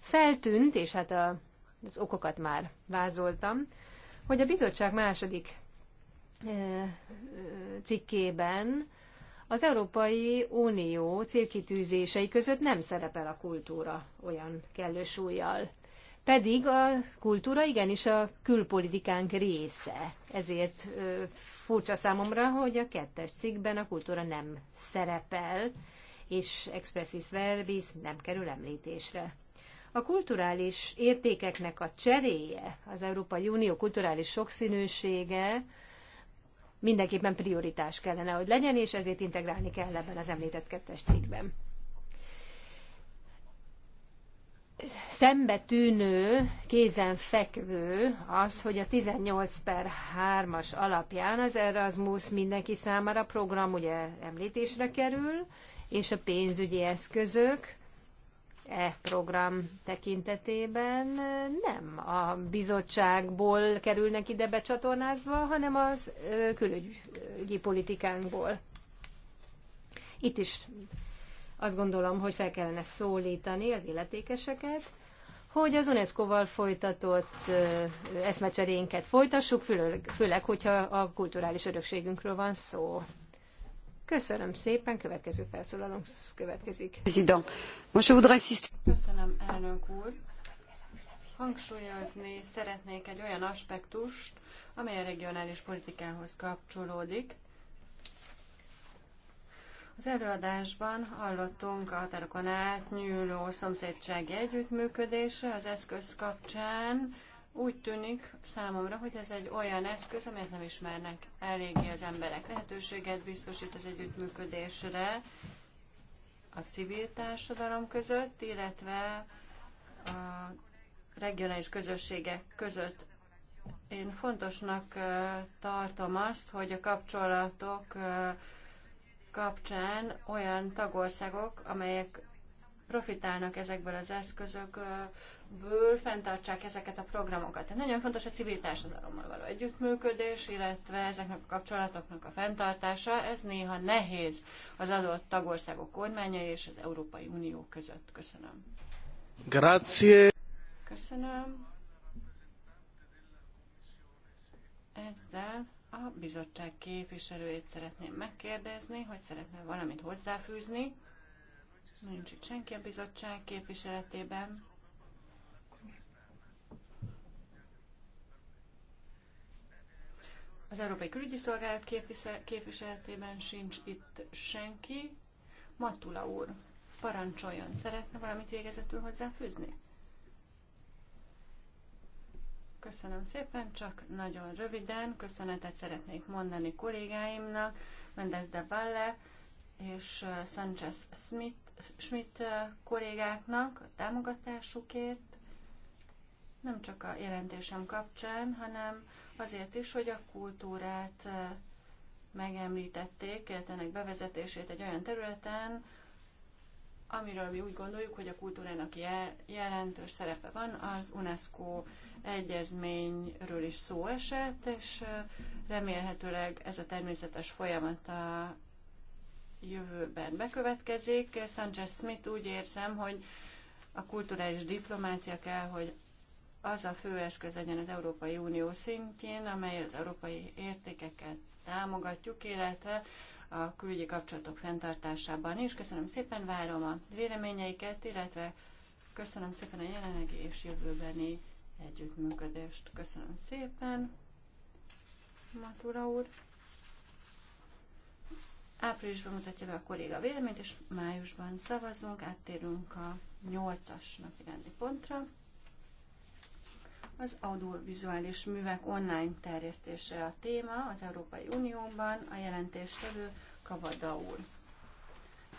Feltűnt, és hát a, az okokat már vázoltam, hogy a bizottság második e, cikkében az Európai Unió célkitűzései között nem szerepel a kultúra olyan kellő súlyjal pedig a kultúra igenis a külpolitikánk része. Ezért furcsa számomra, hogy a kettes cikkben a kultúra nem szerepel, és expressis verbis nem kerül említésre. A kulturális értékeknek a cseréje, az Európai Unió kulturális sokszínűsége mindenképpen prioritás kellene, hogy legyen, és ezért integrálni kell ebben az említett kettes cikkben. szembetűnő, fekvő az, hogy a 18 per 3-as alapján az Erasmus mindenki számára program ugye említésre kerül, és a pénzügyi eszközök e program tekintetében nem a bizottságból kerülnek ide becsatornázva, hanem az külügyi politikánkból. Itt is azt gondolom, hogy fel kellene szólítani az illetékeseket, hogy az UNESCO-val folytatott eszmecserénket folytassuk, főleg, hogyha a kulturális örökségünkről van szó. Köszönöm szépen, következő felszólalónk következik. Köszönöm, elnök úr. Hangsúlyozni szeretnék egy olyan aspektust, amely a regionális politikához kapcsolódik. Az előadásban hallottunk a határokon átnyúló szomszédsági együttműködésre az eszköz kapcsán. Úgy tűnik számomra, hogy ez egy olyan eszköz, amelyet nem ismernek eléggé az emberek. Lehetőséget biztosít az együttműködésre a civil társadalom között, illetve a regionális közösségek között. Én fontosnak tartom azt, hogy a kapcsolatok kapcsán olyan tagországok, amelyek profitálnak ezekből az eszközökből, fenntartsák ezeket a programokat. Tehát nagyon fontos a civil társadalommal való együttműködés, illetve ezeknek a kapcsolatoknak a fenntartása. Ez néha nehéz az adott tagországok kormányai és az Európai Unió között. Köszönöm. Grazie. Köszönöm. Ezzel a bizottság képviselőjét szeretném megkérdezni, hogy szeretne valamit hozzáfűzni. Nincs itt senki a bizottság képviseletében. Az Európai Külügyi Szolgálat képviseletében sincs itt senki. Matula úr, parancsoljon, szeretne valamit végezetül hozzáfűzni? Köszönöm szépen, csak nagyon röviden köszönetet szeretnék mondani kollégáimnak, Mendez de Valle és Sanchez Smith, Schmidt kollégáknak a támogatásukért, nem csak a jelentésem kapcsán, hanem azért is, hogy a kultúrát megemlítették, illetve ennek bevezetését egy olyan területen, amiről mi úgy gondoljuk, hogy a kultúrának jel jelentős szerepe van, az UNESCO egyezményről is szó esett, és remélhetőleg ez a természetes folyamat a jövőben bekövetkezik. Sanchez Smith úgy érzem, hogy a kulturális diplomácia kell, hogy az a fő eszköz legyen az Európai Unió szintjén, amely az európai értékeket támogatjuk, illetve a külügyi kapcsolatok fenntartásában is. Köszönöm szépen, várom a véleményeiket, illetve köszönöm szépen a jelenlegi és jövőbeni együttműködést. Köszönöm szépen, Matura úr. Áprilisban mutatja be a kolléga véleményt, és májusban szavazunk, áttérünk a 8-as napi rendi pontra. Az audiovizuális művek online terjesztése a téma az Európai Unióban, a jelentéstevő Kavada úr.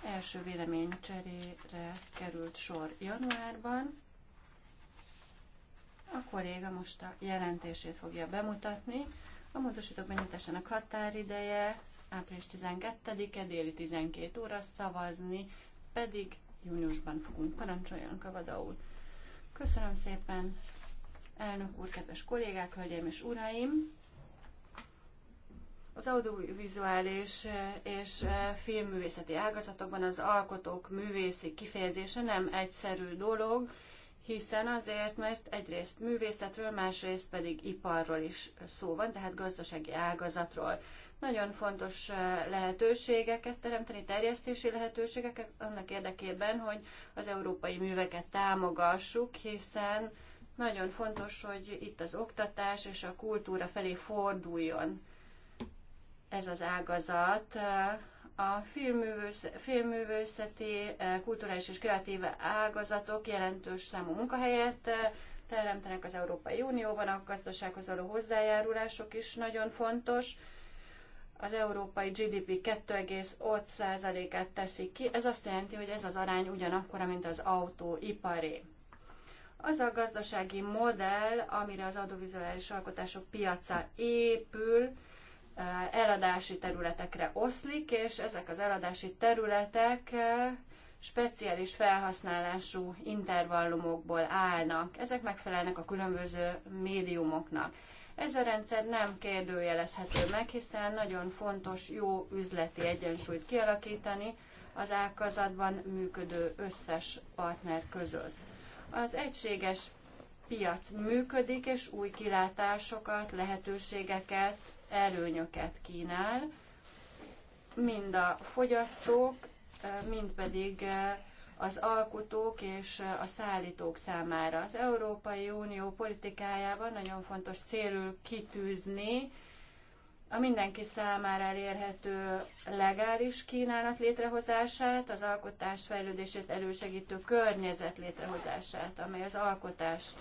Első véleménycserére került sor januárban, a kolléga most a jelentését fogja bemutatni. A módosítók benyújtásának határideje április 12-e déli 12 óra szavazni, pedig júniusban fogunk parancsoljon Kavadaul. Köszönöm szépen, elnök úr, kedves kollégák, hölgyeim és uraim! Az audiovizuális eh, és eh, filmművészeti ágazatokban az alkotók művészi kifejezése nem egyszerű dolog, hiszen azért, mert egyrészt művészetről, másrészt pedig iparról is szó van, tehát gazdasági ágazatról. Nagyon fontos eh, lehetőségeket teremteni, terjesztési lehetőségeket annak érdekében, hogy az európai műveket támogassuk, hiszen nagyon fontos, hogy itt az oktatás és a kultúra felé forduljon ez az ágazat eh, a filmművészeti, eh, kulturális és kreatív ágazatok jelentős számú munkahelyet eh, teremtenek az Európai Unióban, a gazdasághoz való hozzájárulások is nagyon fontos. Az európai GDP 2,8%-át teszi ki, ez azt jelenti, hogy ez az arány ugyanakkora, mint az autóiparé. Az a gazdasági modell, amire az audiovizuális alkotások piaca épül, Eh, eladási területekre oszlik, és ezek az eladási területek eh, speciális felhasználású intervallumokból állnak. Ezek megfelelnek a különböző médiumoknak. Ez a rendszer nem kérdőjelezhető meg, hiszen nagyon fontos jó üzleti egyensúlyt kialakítani az ágazatban működő összes partner között. Az egységes piac működik, és új kilátásokat, lehetőségeket előnyöket kínál, mind a fogyasztók, mind pedig az alkotók és a szállítók számára. Az Európai Unió politikájában nagyon fontos célul kitűzni a mindenki számára elérhető legális kínálat létrehozását, az alkotás fejlődését elősegítő környezet létrehozását, amely az alkotást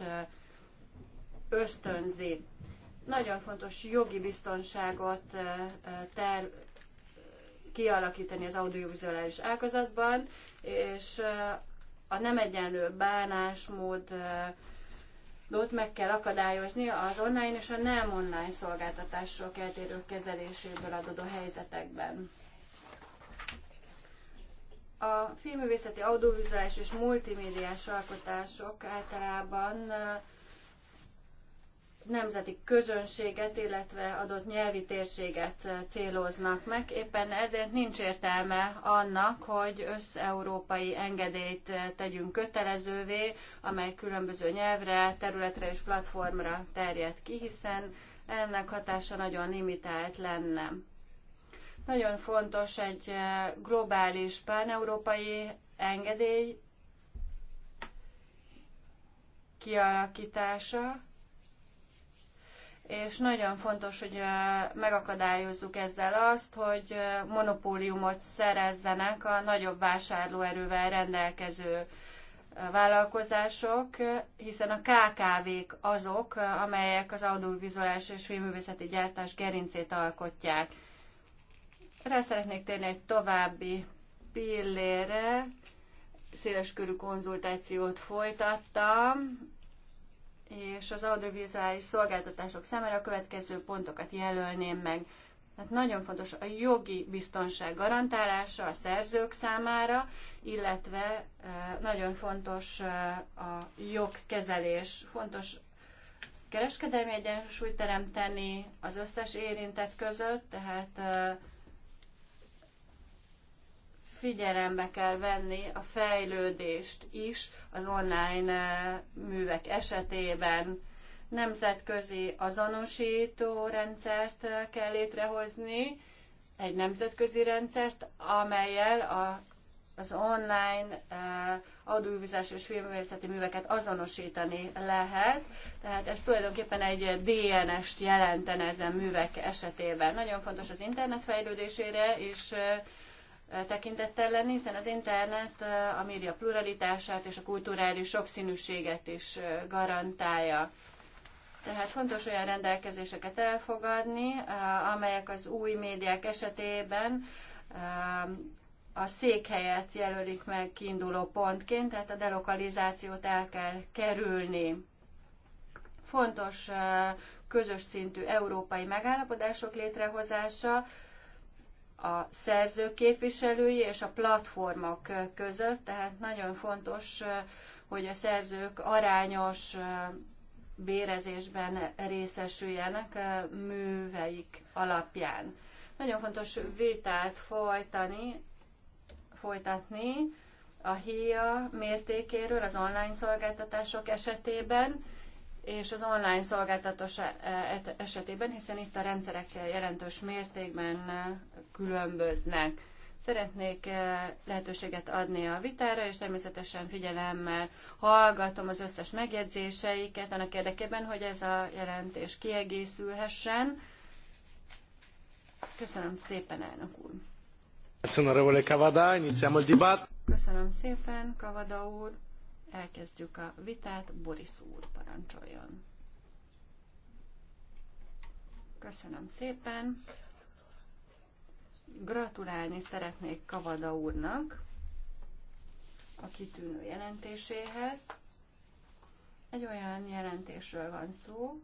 ösztönzi nagyon fontos jogi biztonságot ter, kialakítani az audiovizuális ágazatban, és a nem egyenlő bánásmódot meg kell akadályozni az online és a nem online szolgáltatások eltérő kezeléséből adódó helyzetekben. A filmművészeti, audiovizuális és multimédiás alkotások általában uh, nemzeti közönséget, illetve adott nyelvi térséget eh, céloznak meg. Éppen ezért nincs értelme annak, hogy összeurópai engedélyt eh, tegyünk kötelezővé, amely különböző nyelvre, területre és platformra terjed ki, hiszen ennek hatása nagyon limitált lenne. Nagyon fontos egy eh, globális páneurópai engedély kialakítása, és nagyon fontos, hogy megakadályozzuk ezzel azt, hogy monopóliumot szerezzenek a nagyobb vásárlóerővel rendelkező vállalkozások, hiszen a KKV-k azok, amelyek az audiovizuális és filmművészeti gyártás gerincét alkotják. Rá szeretnék térni egy további pillére, széleskörű konzultációt folytattam és az audiovizuális szolgáltatások számára a következő pontokat jelölném meg. Tehát nagyon fontos a jogi biztonság garantálása a szerzők számára, illetve e, nagyon fontos e, a jogkezelés, fontos kereskedelmi egyensúlyt teremteni az összes érintett között, tehát e, figyelembe kell venni a fejlődést is az online eh, művek esetében. Nemzetközi azonosító rendszert eh, kell létrehozni, egy nemzetközi rendszert, amelyel a, az online eh, audiovizuális és filmművészeti műveket azonosítani lehet. Tehát ez tulajdonképpen egy DNS-t jelentene ezen művek esetében. Nagyon fontos az internet fejlődésére, és tekintettel lenni, hiszen az internet a média pluralitását és a kulturális sokszínűséget is garantálja. Tehát fontos olyan rendelkezéseket elfogadni, amelyek az új médiák esetében a székhelyet jelölik meg kiinduló pontként, tehát a delokalizációt el kell kerülni. Fontos közös szintű európai megállapodások létrehozása, a szerzők képviselői és a platformok között, tehát nagyon fontos, hogy a szerzők arányos bérezésben részesüljenek műveik alapján. Nagyon fontos vitát folytani, folytatni a HIA mértékéről az online szolgáltatások esetében, és az online szolgáltatás e- e- esetében, hiszen itt a rendszerek jelentős mértékben e, különböznek. Szeretnék lehetőséget adni a vitára, és természetesen figyelemmel hallgatom az összes megjegyzéseiket annak érdekében, hogy ez a jelentés kiegészülhessen. Köszönöm szépen, elnök úr! Köszönöm szépen, Kavada úr! Elkezdjük a vitát. Boris úr, parancsoljon. Köszönöm szépen. Gratulálni szeretnék Kavada úrnak a kitűnő jelentéséhez. Egy olyan jelentésről van szó,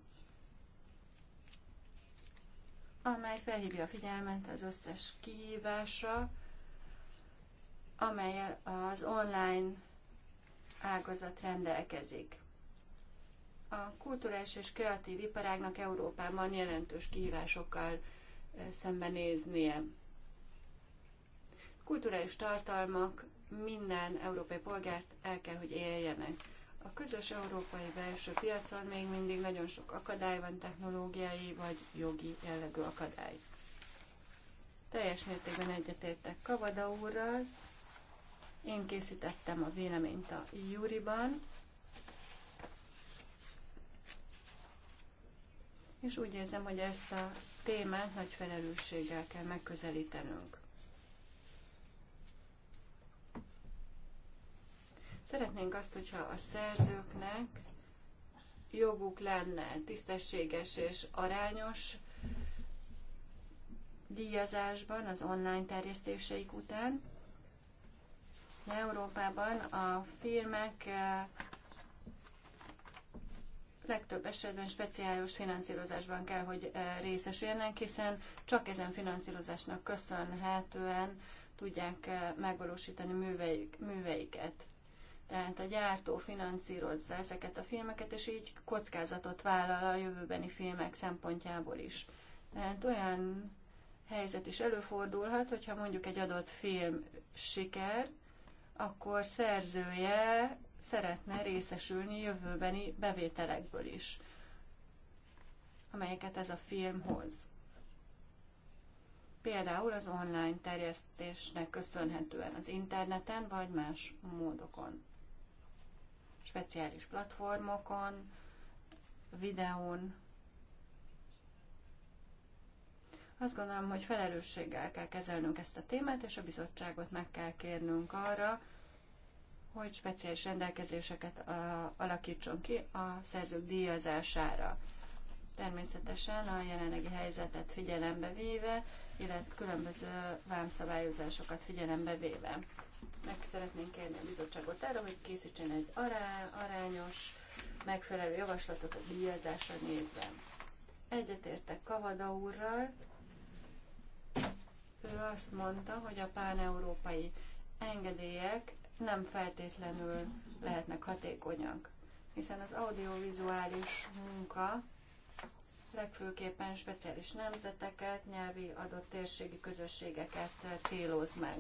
amely felhívja a figyelmet az összes kihívásra, amelyel az online ágazat rendelkezik. A kulturális és kreatív iparágnak Európában jelentős kihívásokkal eh, szembenéznie. Kulturális tartalmak minden európai polgárt el kell, hogy éljenek. A közös európai belső piacon még mindig nagyon sok akadály van, technológiai vagy jogi jellegű akadály. Teljes mértékben egyetértek Kavada úrral, én készítettem a véleményt a Júriban, és úgy érzem, hogy ezt a témát nagy felelősséggel kell megközelítenünk. Szeretnénk azt, hogyha a szerzőknek joguk lenne tisztességes és arányos díjazásban az online terjesztéseik után, Európában a filmek eh, legtöbb esetben speciális finanszírozásban kell, hogy eh, részesüljenek, hiszen csak ezen finanszírozásnak köszönhetően tudják eh, megvalósítani műveik, műveiket. Tehát a gyártó finanszírozza ezeket a filmeket, és így kockázatot vállal a jövőbeni filmek szempontjából is. Tehát olyan helyzet is előfordulhat, hogyha mondjuk egy adott film siker, akkor szerzője szeretne részesülni jövőbeni bevételekből is, amelyeket ez a film hoz. Például az online terjesztésnek köszönhetően az interneten vagy más módokon, speciális platformokon, videón, Azt gondolom, hogy felelősséggel kell kezelnünk ezt a témát, és a bizottságot meg kell kérnünk arra, hogy speciális rendelkezéseket alakítson ki a szerzők díjazására. Természetesen a jelenlegi helyzetet figyelembe véve, illetve különböző vámszabályozásokat figyelembe véve. Meg szeretnénk kérni a bizottságot arra, hogy készítsen egy ará, arányos, megfelelő javaslatot a díjazásra nézve. Egyetértek Kavada úrral, ő azt mondta, hogy a páneurópai engedélyek nem feltétlenül lehetnek hatékonyak, hiszen az audiovizuális munka legfőképpen speciális nemzeteket, nyelvi adott térségi közösségeket céloz meg.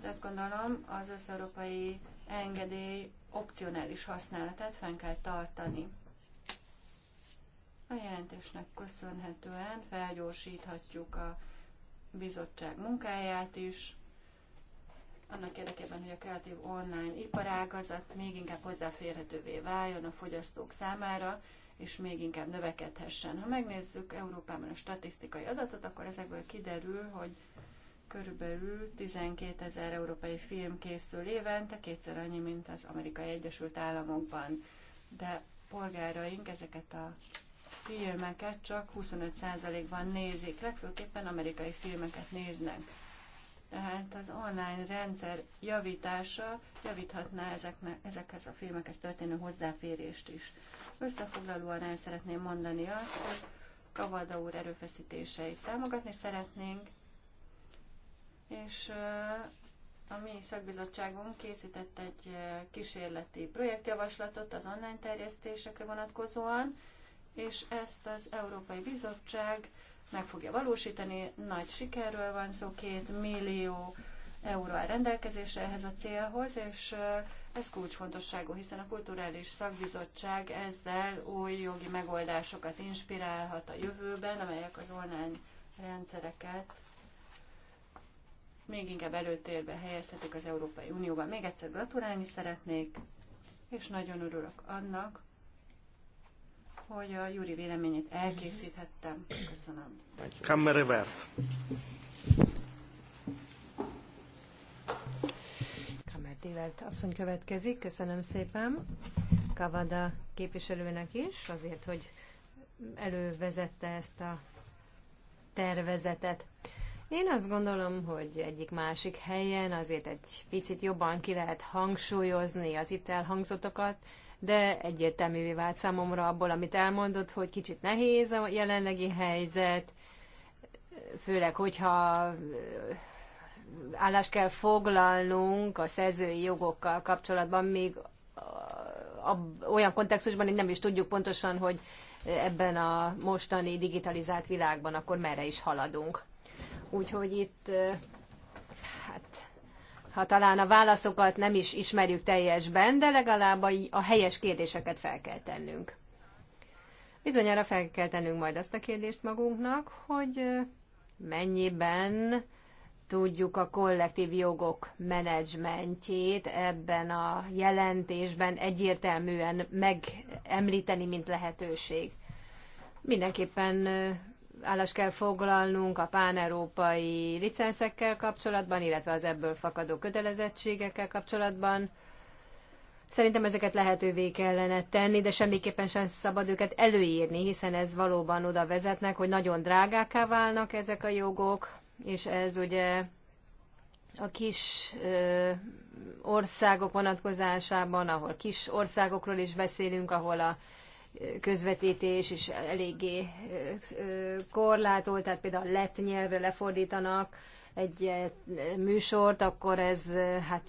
De azt gondolom, az összeurópai engedély opcionális használatát fenn kell tartani. A jelentésnek köszönhetően felgyorsíthatjuk a bizottság munkáját is, annak érdekében, hogy a kreatív online iparágazat még inkább hozzáférhetővé váljon a fogyasztók számára, és még inkább növekedhessen. Ha megnézzük Európában a statisztikai adatot, akkor ezekből kiderül, hogy körülbelül 12 ezer európai film készül évente, kétszer annyi, mint az Amerikai Egyesült Államokban. De polgáraink ezeket a filmeket csak 25%-ban nézik, legfőképpen amerikai filmeket néznek. Tehát az online rendszer javítása javíthatná ezeknek, ezekhez a filmekhez történő hozzáférést is. Összefoglalóan el szeretném mondani azt, hogy Kavada úr erőfeszítéseit támogatni szeretnénk, és a mi szakbizottságunk készített egy kísérleti projektjavaslatot az online terjesztésekre vonatkozóan, és ezt az Európai Bizottság meg fogja valósítani. Nagy sikerről van szó, két millió euró áll rendelkezésre ehhez a célhoz, és ez kulcsfontosságú, hiszen a Kulturális Szakbizottság ezzel új jogi megoldásokat inspirálhat a jövőben, amelyek az online rendszereket még inkább előtérbe helyezhetik az Európai Unióban. Még egyszer gratulálni szeretnék, és nagyon örülök annak, hogy a Júri véleményét elkészíthettem. Köszönöm. Kammerevert. Kammertévelt asszony következik. Köszönöm szépen Kavada képviselőnek is, azért, hogy elővezette ezt a tervezetet. Én azt gondolom, hogy egyik másik helyen azért egy picit jobban ki lehet hangsúlyozni az itt elhangzottakat, de egyértelművé vált számomra abból, amit elmondott, hogy kicsit nehéz a jelenlegi helyzet, főleg, hogyha állást kell foglalnunk a szerzői jogokkal kapcsolatban, még olyan kontextusban, hogy nem is tudjuk pontosan, hogy ebben a mostani digitalizált világban akkor merre is haladunk. Úgyhogy itt hát ha talán a válaszokat nem is ismerjük teljesben, de legalább a helyes kérdéseket fel kell tennünk. Bizonyára fel kell tennünk majd azt a kérdést magunknak, hogy mennyiben tudjuk a kollektív jogok menedzsmentjét ebben a jelentésben egyértelműen megemlíteni, mint lehetőség. Mindenképpen állást kell foglalnunk a páneurópai licenszekkel kapcsolatban, illetve az ebből fakadó kötelezettségekkel kapcsolatban. Szerintem ezeket lehetővé kellene tenni, de semmiképpen sem szabad őket előírni, hiszen ez valóban oda vezetnek, hogy nagyon drágáká válnak ezek a jogok, és ez ugye a kis ö, országok vonatkozásában, ahol kis országokról is beszélünk, ahol a közvetítés is eléggé korlátolt, tehát például lett nyelvre lefordítanak egy műsort, akkor ez hát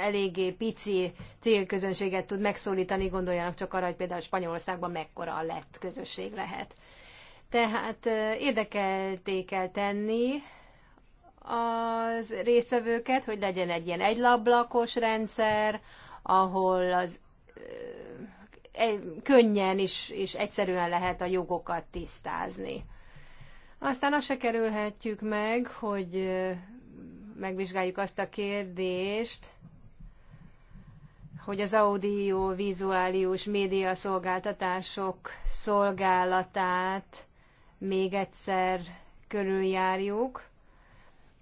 eléggé pici célközönséget tud megszólítani, gondoljanak csak arra, hogy például Spanyolországban mekkora a lett közösség lehet. Tehát érdekelté kell tenni az részvevőket, hogy legyen egy ilyen egylablakos rendszer, ahol az E, könnyen és, és egyszerűen lehet a jogokat tisztázni. Aztán azt se kerülhetjük meg, hogy megvizsgáljuk azt a kérdést, hogy az audio-vizuális média szolgáltatások szolgálatát még egyszer körüljárjuk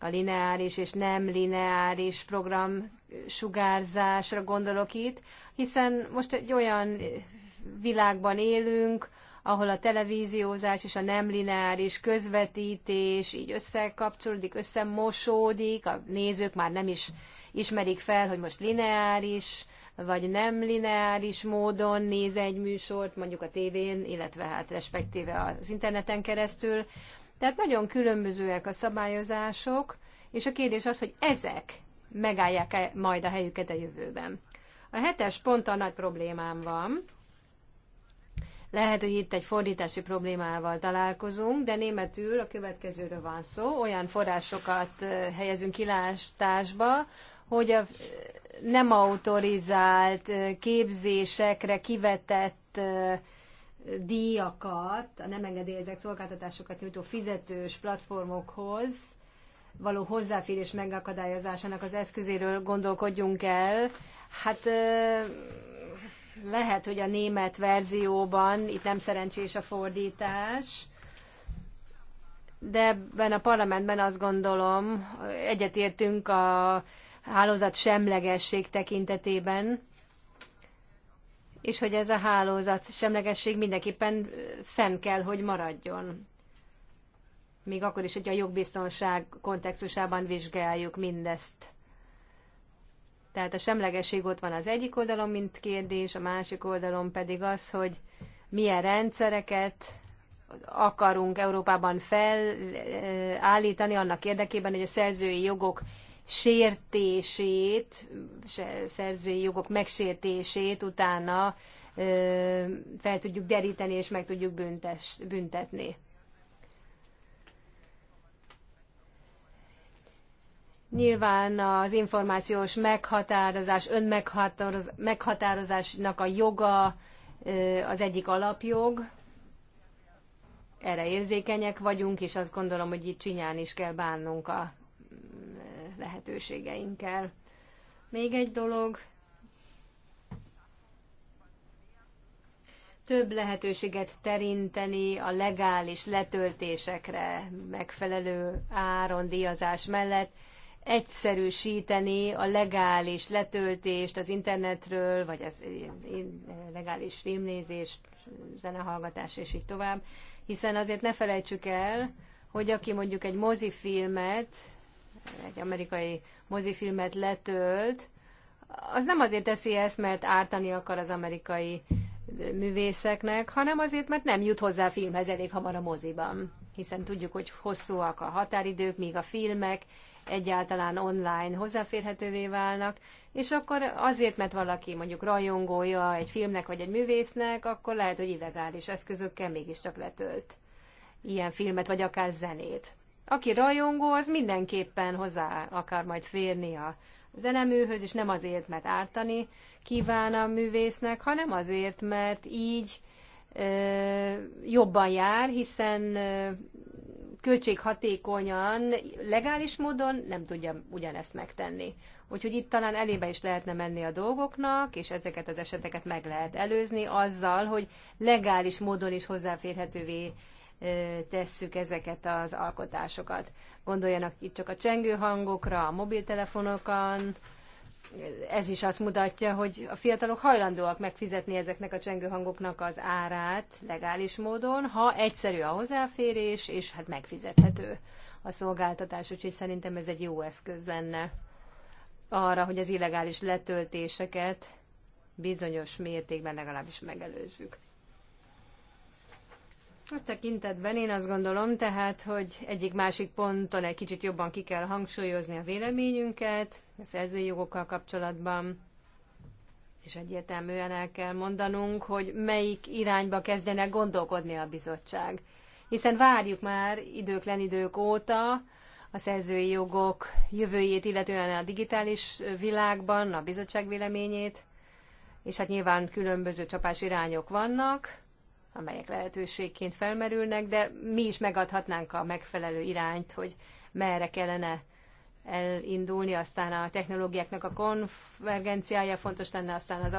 a lineáris és nem lineáris program sugárzásra gondolok itt, hiszen most egy olyan világban élünk, ahol a televíziózás és a nem lineáris közvetítés így összekapcsolódik, összemosódik, a nézők már nem is ismerik fel, hogy most lineáris vagy nem lineáris módon néz egy műsort, mondjuk a tévén, illetve hát respektíve az interneten keresztül. Tehát nagyon különbözőek a szabályozások, és a kérdés az, hogy ezek megállják-e majd a helyüket a jövőben. A hetes ponttal nagy problémám van. Lehet, hogy itt egy fordítási problémával találkozunk, de németül a következőről van szó. Olyan forrásokat helyezünk kilátásba, hogy a nem autorizált képzésekre kivetett díjakat, a nem engedélyezett szolgáltatásokat nyújtó fizetős platformokhoz való hozzáférés megakadályozásának az eszközéről gondolkodjunk el. Hát lehet, hogy a német verzióban itt nem szerencsés a fordítás, de ebben a parlamentben azt gondolom, egyetértünk a hálózat semlegesség tekintetében, és hogy ez a hálózat semlegesség mindenképpen fenn kell, hogy maradjon. Még akkor is, hogy a jogbiztonság kontextusában vizsgáljuk mindezt. Tehát a semlegesség ott van az egyik oldalon, mint kérdés, a másik oldalon pedig az, hogy milyen rendszereket akarunk Európában felállítani annak érdekében, hogy a szerzői jogok sértését, szerzői jogok megsértését utána fel tudjuk deríteni és meg tudjuk büntes, büntetni. Nyilván az információs meghatározás, önmeghatározásnak a joga az egyik alapjog. Erre érzékenyek vagyunk, és azt gondolom, hogy itt csinyán is kell bánnunk a lehetőségeinkkel. Még egy dolog, több lehetőséget terinteni a legális letöltésekre megfelelő áron díjazás mellett, egyszerűsíteni a legális letöltést az internetről, vagy az legális filmnézést, zenehallgatás és így tovább. Hiszen azért ne felejtsük el, hogy aki mondjuk egy mozifilmet egy amerikai mozifilmet letölt, az nem azért teszi ezt, mert ártani akar az amerikai művészeknek, hanem azért, mert nem jut hozzá a filmhez elég hamar a moziban. Hiszen tudjuk, hogy hosszúak a határidők, míg a filmek egyáltalán online hozzáférhetővé válnak, és akkor azért, mert valaki mondjuk rajongója egy filmnek vagy egy művésznek, akkor lehet, hogy illegális eszközökkel mégiscsak letölt ilyen filmet, vagy akár zenét. Aki rajongó, az mindenképpen hozzá akar majd férni a zeneműhöz, és nem azért, mert ártani kíván a művésznek, hanem azért, mert így ö, jobban jár, hiszen ö, költséghatékonyan, legális módon nem tudja ugyanezt megtenni. Úgyhogy itt talán elébe is lehetne menni a dolgoknak, és ezeket az eseteket meg lehet előzni azzal, hogy legális módon is hozzáférhetővé tesszük ezeket az alkotásokat. Gondoljanak itt csak a csengő hangokra, a mobiltelefonokon, ez is azt mutatja, hogy a fiatalok hajlandóak megfizetni ezeknek a csengőhangoknak az árát legális módon, ha egyszerű a hozzáférés, és hát megfizethető a szolgáltatás, úgyhogy szerintem ez egy jó eszköz lenne arra, hogy az illegális letöltéseket bizonyos mértékben legalábbis megelőzzük. A tekintetben én azt gondolom tehát, hogy egyik másik ponton egy kicsit jobban ki kell hangsúlyozni a véleményünket a szerzői jogokkal kapcsolatban, és egyértelműen el kell mondanunk, hogy melyik irányba kezdene gondolkodni a bizottság. Hiszen várjuk már időklen idők óta a szerzői jogok jövőjét, illetően a digitális világban a bizottság véleményét, és hát nyilván különböző csapás irányok vannak, amelyek lehetőségként felmerülnek, de mi is megadhatnánk a megfelelő irányt, hogy merre kellene elindulni, aztán a technológiáknak a konvergenciája fontos lenne, aztán az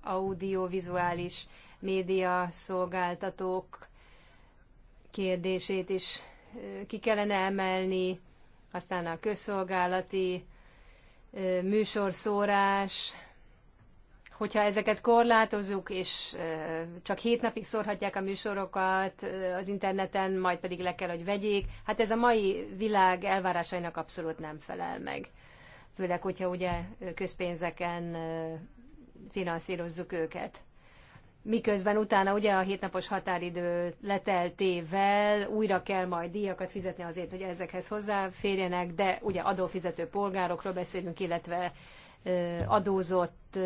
audiovizuális média szolgáltatók kérdését is ki kellene emelni, aztán a közszolgálati műsorszórás, hogyha ezeket korlátozzuk, és csak hét napig szórhatják a műsorokat az interneten, majd pedig le kell, hogy vegyék, hát ez a mai világ elvárásainak abszolút nem felel meg. Főleg, hogyha ugye közpénzeken finanszírozzuk őket. Miközben utána ugye a hétnapos határidő leteltével újra kell majd díjakat fizetni azért, hogy ezekhez hozzáférjenek, de ugye adófizető polgárokról beszélünk, illetve adózott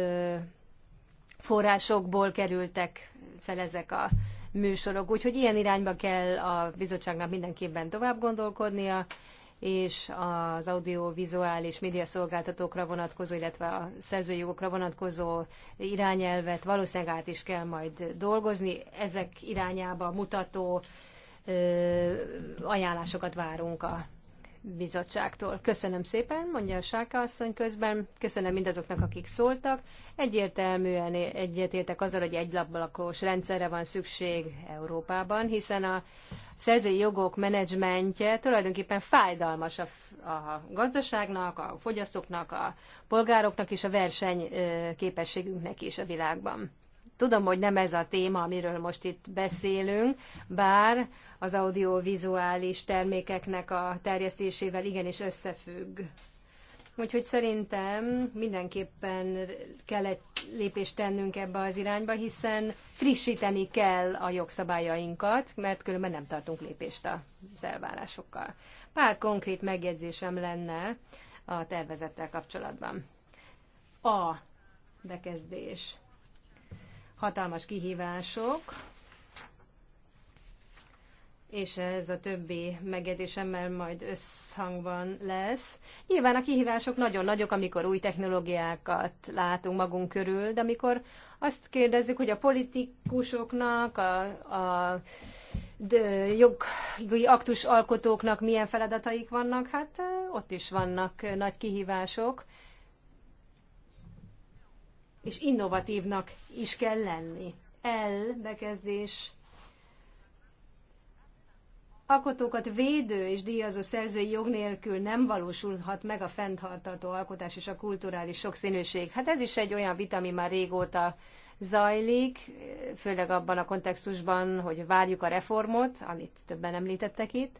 forrásokból kerültek fel ezek a műsorok. Úgyhogy ilyen irányba kell a bizottságnak mindenképpen tovább gondolkodnia, és az audiovizuális médiaszolgáltatókra vonatkozó, illetve a jogokra vonatkozó irányelvet valószínűleg át is kell majd dolgozni. Ezek irányába mutató ö, ajánlásokat várunk a bizottságtól. Köszönöm szépen, mondja a Sáka asszony közben. Köszönöm mindazoknak, akik szóltak. Egyértelműen egyetértek azzal, hogy egy lakos rendszerre van szükség Európában, hiszen a szerzői jogok menedzsmentje tulajdonképpen fájdalmas a, a gazdaságnak, a fogyasztóknak, a polgároknak és a versenyképességünknek is a világban. Tudom, hogy nem ez a téma, amiről most itt beszélünk, bár az audiovizuális termékeknek a terjesztésével igenis összefügg. Úgyhogy szerintem mindenképpen kell egy lépést tennünk ebbe az irányba, hiszen frissíteni kell a jogszabályainkat, mert különben nem tartunk lépést az elvárásokkal. Pár konkrét megjegyzésem lenne a tervezettel kapcsolatban. A bekezdés hatalmas kihívások, és ez a többi megjegyzésemmel majd összhangban lesz. Nyilván a kihívások nagyon nagyok, amikor új technológiákat látunk magunk körül, de amikor azt kérdezzük, hogy a politikusoknak, a, a jogi aktus alkotóknak milyen feladataik vannak, hát ott is vannak nagy kihívások, és innovatívnak is kell lenni. L bekezdés alkotókat védő és díjazó szerzői jog nélkül nem valósulhat meg a fenntartató alkotás és a kulturális sokszínűség. Hát ez is egy olyan vita, ami már régóta zajlik, főleg abban a kontextusban, hogy várjuk a reformot, amit többen említettek itt.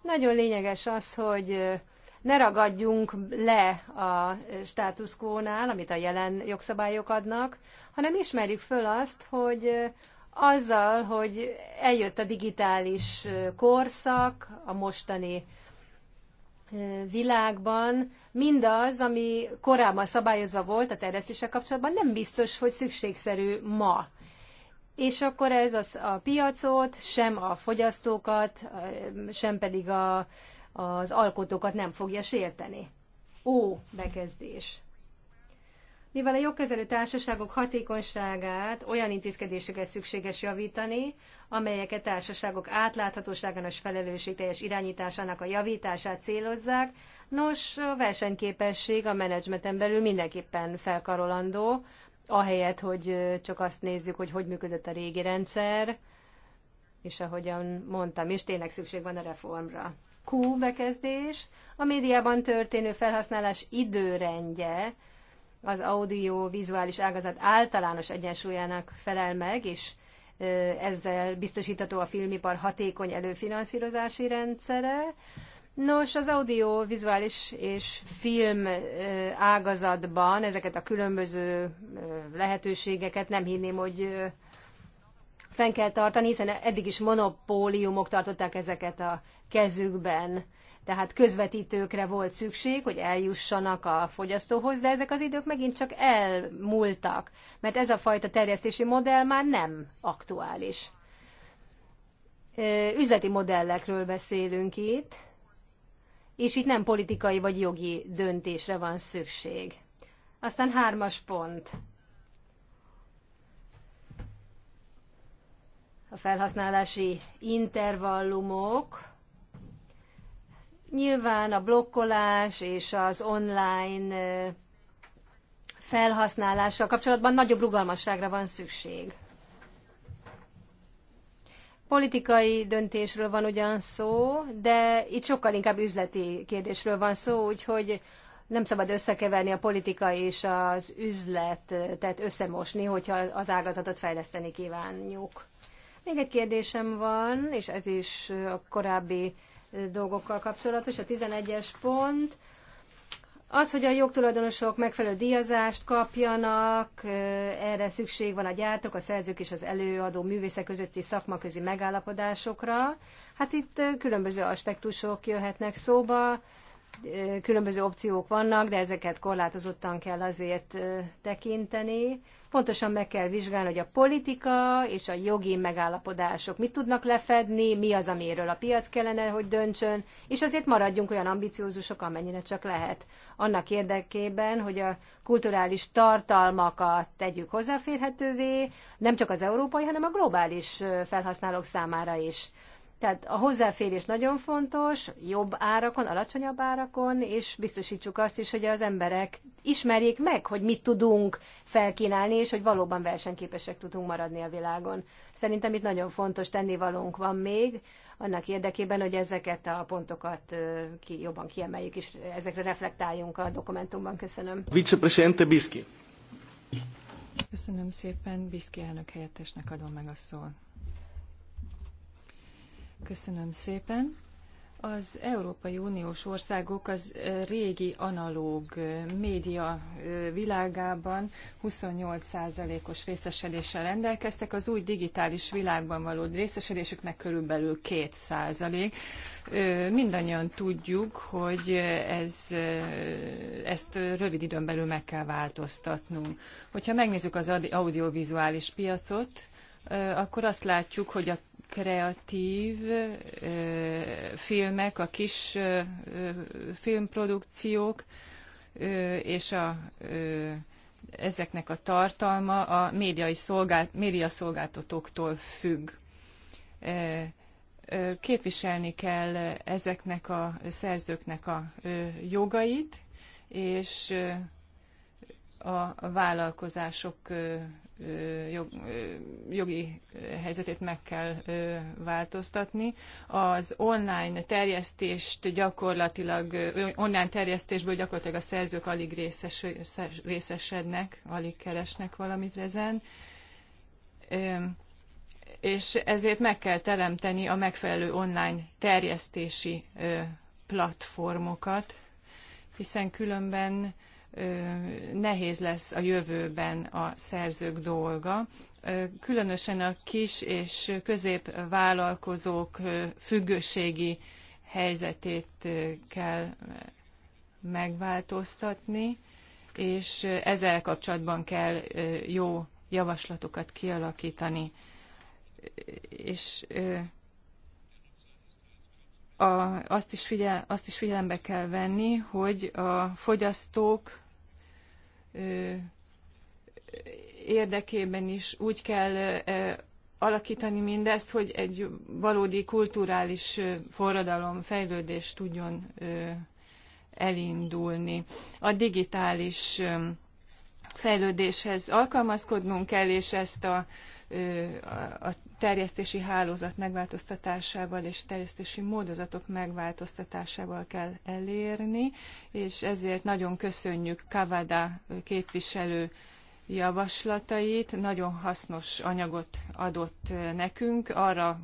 Nagyon lényeges az, hogy ne ragadjunk le a státuszkónál, amit a jelen jogszabályok adnak, hanem ismerjük föl azt, hogy azzal, hogy eljött a digitális korszak a mostani eh, világban, mindaz, ami korábban szabályozva volt a terjesztéssel kapcsolatban, nem biztos, hogy szükségszerű ma. És akkor ez az a piacot, sem a fogyasztókat, eh, sem pedig a az alkotókat nem fogja sérteni. Ó, bekezdés. Mivel a jogkezelő társaságok hatékonyságát olyan intézkedéseket szükséges javítani, amelyeket társaságok átláthatóságának teljes irányításának a javítását célozzák, nos, a versenyképesség a menedzsmenten belül mindenképpen felkarolandó, ahelyett, hogy csak azt nézzük, hogy hogy működött a régi rendszer, és ahogyan mondtam is, tényleg szükség van a reformra. Q bekezdés, a médiában történő felhasználás időrendje az audio-vizuális ágazat általános egyensúlyának felel meg, és ezzel biztosítható a filmipar hatékony előfinanszírozási rendszere. Nos, az audio-vizuális és film ágazatban ezeket a különböző lehetőségeket nem hinném, hogy fenn kell tartani, hiszen eddig is monopóliumok tartották ezeket a kezükben. Tehát közvetítőkre volt szükség, hogy eljussanak a fogyasztóhoz, de ezek az idők megint csak elmúltak, mert ez a fajta terjesztési modell már nem aktuális. Üzleti modellekről beszélünk itt, és itt nem politikai vagy jogi döntésre van szükség. Aztán hármas pont a felhasználási intervallumok. Nyilván a blokkolás és az online felhasználással kapcsolatban nagyobb rugalmasságra van szükség. Politikai döntésről van ugyan szó, de itt sokkal inkább üzleti kérdésről van szó, úgyhogy nem szabad összekeverni a politika és az üzlet, tehát összemosni, hogyha az ágazatot fejleszteni kívánjuk. Még egy kérdésem van, és ez is a korábbi dolgokkal kapcsolatos, a 11-es pont. Az, hogy a jogtulajdonosok megfelelő díjazást kapjanak, erre szükség van a gyártók, a szerzők és az előadó művészek közötti szakmaközi megállapodásokra. Hát itt különböző aspektusok jöhetnek szóba, különböző opciók vannak, de ezeket korlátozottan kell azért tekinteni. Pontosan meg kell vizsgálni, hogy a politika és a jogi megállapodások mit tudnak lefedni, mi az, amiről a piac kellene, hogy döntsön, és azért maradjunk olyan ambiciózusok, amennyire csak lehet. Annak érdekében, hogy a kulturális tartalmakat tegyük hozzáférhetővé, nem csak az európai, hanem a globális felhasználók számára is. Tehát a hozzáférés nagyon fontos, jobb árakon, alacsonyabb árakon, és biztosítsuk azt is, hogy az emberek ismerjék meg, hogy mit tudunk felkínálni, és hogy valóban versenyképesek tudunk maradni a világon. Szerintem itt nagyon fontos tennivalónk van még, annak érdekében, hogy ezeket a pontokat ki, jobban kiemeljük, és ezekre reflektáljunk a dokumentumban. Köszönöm. Vicepresidente Biszki. Köszönöm szépen, Biszki elnök helyettesnek adom meg a szót. Köszönöm szépen. Az Európai Uniós országok az régi analóg média világában 28%-os részesedéssel rendelkeztek, az új digitális világban való részesedésüknek körülbelül 2%. Mindannyian tudjuk, hogy ez, ezt rövid időn belül meg kell változtatnunk. Hogyha megnézzük az audiovizuális piacot, akkor azt látjuk, hogy a kreatív filmek, a kis ö, filmprodukciók és a, ezeknek a tartalma a médiai szolgált, szolgáltatóktól függ. Képviselni kell ezeknek a szerzőknek a jogait, és a vállalkozások jog, jogi helyzetét meg kell változtatni. Az online terjesztést gyakorlatilag, online terjesztésből gyakorlatilag a szerzők alig részes, részesednek, alig keresnek valamit ezen és ezért meg kell teremteni a megfelelő online terjesztési platformokat, hiszen különben nehéz lesz a jövőben a szerzők dolga. Különösen a kis és középvállalkozók függőségi helyzetét kell megváltoztatni, és ezzel kapcsolatban kell jó javaslatokat kialakítani. És azt, is figyel, azt is figyelembe kell venni, hogy a fogyasztók érdekében is úgy kell alakítani mindezt, hogy egy valódi kulturális forradalom, fejlődés tudjon elindulni. A digitális fejlődéshez alkalmazkodnunk kell, és ezt a a terjesztési hálózat megváltoztatásával és terjesztési módozatok megváltoztatásával kell elérni, és ezért nagyon köszönjük Kavada képviselő javaslatait, nagyon hasznos anyagot adott nekünk arra,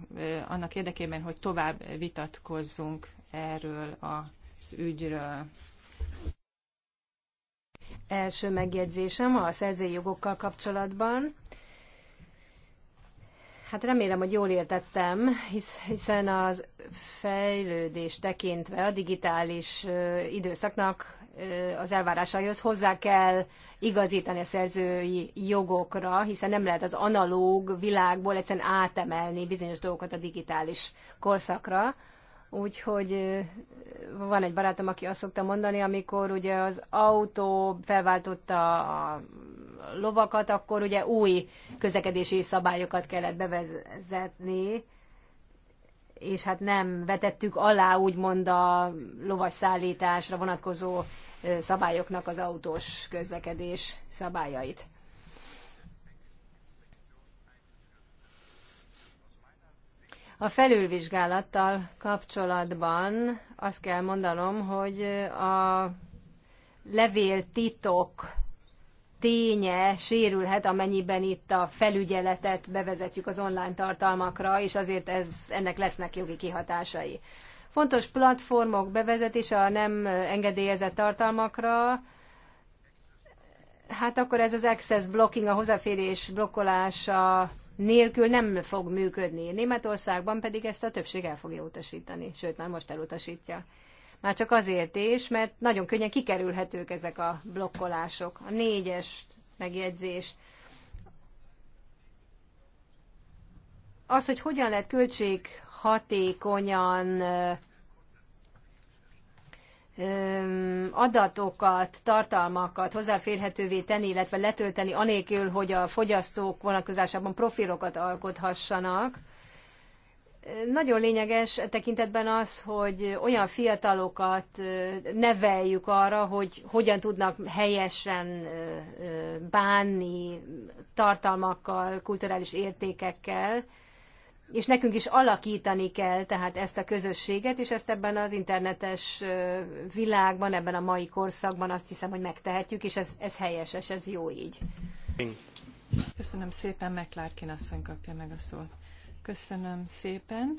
annak érdekében, hogy tovább vitatkozzunk erről az ügyről. Első megjegyzésem a szerzői jogokkal kapcsolatban. Hát remélem, hogy jól értettem, hiszen az fejlődés tekintve a digitális időszaknak az elvárásaihoz hozzá kell igazítani a szerzői jogokra, hiszen nem lehet az analóg világból egyszerűen átemelni bizonyos dolgokat a digitális korszakra. Úgyhogy van egy barátom, aki azt szokta mondani, amikor ugye az autó felváltotta a lovakat, akkor ugye új közlekedési szabályokat kellett bevezetni, és hát nem vetettük alá úgymond a lovas szállításra vonatkozó szabályoknak az autós közlekedés szabályait. A felülvizsgálattal kapcsolatban azt kell mondanom, hogy a levél titok ténye sérülhet, amennyiben itt a felügyeletet bevezetjük az online tartalmakra, és azért ez, ennek lesznek jogi kihatásai. Fontos platformok bevezetése a nem engedélyezett tartalmakra, hát akkor ez az access blocking, a hozzáférés blokkolása nélkül nem fog működni. Németországban pedig ezt a többség el fogja utasítani, sőt már most elutasítja. Már csak azért is, mert nagyon könnyen kikerülhetők ezek a blokkolások. A négyes megjegyzés. Az, hogy hogyan lehet költség hatékonyan adatokat, tartalmakat hozzáférhetővé tenni, illetve letölteni anélkül, hogy a fogyasztók vonatkozásában profilokat alkothassanak nagyon lényeges tekintetben az, hogy olyan fiatalokat neveljük arra, hogy hogyan tudnak helyesen bánni tartalmakkal, kulturális értékekkel, és nekünk is alakítani kell tehát ezt a közösséget, és ezt ebben az internetes világban, ebben a mai korszakban azt hiszem, hogy megtehetjük, és ez, ez helyes, és ez jó így. Köszönöm szépen, Meklárkin asszony kapja meg a szót. Köszönöm szépen.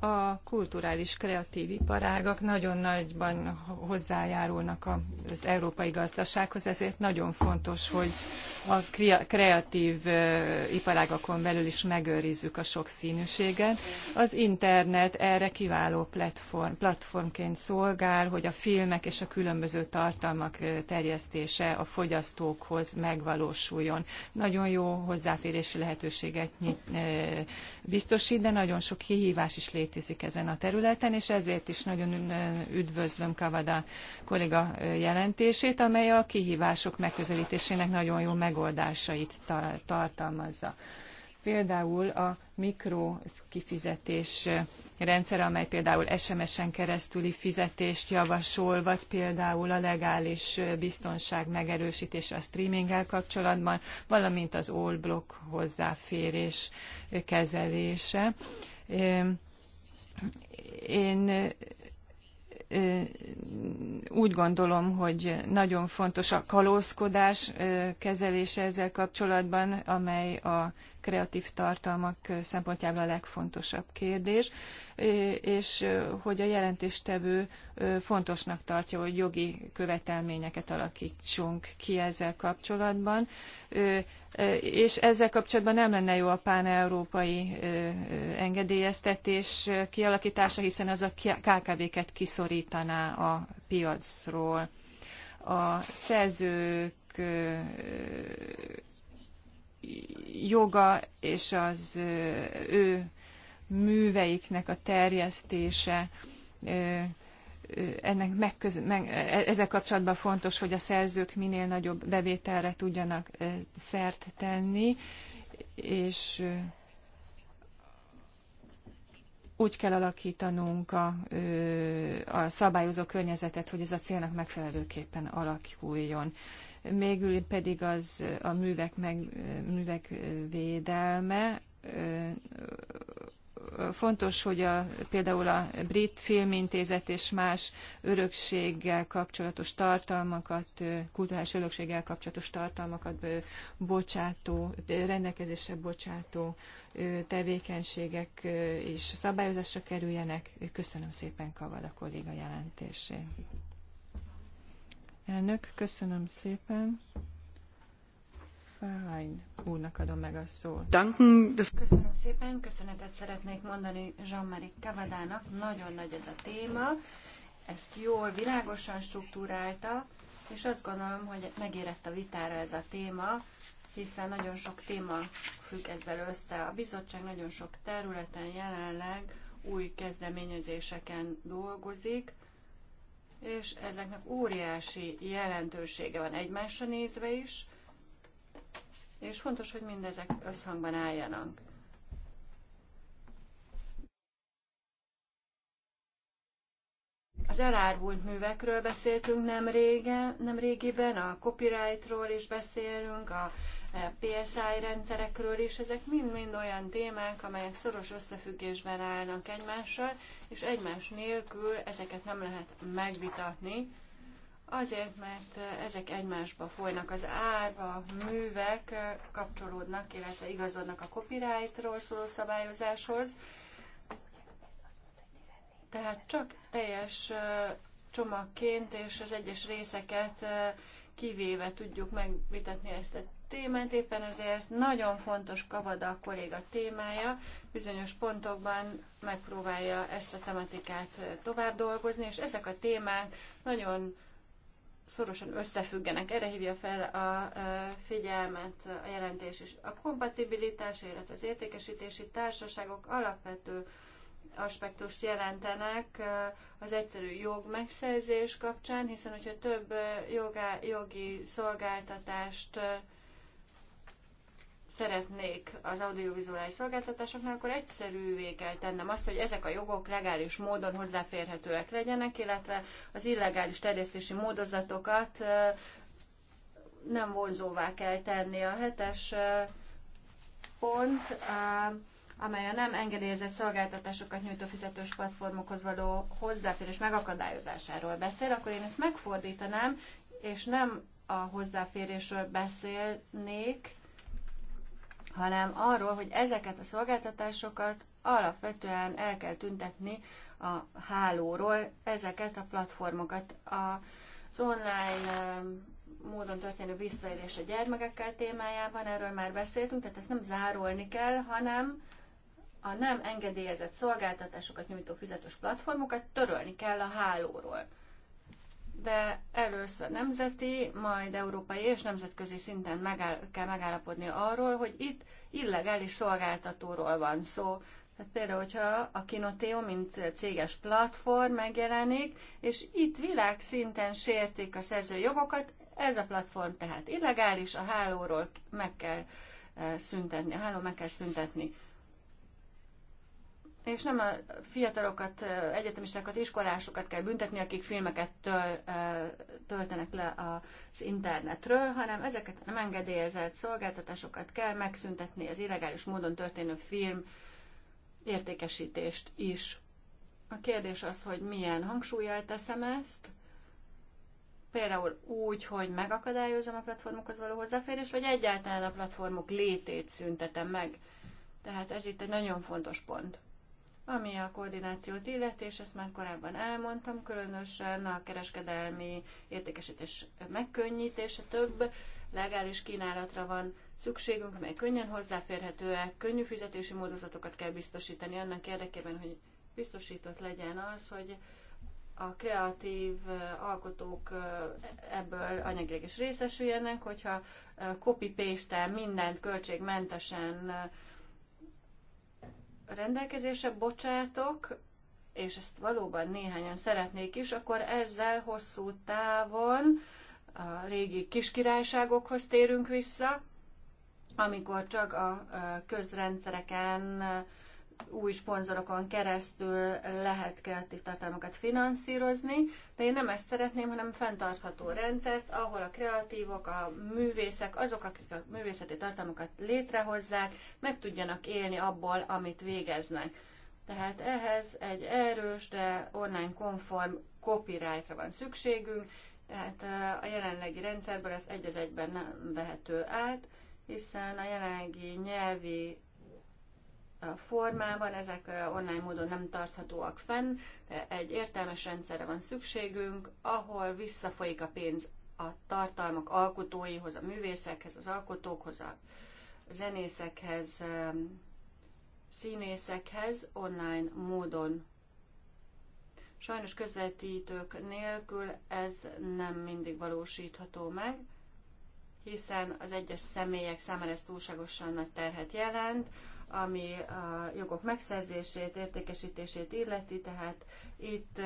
A kulturális kreatív iparágak nagyon nagyban hozzájárulnak az európai gazdasághoz, ezért nagyon fontos, hogy a kreatív iparágakon belül is megőrizzük a sok színűséget. Az internet erre kiváló platform, platformként szolgál, hogy a filmek és a különböző tartalmak terjesztése a fogyasztókhoz megvalósuljon. Nagyon jó hozzáférési lehetőséget nyit, biztosít, de nagyon sok kihívás is létezik ezen a területen, és ezért is nagyon üdvözlöm Kavada kolléga jelentését, amely a kihívások megközelítésének nagyon jó megoldásait tartalmazza. Például a mikrokifizetés rendszer, amely például SMS-en keresztüli fizetést javasol, vagy például a legális biztonság megerősítése a streaminggel kapcsolatban, valamint az all block hozzáférés kezelése. Én úgy gondolom, hogy nagyon fontos a kalózkodás kezelése ezzel kapcsolatban, amely a kreatív tartalmak szempontjából a legfontosabb kérdés, és hogy a jelentéstevő fontosnak tartja, hogy jogi követelményeket alakítsunk ki ezzel kapcsolatban. És ezzel kapcsolatban nem lenne jó a pán-európai engedélyeztetés kialakítása, hiszen az a KKV-ket kiszorítaná a piacról. A szerzők joga és az ő műveiknek a terjesztése, ennek megköz, meg, e-, ezzel kapcsolatban fontos, hogy a szerzők minél nagyobb bevételre tudjanak szert tenni, és úgy kell alakítanunk a, a szabályozó környezetet, hogy ez a célnak megfelelőképpen alakuljon. Mégül pedig az a művek, meg, művek védelme. Fontos, hogy a, például a Brit Filmintézet és más örökséggel kapcsolatos tartalmakat, kulturális örökséggel kapcsolatos tartalmakat bocsátó, rendelkezésre bocsátó tevékenységek és szabályozásra kerüljenek. Köszönöm szépen Kavala kolléga jelentését. Elnök, köszönöm szépen. Fájn úrnak adom meg a szót. Köszönöm szépen, köszönetet szeretnék mondani Jean-Marie Kavadának. Nagyon nagy ez a téma, ezt jól, világosan struktúrálta, és azt gondolom, hogy megérett a vitára ez a téma, hiszen nagyon sok téma függ ezzel össze. A bizottság nagyon sok területen jelenleg új kezdeményezéseken dolgozik, és ezeknek óriási jelentősége van egymásra nézve is, és fontos, hogy mindezek összhangban álljanak. Az elárvult művekről beszéltünk nem, rége, nem régiben, a copyrightról is beszélünk, a PSI rendszerekről is, ezek mind-mind olyan témák, amelyek szoros összefüggésben állnak egymással, és egymás nélkül ezeket nem lehet megvitatni, azért, mert eh, ezek egymásba folynak. Az árva művek eh, kapcsolódnak, illetve igazodnak a copyrightról szóló szabályozáshoz, tehát csak teljes eh, csomagként és az egyes részeket kivéve tudjuk megvitatni ezt a témát, éppen ezért nagyon fontos Kavada a kolléga témája, bizonyos pontokban megpróbálja ezt a tematikát tovább dolgozni, és ezek a témák nagyon szorosan összefüggenek. Erre hívja fel a figyelmet a jelentés is. A kompatibilitás, illetve az értékesítési társaságok alapvető aspektust jelentenek az egyszerű jog megszerzés kapcsán, hiszen hogyha több jogá, jogi szolgáltatást szeretnék az audiovizuális szolgáltatásoknál, akkor egyszerűvé kell tennem azt, hogy ezek a jogok legális módon hozzáférhetőek legyenek, illetve az illegális terjesztési módozatokat nem vonzóvá kell tenni. A hetes pont, amely a nem engedélyezett szolgáltatásokat nyújtó fizetős platformokhoz való hozzáférés megakadályozásáról beszél, akkor én ezt megfordítanám, és nem a hozzáférésről beszélnék, hanem arról, hogy ezeket a szolgáltatásokat alapvetően el kell tüntetni a hálóról, ezeket a platformokat. Az online módon történő visszaérés a gyermekekkel témájában, erről már beszéltünk, tehát ezt nem zárolni kell, hanem a nem engedélyezett szolgáltatásokat nyújtó fizetős platformokat törölni kell a hálóról de először nemzeti, majd európai és nemzetközi szinten megáll, kell megállapodni arról, hogy itt illegális szolgáltatóról van szó. Tehát például, hogyha a Kinoteo, mint céges platform megjelenik, és itt világszinten sértik a szerzői jogokat, ez a platform tehát illegális, a hálóról meg kell eh, szüntetni, a háló meg kell szüntetni és nem a fiatalokat, egyetemistákat, iskolásokat kell büntetni, akik filmeket töl, töltenek le az internetről, hanem ezeket nem engedélyezett szolgáltatásokat kell megszüntetni, az illegális módon történő film értékesítést is. A kérdés az, hogy milyen hangsúlyjal teszem ezt, például úgy, hogy megakadályozom a platformokhoz való hozzáférés, vagy egyáltalán a platformok létét szüntetem meg. Tehát ez itt egy nagyon fontos pont. Ami a koordinációt illeti, és ezt már korábban elmondtam, különösen a kereskedelmi értékesítés megkönnyítése több legális kínálatra van szükségünk, amely könnyen hozzáférhetőek, könnyű fizetési módozatokat kell biztosítani annak érdekében, hogy biztosított legyen az, hogy a kreatív eh, alkotók eh, ebből anyagileg is részesüljenek, hogyha eh, copy-paste-tel mindent költségmentesen rendelkezésre bocsátok, és ezt valóban néhányan szeretnék is, akkor ezzel hosszú távon a régi kiskirályságokhoz térünk vissza, amikor csak a közrendszereken új sponzorokon keresztül lehet kreatív tartalmakat finanszírozni, de én nem ezt szeretném, hanem fenntartható rendszert, ahol a kreatívok, a művészek, azok, akik a művészeti tartalmakat létrehozzák, meg tudjanak élni abból, amit végeznek. Tehát ehhez egy erős, de online konform copyrightra van szükségünk, tehát a jelenlegi rendszerből ez egy az egyben nem vehető át, hiszen a jelenlegi nyelvi formában, ezek online módon nem tarthatóak fenn. Egy értelmes rendszerre van szükségünk, ahol visszafolyik a pénz a tartalmak alkotóihoz, a művészekhez, az alkotókhoz, a zenészekhez, színészekhez online módon. Sajnos közvetítők nélkül ez nem mindig valósítható meg, hiszen az egyes személyek számára ez túlságosan nagy terhet jelent, ami a jogok megszerzését, értékesítését illeti, tehát itt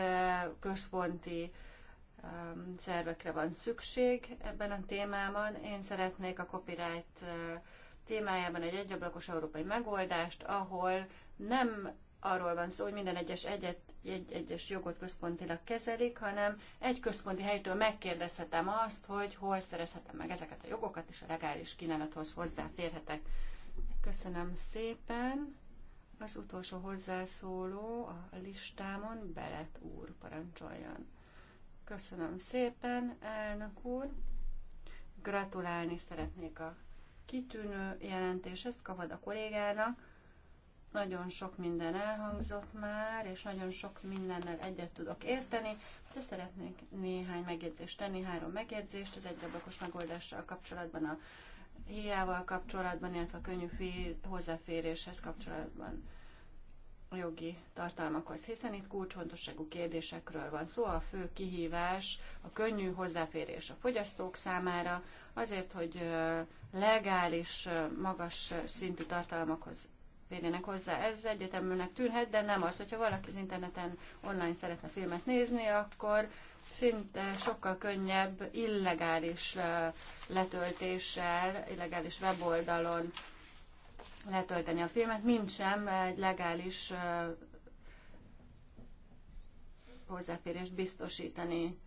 központi szervekre van szükség ebben a témában. Én szeretnék a copyright témájában egy egyablakos európai megoldást, ahol nem arról van szó, hogy minden egyes egyet, egy, egyes jogot központilag kezelik, hanem egy központi helytől megkérdezhetem azt, hogy hol szerezhetem meg ezeket a jogokat, és a legális kínálathoz hozzáférhetek. Köszönöm szépen. Az utolsó hozzászóló a listámon, Belet úr, parancsoljon. Köszönöm szépen, elnök úr. Gratulálni szeretnék a kitűnő jelentéshez, kavad a kollégának. Nagyon sok minden elhangzott már, és nagyon sok mindennel egyet tudok érteni, de szeretnék néhány megjegyzést tenni, három megjegyzést az egyablakos megoldással kapcsolatban a hiával kapcsolatban, illetve a könnyű hozzáféréshez kapcsolatban a jogi tartalmakhoz, hiszen itt kulcsfontosságú kérdésekről van szó. A fő kihívás a könnyű hozzáférés a fogyasztók számára, azért, hogy legális, magas szintű tartalmakhoz férjenek hozzá. Ez egyeteműnek tűnhet, de nem az, hogyha valaki az interneten online szeretne filmet nézni, akkor szinte sokkal könnyebb illegális letöltéssel, illegális weboldalon letölteni a filmet, mint sem egy legális hozzáférést biztosítani.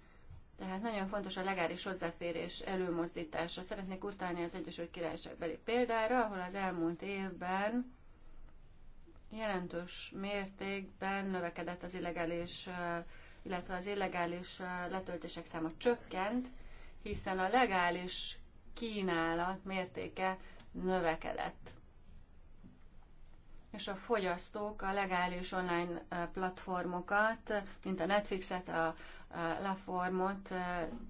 Tehát nagyon fontos a legális hozzáférés előmozdítása. Szeretnék utalni az Egyesült Királyságbeli példára, ahol az elmúlt évben jelentős mértékben növekedett az illegális illetve az illegális letöltések száma csökkent, hiszen a legális kínálat mértéke növekedett. És a fogyasztók a legális online platformokat, mint a Netflixet, a Laformot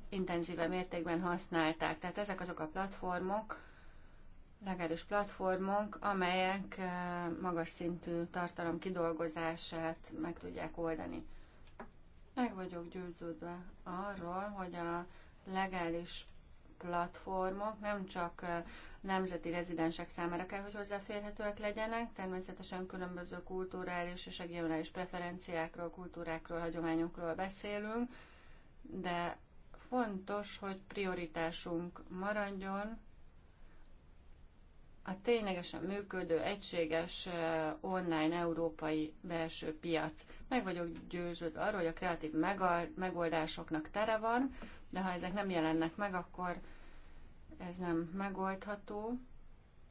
intenzíve mértékben használták. Tehát ezek azok a platformok, legális platformok, amelyek magas szintű tartalom kidolgozását meg tudják oldani. Meg vagyok győződve arról, hogy a legális platformok nem csak nemzeti rezidensek számára kell, hogy hozzáférhetőek legyenek, természetesen különböző kulturális és regionális preferenciákról, kultúrákról, hagyományokról beszélünk, de fontos, hogy prioritásunk maradjon, a ténylegesen működő, egységes eh, online európai belső piac. Meg vagyok győződve arról, hogy a kreatív megoldásoknak tere van, de ha ezek nem jelennek meg, akkor ez nem megoldható.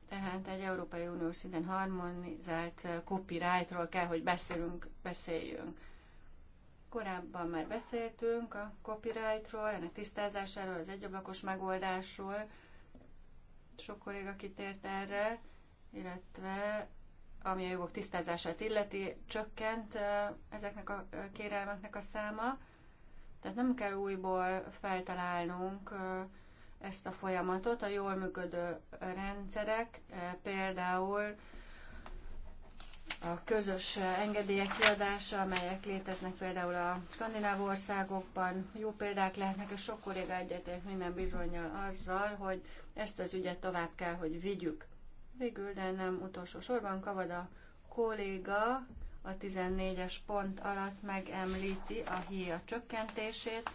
Tehát egy Európai Unió szinten harmonizált eh, copyrightról kell, hogy beszélünk, beszéljünk. Korábban már beszéltünk a copyrightról, ennek tisztázásáról, az egyablakos megoldásról, sok kolléga kitért erre, illetve ami a jogok tisztázását illeti, csökkent ezeknek a kérelmeknek a száma. Tehát nem kell újból feltalálnunk ezt a folyamatot. A jól működő rendszerek például a közös engedélyek kiadása, amelyek léteznek például a skandináv országokban. Jó példák lehetnek, és sok kolléga egyetért minden bizonyal azzal, hogy ezt az ügyet tovább kell, hogy vigyük. Végül, de nem utolsó sorban, Kavada kolléga a 14-es pont alatt megemlíti a híja csökkentését,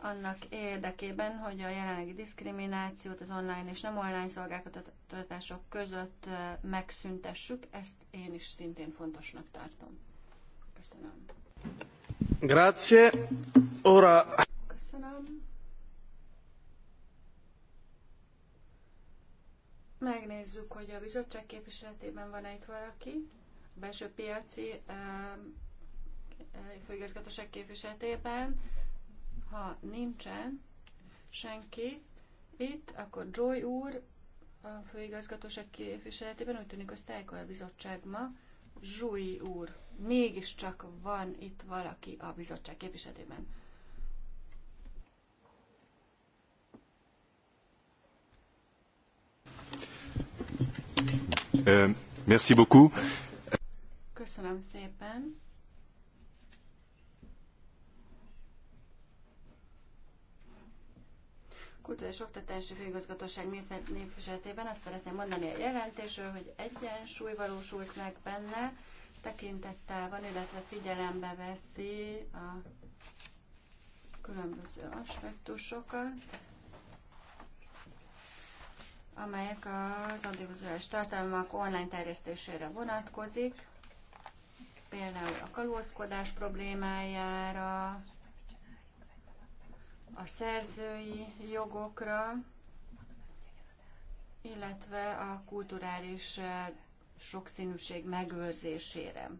annak érdekében, hogy a jelenlegi diszkriminációt az online és nem online szolgáltatások között megszüntessük, ezt én is szintén fontosnak tartom. Köszönöm. Grazie. Ora... Köszönöm. Megnézzük, hogy a bizottság képviseletében van-e itt valaki. A belső piaci főigazgatóság képviseletében ha nincsen senki itt, akkor Joy úr a főigazgatóság képviseletében úgy tűnik, hogy sztájkol a bizottság ma. Zsui úr, mégiscsak van itt valaki a bizottság képviseletében. Merci beaucoup. Köszönöm szépen. Kulturális Oktatási Főigazgatóság népviseletében azt szeretném mondani a jelentésről, hogy egyensúly valósult meg benne, tekintettel van, illetve figyelembe veszi a különböző aspektusokat, amelyek az audiovizuális tartalmak online terjesztésére vonatkozik, például a kalózkodás problémájára, a szerzői jogokra, illetve a kulturális eh, sokszínűség megőrzésére.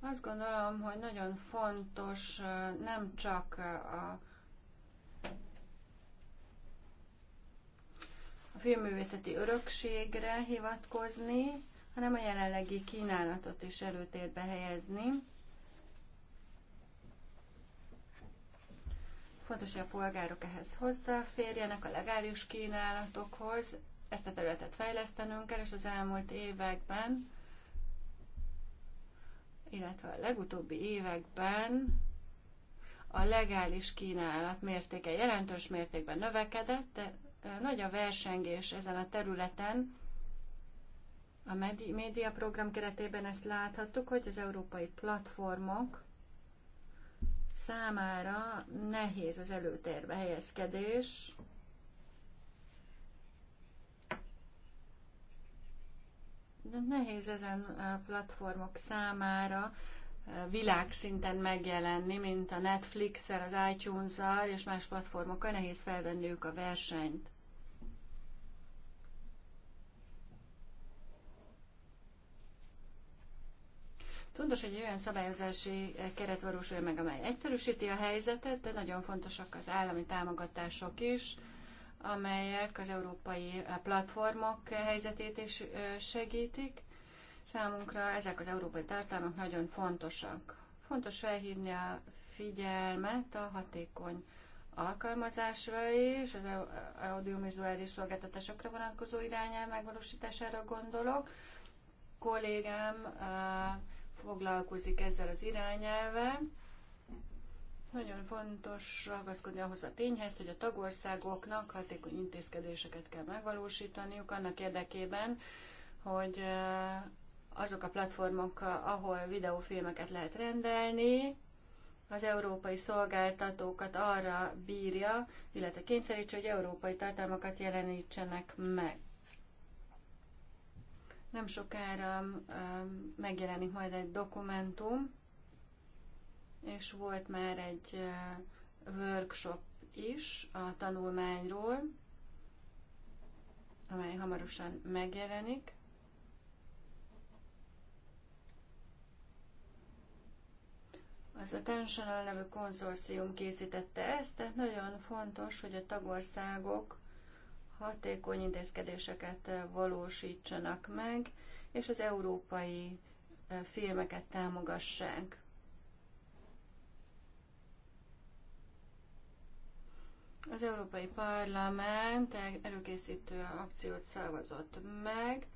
Azt gondolom, hogy nagyon fontos eh, nem csak eh, a, a filmművészeti örökségre hivatkozni, hanem a jelenlegi kínálatot is előtérbe helyezni. Fontos, hogy a polgárok ehhez hozzáférjenek, a legális kínálatokhoz. Ezt a területet fejlesztenünk kell, és az elmúlt években, illetve a legutóbbi években a legális kínálat mértéke jelentős mértékben növekedett, de e, nagy a versengés ezen a területen. A médiaprogram keretében ezt láthattuk, hogy az európai platformok számára nehéz az előtérbe helyezkedés, de nehéz ezen a platformok számára világszinten megjelenni, mint a Netflix-el, az iTunes-al és más platformokkal, nehéz felvenniük a versenyt. Fontos, hogy olyan szabályozási keret valósulja meg, amely egyszerűsíti a helyzetet, de nagyon fontosak az állami támogatások is, amelyek az európai platformok helyzetét is segítik. Számunkra ezek az európai tartalmak nagyon fontosak. Fontos felhívni a figyelmet a hatékony alkalmazásra és az audiovizuális szolgáltatásokra vonatkozó irányel megvalósítására gondolok. Kollégám foglalkozik ezzel az irányelvel. Nagyon fontos ragaszkodni ahhoz a tényhez, hogy a tagországoknak hatékony intézkedéseket kell megvalósítaniuk annak érdekében, hogy eh, azok a platformok, ahol videófilmeket lehet rendelni, az európai szolgáltatókat arra bírja, illetve kényszerítse, hogy európai tartalmakat jelenítsenek meg. Nem sokára megjelenik majd egy dokumentum, és volt már egy workshop is a tanulmányról, amely hamarosan megjelenik. Az Attentional nevű konzorcium készítette ezt, tehát nagyon fontos, hogy a tagországok hatékony intézkedéseket eh, valósítsanak meg, és az európai eh, filmeket támogassák. Az Európai Parlament előkészítő akciót szavazott meg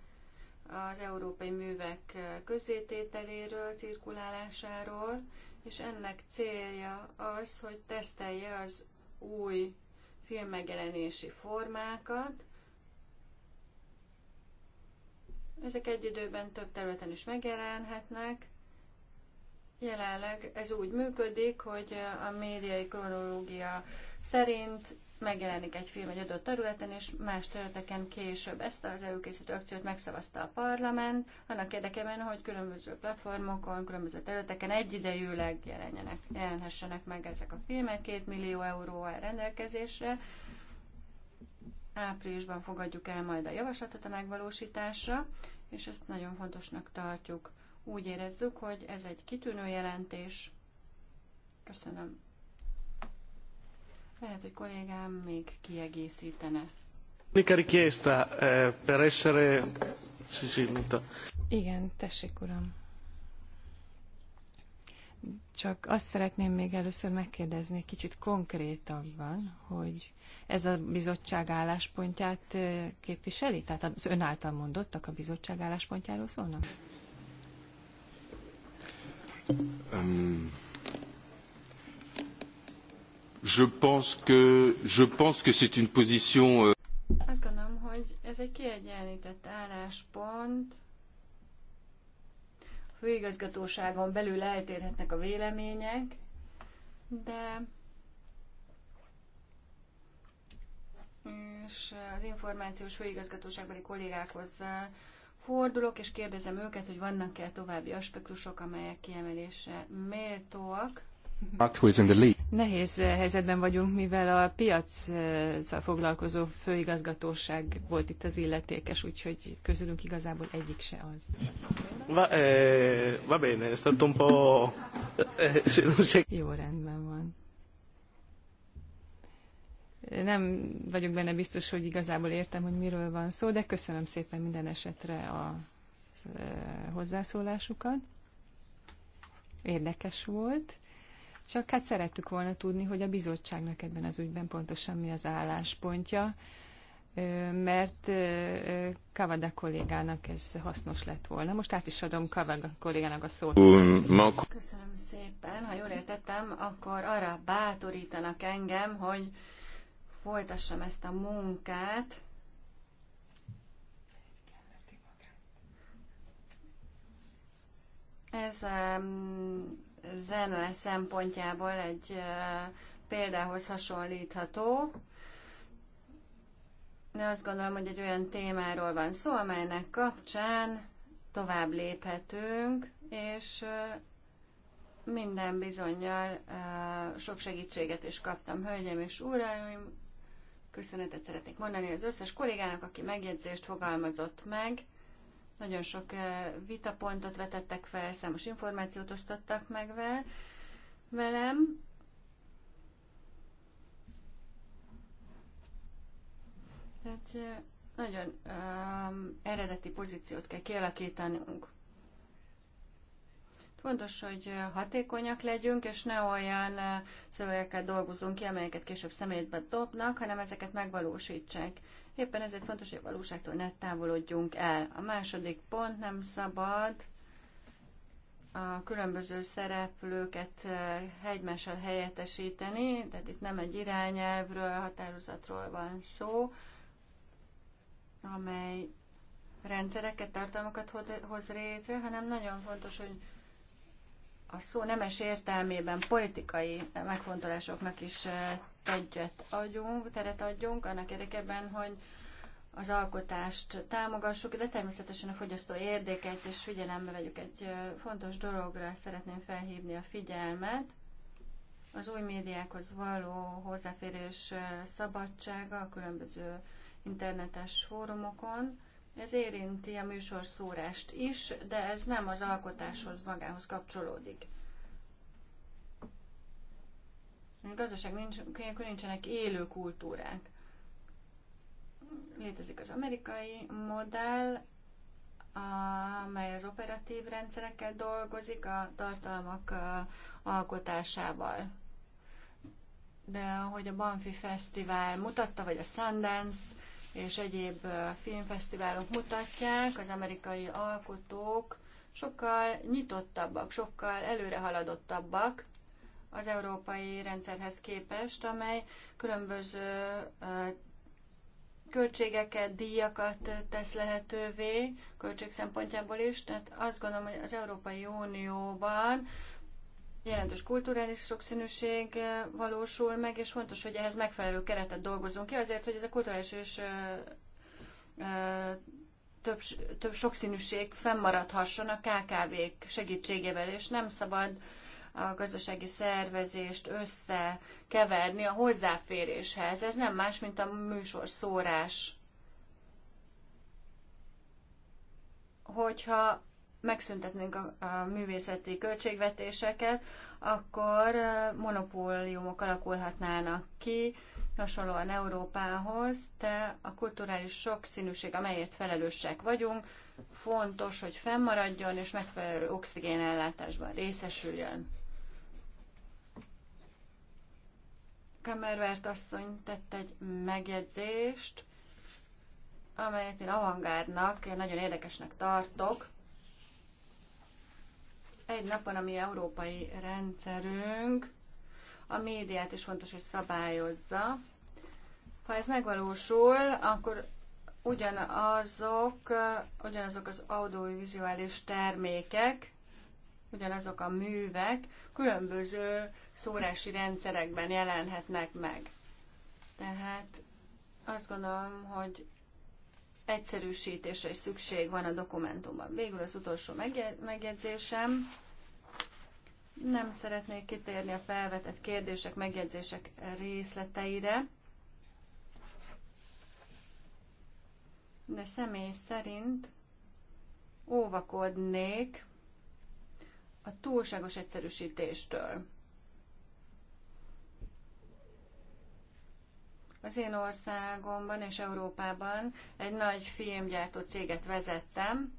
az európai művek eh, közzétételéről, cirkulálásáról, és ennek célja az, hogy tesztelje az új film megjelenési formákat. Ezek egy időben több területen is megjelenhetnek. Jelenleg ez úgy működik, hogy a médiai kronológia szerint megjelenik egy film egy adott területen, és más területeken később. Ezt az előkészítő akciót megszavazta a parlament, annak érdekében, hogy különböző platformokon, különböző területeken egyidejűleg jelenjenek, jelenhessenek meg ezek a filmek. Két millió euró áll rendelkezésre. Áprilisban fogadjuk el majd a javaslatot a megvalósításra, és ezt nagyon fontosnak tartjuk. Úgy érezzük, hogy ez egy kitűnő jelentés. Köszönöm. Lehet, hogy kollégám még kiegészítene. Mika, richiesta eh, per essere... Igen, tessék, uram. Csak azt szeretném még először megkérdezni kicsit konkrétabban, hogy ez a bizottság álláspontját eh, képviseli? Tehát az ön által mondottak a bizottság álláspontjáról szólnak? Um... Je pense que, c'est une position. Euh, Azt gondolom, hogy ez egy kiegyenlített álláspont. A főigazgatóságon belül eltérhetnek a vélemények, de és az információs főigazgatóságbeli kollégákhoz fordulok, és kérdezem őket, hogy vannak-e további aspektusok, amelyek kiemelésre méltóak. Nehéz helyzetben vagyunk, mivel a piaccal foglalkozó főigazgatóság volt itt az illetékes, úgyhogy közülünk igazából egyik se az. Va, eh, va bene, stato un po'... Eh, eh, Jó rendben van. Nem vagyok benne biztos, hogy igazából értem, hogy miről van szó, de köszönöm szépen minden esetre a eh, hozzászólásukat. Érdekes volt csak hát szerettük volna tudni, hogy a bizottságnak ebben az ügyben pontosan mi az álláspontja, mert Kavada kollégának ez hasznos lett volna. Most át is adom Kavada kollégának a szót. Köszönöm szépen. Ha jól értettem, akkor arra bátorítanak engem, hogy folytassam ezt a munkát, Ez um, zene szempontjából egy példához hasonlítható, de azt gondolom, hogy egy olyan témáról van szó, amelynek kapcsán tovább léphetünk, és minden bizonyal sok segítséget is kaptam, hölgyem és uraim. Köszönetet szeretnék mondani az összes kollégának, aki megjegyzést fogalmazott meg. Nagyon sok eh, vitapontot vetettek fel, számos információt osztottak meg velem. Tehát eh, nagyon um, eredeti pozíciót kell kialakítanunk. Fontos, hogy eh, hatékonyak legyünk, és ne olyan szövegeket dolgozunk ki, amelyeket később szemétbe dobnak, hanem ezeket megvalósítsák. Éppen ezért fontos, hogy a valóságtól ne távolodjunk el. A második pont nem szabad a különböző szereplőket eh, egymással helyettesíteni, tehát itt nem egy irányelvről, határozatról van szó, amely rendszereket, tartalmakat hoz létre, hanem nagyon fontos, hogy a szó nemes értelmében politikai megfontolásoknak is eh, teret adjunk, teret adjunk annak érdekében, hogy az alkotást támogassuk, de természetesen a fogyasztó érdekeit és figyelembe vegyük. Egy fontos dologra szeretném felhívni a figyelmet. Az új médiákhoz való hozzáférés szabadsága a különböző internetes fórumokon. Ez érinti a műsorszórást is, de ez nem az alkotáshoz magához kapcsolódik. gazdaság nincs, akkor nincsenek élő kultúrák. Létezik az amerikai modell, amely az operatív rendszerekkel dolgozik, a tartalmak alkotásával. De ahogy a Banfi Fesztivál mutatta, vagy a Sundance és egyéb filmfesztiválok mutatják, az amerikai alkotók sokkal nyitottabbak, sokkal előrehaladottabbak, az európai rendszerhez képest, amely különböző költségeket, díjakat tesz lehetővé, költség szempontjából is. Tehát azt gondolom, hogy az Európai Unióban jelentős kulturális sokszínűség valósul meg, és fontos, hogy ehhez megfelelő keretet dolgozunk ki, azért, hogy ez a kulturális és több, több sokszínűség fennmaradhasson a KKV-k segítségével, és nem szabad uh, a gazdasági szervezést összekeverni a hozzáféréshez. Ez nem más, mint a műsor szórás. Hogyha megszüntetnénk a, a művészeti költségvetéseket, akkor monopóliumok alakulhatnának ki, hasonlóan Európához, de a kulturális sokszínűség, amelyért felelősek vagyunk, fontos, hogy fennmaradjon és megfelelő oxigénellátásban részesüljön. Kamervert asszony tett egy megjegyzést, amelyet én avangárdnak, én nagyon érdekesnek tartok. Egy napon a mi európai rendszerünk a médiát is fontos, hogy szabályozza. Ha ez megvalósul, akkor ugyanazok, ugyanazok az audiovizuális termékek, ugyanazok a művek különböző szórási rendszerekben jelenhetnek meg. Tehát azt gondolom, hogy egyszerűsítésre is szükség van a dokumentumban. Végül az utolsó megjegyzésem. Nem szeretnék kitérni a felvetett kérdések, megjegyzések részleteire, de személy szerint óvakodnék a túlságos egyszerűsítéstől. Az én országomban és Európában egy nagy filmgyártó céget vezettem,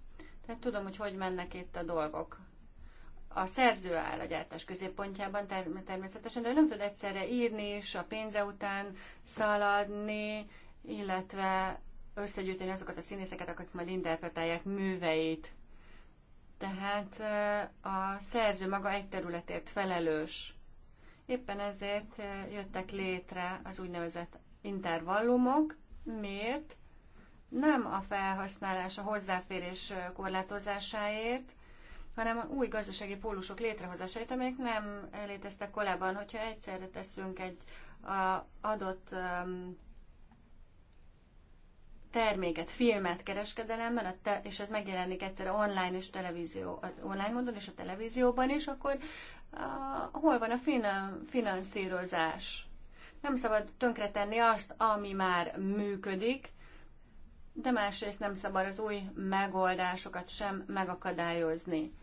tehát tudom, hogy hogy mennek itt a dolgok. A szerző áll a gyártás középpontjában természetesen, de ő nem tud egyszerre írni és a pénze után szaladni, illetve összegyűjteni azokat a színészeket, akik majd interpretálják műveit. Tehát a szerző maga egy területért felelős. Éppen ezért jöttek létre az úgynevezett intervallumok. Miért? Nem a felhasználás, a hozzáférés korlátozásáért, hanem a új gazdasági pólusok létrehozásáért, amelyek nem léteztek korábban. Hogyha egyszerre teszünk egy adott terméket, filmet kereskedelemben, a te- és ez megjelenik egyszer online és televízió, online módon és a televízióban is, akkor a, hol van a finan- finanszírozás? Nem szabad tönkretenni azt, ami már működik, de másrészt nem szabad az új megoldásokat sem megakadályozni.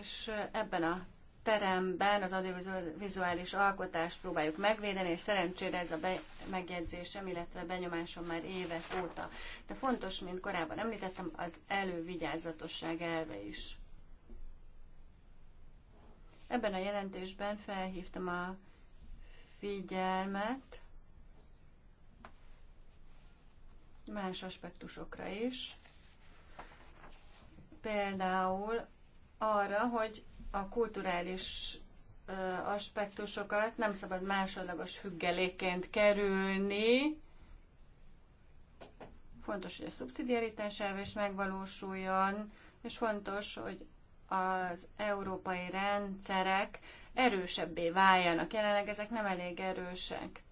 És ebben a teremben az audiovizuális alkotást próbáljuk megvédeni, és szerencsére ez a be- megjegyzésem, illetve benyomásom már évek óta. De fontos, mint korábban említettem, az elővigyázatosság elve is. Ebben a jelentésben felhívtam a figyelmet más aspektusokra is. Például arra, hogy a kulturális aspektusokat nem szabad másodlagos függeléként kerülni. Fontos, hogy a szubszidiaritás elve is megvalósuljon, és fontos, hogy az európai rendszerek erősebbé váljanak. Jelenleg ezek nem elég erősek.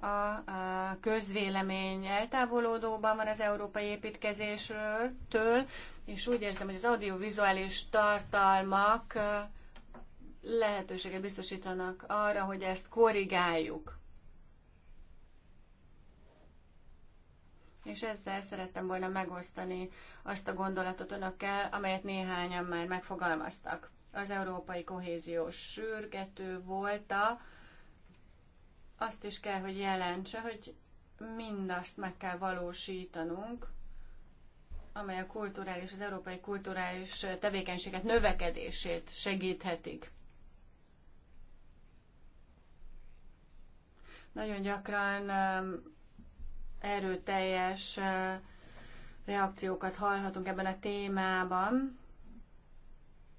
A közvélemény eltávolodóban van az európai építkezésről, től, és úgy érzem, hogy az audiovizuális tartalmak lehetőséget biztosítanak arra, hogy ezt korrigáljuk. És ezzel szerettem volna megosztani azt a gondolatot önökkel, amelyet néhányan már megfogalmaztak. Az európai kohéziós sürgető volta, azt is kell, hogy jelentse, hogy mindazt meg kell valósítanunk, amely a kulturális, az európai kulturális tevékenységet növekedését segíthetik. Nagyon gyakran um, erőteljes uh, reakciókat hallhatunk ebben a témában.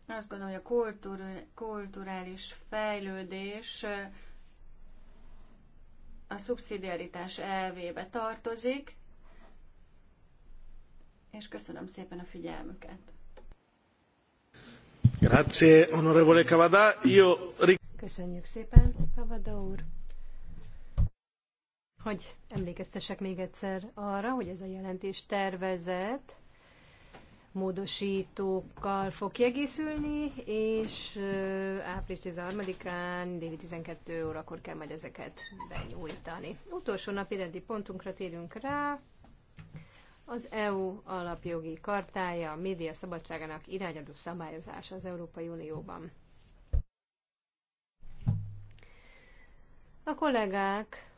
Azt gondolom, hogy a kultúr, kulturális fejlődés uh, a szubszidiaritás elvébe tartozik, és köszönöm szépen a figyelmüket. Grazie, onorevole Cavada. Io... Köszönjük szépen, Cavada úr. Hogy emlékeztessek még egyszer arra, hogy ez a jelentés tervezet módosítókkal fog kiegészülni, és április 13-án déli 12 órakor kell majd ezeket benyújtani. Utolsó napi rendi pontunkra térünk rá, az EU alapjogi kartája, a média szabadságának irányadó szabályozása az Európai Unióban. A kollégák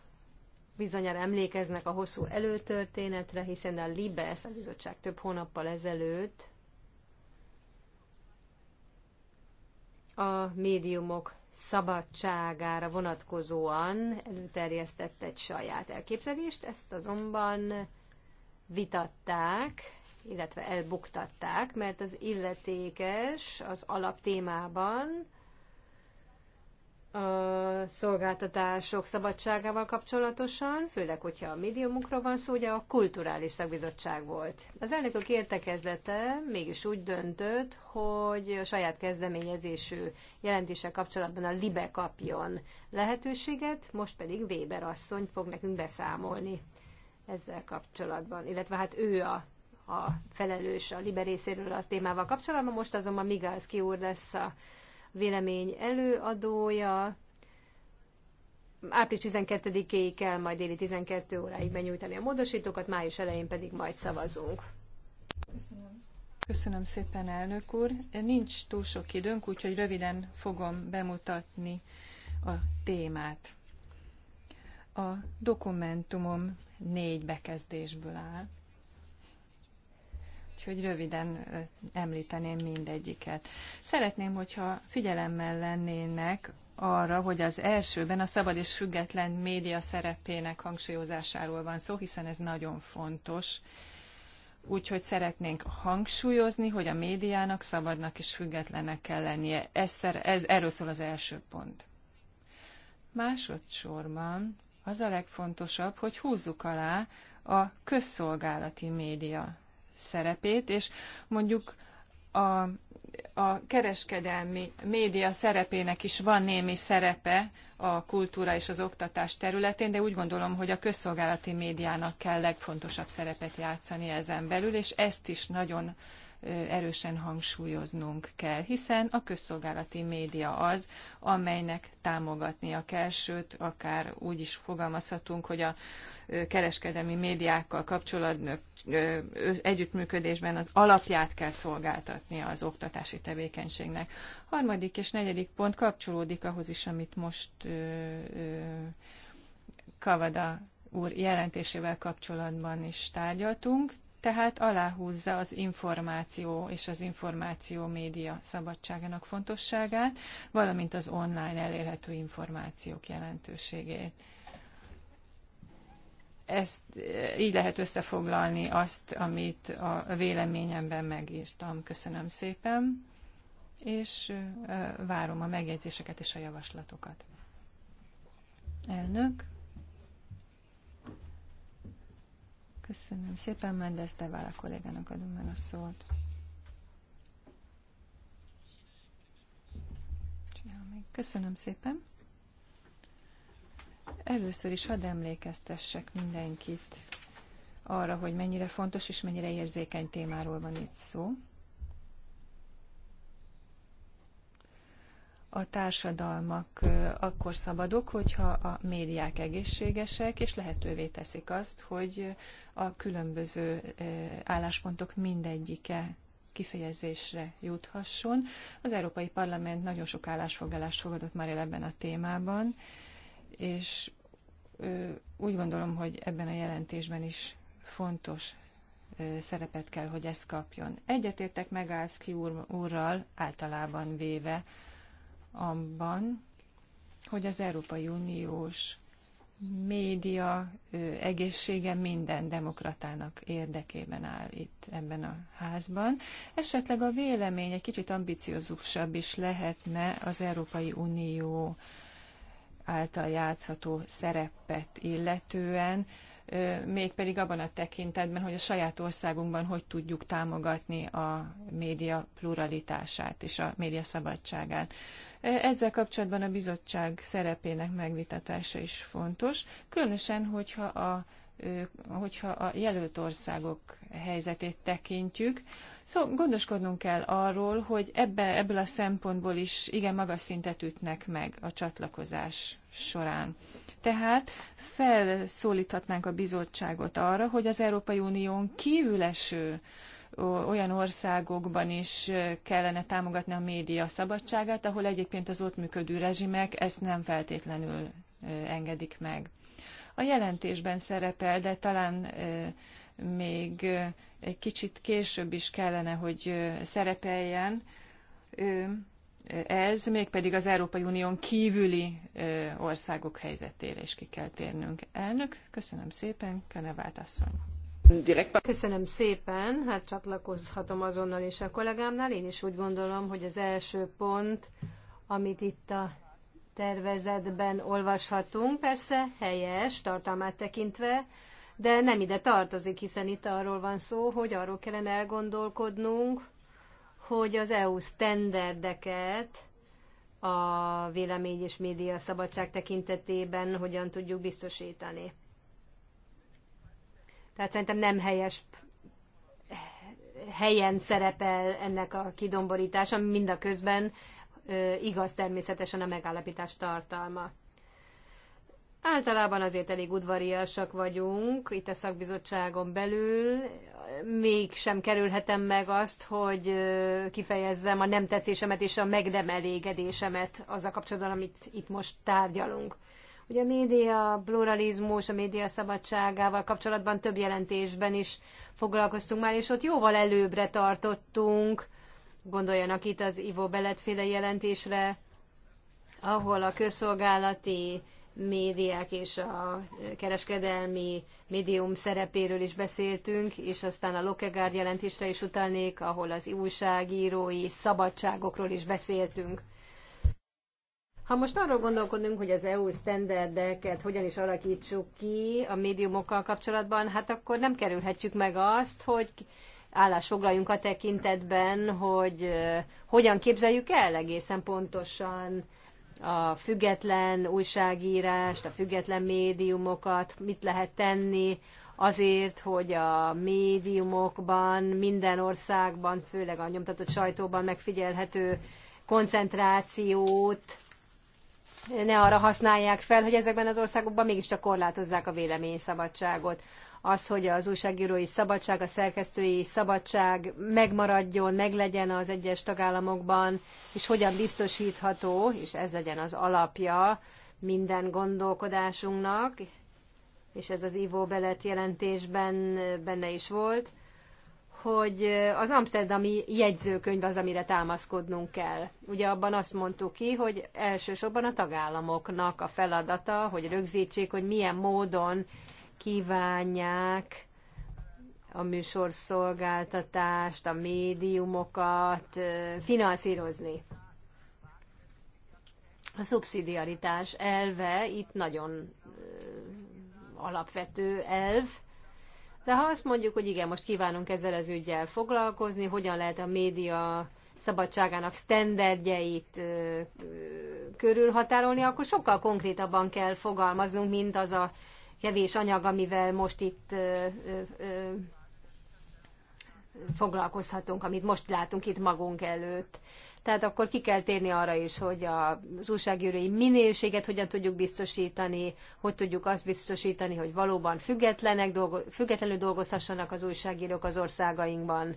bizonyára emlékeznek a hosszú előtörténetre, hiszen a Libes, a bizottság több hónappal ezelőtt a médiumok szabadságára vonatkozóan előterjesztett egy saját elképzelést, ezt azonban vitatták, illetve elbuktatták, mert az illetékes az alaptémában a szolgáltatások szabadságával kapcsolatosan, főleg, hogyha a médiumokról van szó, ugye a kulturális szakbizottság volt. Az elnökök értekezlete mégis úgy döntött, hogy a saját kezdeményezésű jelentéssel kapcsolatban a LIBE kapjon lehetőséget, most pedig Weber asszony fog nekünk beszámolni ezzel kapcsolatban, illetve hát ő a, a felelős a Libe részéről a témával kapcsolatban, most azonban ki úr lesz a vélemény előadója. Április 12-éig kell majd déli 12 óráig benyújtani a módosítókat, május elején pedig majd szavazunk. Köszönöm. Köszönöm szépen, elnök úr. Nincs túl sok időnk, úgyhogy röviden fogom bemutatni a témát. A dokumentumom négy bekezdésből áll, úgyhogy röviden említeném mindegyiket. Szeretném, hogyha figyelemmel lennének arra, hogy az elsőben a szabad és független média szerepének hangsúlyozásáról van szó, hiszen ez nagyon fontos. Úgyhogy szeretnénk hangsúlyozni, hogy a médiának szabadnak és függetlennek kell lennie. Ez, ez, erről szól az első pont. Másodszorban az a legfontosabb, hogy húzzuk alá a közszolgálati média szerepét, és mondjuk a, a kereskedelmi média szerepének is van némi szerepe a kultúra és az oktatás területén, de úgy gondolom, hogy a közszolgálati médiának kell legfontosabb szerepet játszani ezen belül, és ezt is nagyon erősen hangsúlyoznunk kell, hiszen a közszolgálati média az, amelynek támogatnia kell, sőt, akár úgy is fogalmazhatunk, hogy a kereskedelmi médiákkal kapcsolatban együttműködésben az alapját kell szolgáltatnia az oktatási tevékenységnek. Harmadik és negyedik pont kapcsolódik ahhoz is, amit most Kavada úr jelentésével kapcsolatban is tárgyaltunk, tehát aláhúzza az információ és az információ média szabadságának fontosságát, valamint az online elérhető információk jelentőségét. Ezt eh, így lehet összefoglalni azt, amit a véleményemben megírtam. Köszönöm szépen, és eh, várom a megjegyzéseket és a javaslatokat. Elnök. Köszönöm szépen, Mendes Devál a kollégának adom meg a szót. Köszönöm szépen. Először is hadd emlékeztessek mindenkit arra, hogy mennyire fontos és mennyire érzékeny témáról van itt szó. a társadalmak akkor szabadok, hogyha a médiák egészségesek, és lehetővé teszik azt, hogy a különböző álláspontok mindegyike kifejezésre juthasson. Az Európai Parlament nagyon sok állásfoglalást fogadott már el ebben a témában, és úgy gondolom, hogy ebben a jelentésben is fontos szerepet kell, hogy ezt kapjon. Egyetértek Megálszki úr, úrral általában véve abban, hogy az Európai Uniós média egészsége minden demokratának érdekében áll itt ebben a házban. Esetleg a vélemény egy kicsit ambiciózusabb is lehetne az Európai Unió által játszható szerepet illetően, mégpedig abban a tekintetben, hogy a saját országunkban hogy tudjuk támogatni a média pluralitását és a média szabadságát. Ezzel kapcsolatban a bizottság szerepének megvitatása is fontos, különösen, hogyha a, hogyha a jelölt országok helyzetét tekintjük, Szóval gondoskodnunk kell arról, hogy ebbe, ebből a szempontból is igen magas szintet ütnek meg a csatlakozás során. Tehát felszólíthatnánk a bizottságot arra, hogy az Európai Unión kívüleső olyan országokban is kellene támogatni a média szabadságát, ahol egyébként az ott működő rezsimek ezt nem feltétlenül engedik meg. A jelentésben szerepel, de talán még egy kicsit később is kellene, hogy szerepeljen ez, mégpedig az Európai Unión kívüli országok helyzetére is ki kell térnünk. Elnök, köszönöm szépen, Kenevált asszony. Köszönöm szépen, hát csatlakozhatom azonnal is a kollégámnál. Én is úgy gondolom, hogy az első pont, amit itt a tervezetben olvashatunk, persze helyes, tartalmát tekintve, de nem ide tartozik, hiszen itt arról van szó, hogy arról kellene elgondolkodnunk, hogy az EU standardeket a vélemény és média szabadság tekintetében hogyan tudjuk biztosítani. Tehát szerintem nem helyes helyen szerepel ennek a kidomborítása, mind a közben igaz természetesen a megállapítás tartalma. Általában azért elég udvariasak vagyunk itt a szakbizottságon belül. Még sem kerülhetem meg azt, hogy kifejezzem a nem tetszésemet és a meg nem elégedésemet a kapcsolatban, amit itt most tárgyalunk. Ugye a média pluralizmus, a média szabadságával kapcsolatban több jelentésben is foglalkoztunk már, és ott jóval előbbre tartottunk. Gondoljanak itt az Ivo Beletféle jelentésre, ahol a közszolgálati médiák és a kereskedelmi médium szerepéről is beszéltünk, és aztán a Lokegárd jelentésre is utalnék, ahol az újságírói szabadságokról is beszéltünk. Ha most arról gondolkodunk, hogy az EU sztenderdeket hogyan is alakítsuk ki a médiumokkal kapcsolatban, hát akkor nem kerülhetjük meg azt, hogy állásfoglaljunk a tekintetben, hogy eh, hogyan képzeljük el egészen pontosan a független újságírást, a független médiumokat, mit lehet tenni azért, hogy a médiumokban, minden országban, főleg a nyomtatott sajtóban megfigyelhető koncentrációt ne arra használják fel, hogy ezekben az országokban mégiscsak korlátozzák a véleményszabadságot az, hogy az újságírói szabadság, a szerkesztői szabadság megmaradjon, meglegyen az egyes tagállamokban, és hogyan biztosítható, és ez legyen az alapja minden gondolkodásunknak, és ez az Ivo Belet jelentésben benne is volt, hogy az amsterdami jegyzőkönyv az, amire támaszkodnunk kell. Ugye abban azt mondtuk ki, hogy elsősorban a tagállamoknak a feladata, hogy rögzítsék, hogy milyen módon kívánják a műsorszolgáltatást, a médiumokat finanszírozni. A szubszidiaritás elve itt nagyon alapvető elv, de ha azt mondjuk, hogy igen, most kívánunk ezzel az ügyel foglalkozni, hogyan lehet a média szabadságának sztenderdjeit körülhatárolni, akkor sokkal konkrétabban kell fogalmaznunk, mint az a kevés anyag, amivel most itt foglalkozhatunk, amit most látunk itt magunk előtt. Tehát akkor ki kell térni arra is, hogy az újságírói minőséget hogyan tudjuk biztosítani, hogy tudjuk azt biztosítani, hogy valóban függetlenek, dolgo- függetlenül dolgozhassanak az újságírók az országainkban,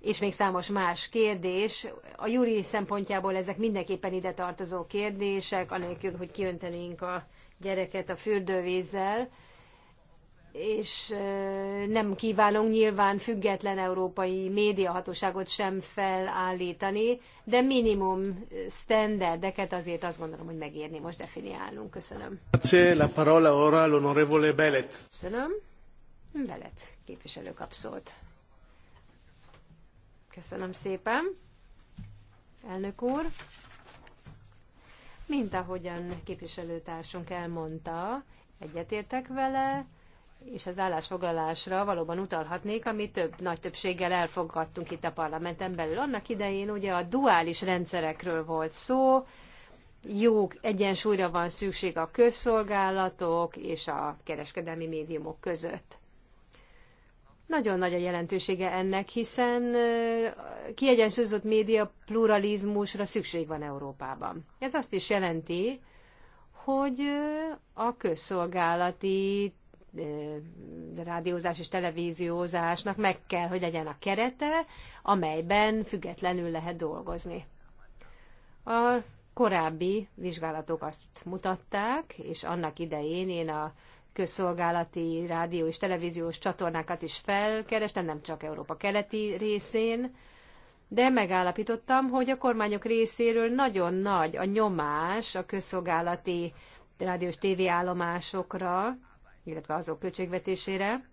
és még számos más kérdés. A júri szempontjából ezek mindenképpen ide tartozó kérdések, anélkül, hogy kiöntenénk a gyereket a fürdővízzel, és nem kívánunk nyilván független európai médiahatóságot sem felállítani, de minimum standardeket azért azt gondolom, hogy megérni most definiálnunk. Köszönöm. parola Köszönöm. Belet képviselő kap szót. Köszönöm szépen. Elnök úr. Mint ahogyan képviselőtársunk elmondta, egyetértek vele, és az állásfoglalásra valóban utalhatnék, ami több nagy többséggel elfogadtunk itt a parlamenten belül. Annak idején ugye a duális rendszerekről volt szó, jó egyensúlyra van szükség a közszolgálatok és a kereskedelmi médiumok között. Nagyon nagy a jelentősége ennek, hiszen kiegyensúlyozott média pluralizmusra szükség van Európában. Ez azt is jelenti, hogy a közszolgálati rádiózás és televíziózásnak meg kell, hogy legyen a kerete, amelyben függetlenül lehet dolgozni. A korábbi vizsgálatok azt mutatták, és annak idején én a közszolgálati rádió és televíziós csatornákat is felkerestem, nem csak Európa keleti részén, de megállapítottam, hogy a kormányok részéről nagyon nagy a nyomás a közszolgálati rádiós állomásokra illetve azok költségvetésére.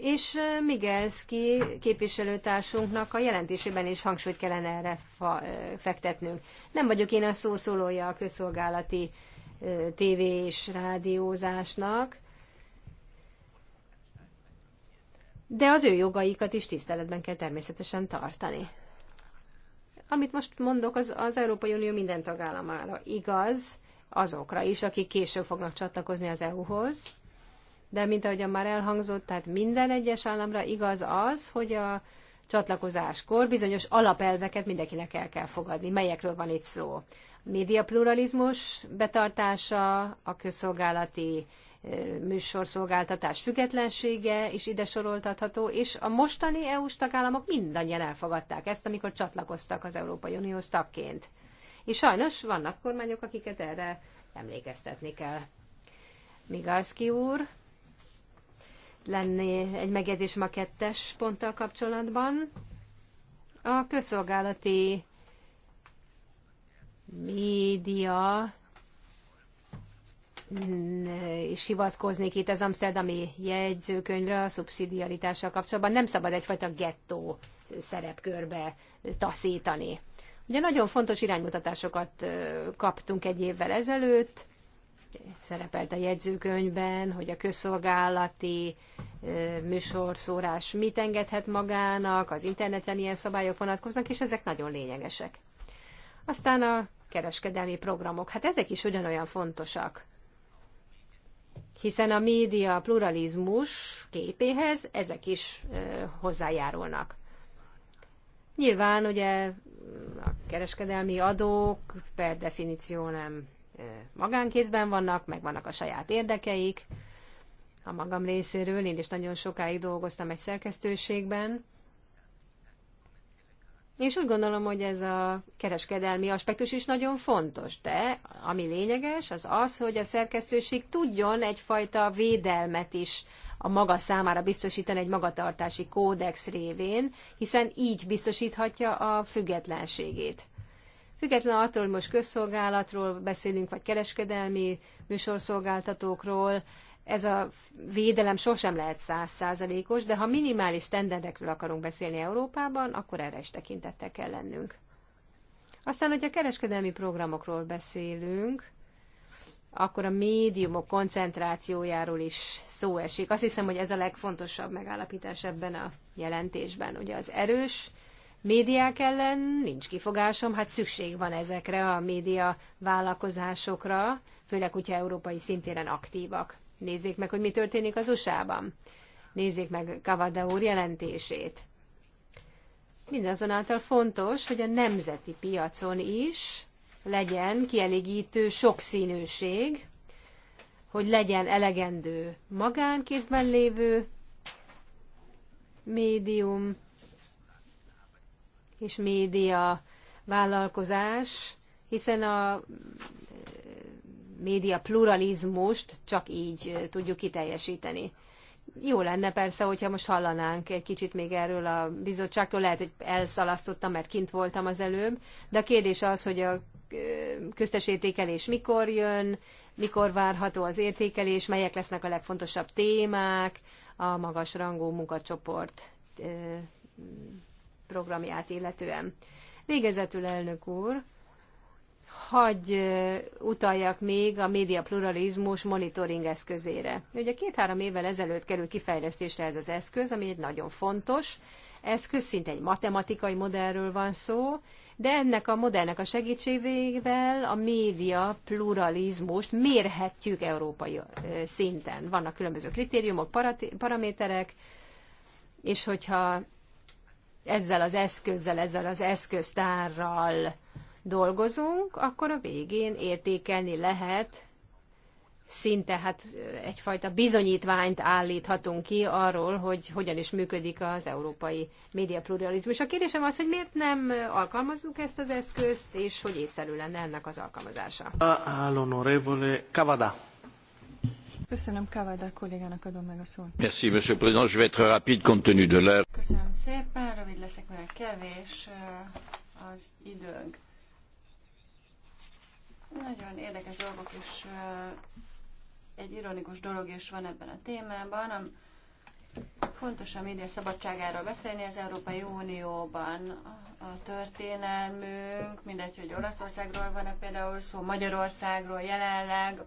És Migelszki képviselőtársunknak a jelentésében is hangsúlyt kellene erre fektetnünk. Nem vagyok én a szószólója a közszolgálati tévé és rádiózásnak, de az ő jogaikat is tiszteletben kell természetesen tartani. Amit most mondok, az, az Európai Unió minden tagállamára igaz, azokra is, akik később fognak csatlakozni az EU-hoz, de mint ahogyan már elhangzott, tehát minden egyes államra igaz az, hogy a csatlakozáskor bizonyos alapelveket mindenkinek el kell fogadni. Melyekről van itt szó? médiapluralizmus betartása, a közszolgálati műsorszolgáltatás függetlensége is ide soroltatható, és a mostani EU-s tagállamok mindannyian elfogadták ezt, amikor csatlakoztak az Európai Unióhoz tagként. És sajnos vannak kormányok, akiket erre emlékeztetni kell. Migalszki úr, lenné egy megjegyzés ma kettes ponttal kapcsolatban. A közszolgálati média mm, és hivatkoznék itt az amsterdami jegyzőkönyvre a szubszidiaritással kapcsolatban, nem szabad egyfajta gettó szerepkörbe taszítani. Ugye nagyon fontos iránymutatásokat kaptunk egy évvel ezelőtt, szerepelt a jegyzőkönyvben, hogy a közszolgálati műsorszórás mit engedhet magának, az interneten ilyen szabályok vonatkoznak, és ezek nagyon lényegesek. Aztán a kereskedelmi programok, hát ezek is ugyanolyan fontosak. Hiszen a média pluralizmus képéhez ezek is ö, hozzájárulnak. Nyilván ugye a kereskedelmi adók per definíció nem magánkézben vannak, meg vannak a saját érdekeik. A magam részéről én is nagyon sokáig dolgoztam egy szerkesztőségben, és úgy gondolom, hogy ez a kereskedelmi aspektus is nagyon fontos, de ami lényeges, az az, hogy a szerkesztőség tudjon egyfajta védelmet is a maga számára biztosítani egy magatartási kódex révén, hiszen így biztosíthatja a függetlenségét. Független attól, hogy most közszolgálatról beszélünk, vagy kereskedelmi műsorszolgáltatókról, ez a védelem sosem lehet százszázalékos, de ha minimális standardekről akarunk beszélni Európában, akkor erre is tekintettel kell lennünk. Aztán, hogyha kereskedelmi programokról beszélünk, akkor a médiumok koncentrációjáról is szó esik. Azt hiszem, hogy ez a legfontosabb megállapítás ebben a jelentésben. Ugye az erős médiák ellen nincs kifogásom, hát szükség van ezekre a média vállalkozásokra, főleg, hogyha európai szintéren aktívak. Nézzék meg, hogy mi történik az USA-ban. Nézzék meg Kavada úr jelentését. Mindazonáltal fontos, hogy a nemzeti piacon is legyen kielégítő sokszínűség, hogy legyen elegendő magánkézben lévő médium és média vállalkozás, hiszen a média pluralizmust csak így tudjuk kiteljesíteni. Jó lenne persze, hogyha most hallanánk egy kicsit még erről a bizottságtól, lehet, hogy elszalasztottam, mert kint voltam az előbb, de a kérdés az, hogy a köztes értékelés mikor jön, mikor várható az értékelés, melyek lesznek a legfontosabb témák a magasrangú munkacsoport programját illetően. Végezetül, elnök úr, hagy utaljak még a média pluralizmus monitoring eszközére. Ugye két-három évvel ezelőtt került kifejlesztésre ez az eszköz, ami egy nagyon fontos eszköz, szinte egy matematikai modellről van szó, de ennek a modellnek a segítségével a média pluralizmust mérhetjük európai szinten. Vannak különböző kritériumok, paraméterek, és hogyha ezzel az eszközzel, ezzel az eszköztárral dolgozunk, akkor a végén értékelni lehet, szinte hát egyfajta bizonyítványt állíthatunk ki arról, hogy hogyan is működik az európai médiapluralizmus. A kérdésem az, hogy miért nem alkalmazzuk ezt az eszközt, és hogy észszerű lenne ennek az alkalmazása. L'onorevole Cavada. Köszönöm, Kavada kollégának adom meg a szót. Merci, monsieur président. Je vais être rapide compte tenu de l'heure. Köszönöm szépen, rövid leszek, mert kevés az időnk. Nagyon érdekes dolgok is, egy ironikus dolog is van ebben a témában. Fontos a média szabadságáról beszélni az Európai Unióban. A történelmünk, mindegy, hogy Olaszországról van-e például szó, Magyarországról jelenleg,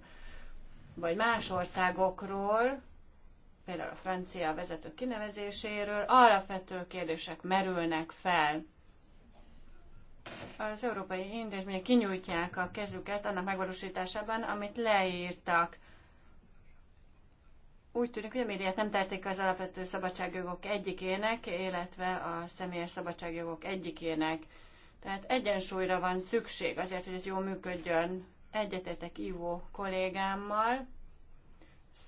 vagy más országokról, például a francia vezető kinevezéséről, alapvető kérdések merülnek fel az európai intézmények kinyújtják a kezüket annak megvalósításában, amit leírtak. Úgy tűnik, hogy a médiát nem tették az alapvető szabadságjogok egyikének, illetve a személyes szabadságjogok egyikének. Tehát egyensúlyra van szükség azért, hogy ez jól működjön. Egyetetek Ivó kollégámmal.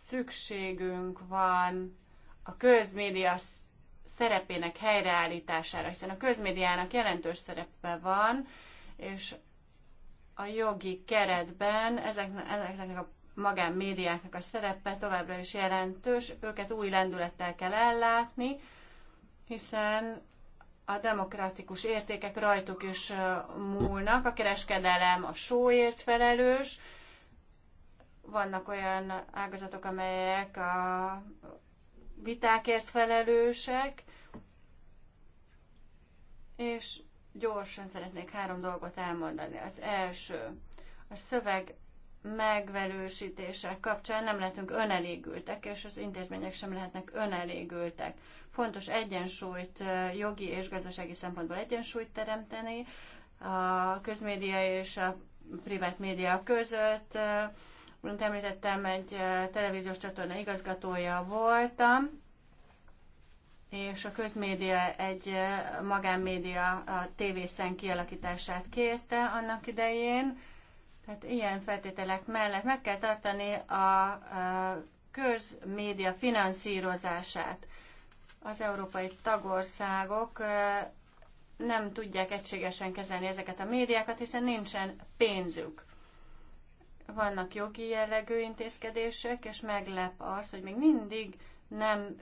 Szükségünk van a közmédia szerepének helyreállítására, hiszen a közmédiának jelentős szerepe van, és a jogi keretben ezeknek, ezeknek a magánmédiáknak a szerepe továbbra is jelentős, őket új lendülettel kell ellátni, hiszen a demokratikus értékek rajtuk is múlnak, a kereskedelem a sóért felelős, vannak olyan ágazatok, amelyek a vitákért felelősek, és gyorsan szeretnék három dolgot elmondani. Az első, a szöveg megvelősítése kapcsán nem lehetünk önelégültek, és az intézmények sem lehetnek önelégültek. Fontos egyensúlyt, jogi és gazdasági szempontból egyensúlyt teremteni a közmédia és a privát média között, mint említettem, egy televíziós csatorna igazgatója voltam, és a közmédia egy magánmédia a tévészen kialakítását kérte annak idején. Tehát ilyen feltételek mellett meg kell tartani a közmédia finanszírozását. Az európai tagországok nem tudják egységesen kezelni ezeket a médiákat, hiszen nincsen pénzük vannak jogi jellegű intézkedések, és meglep az, hogy még mindig nem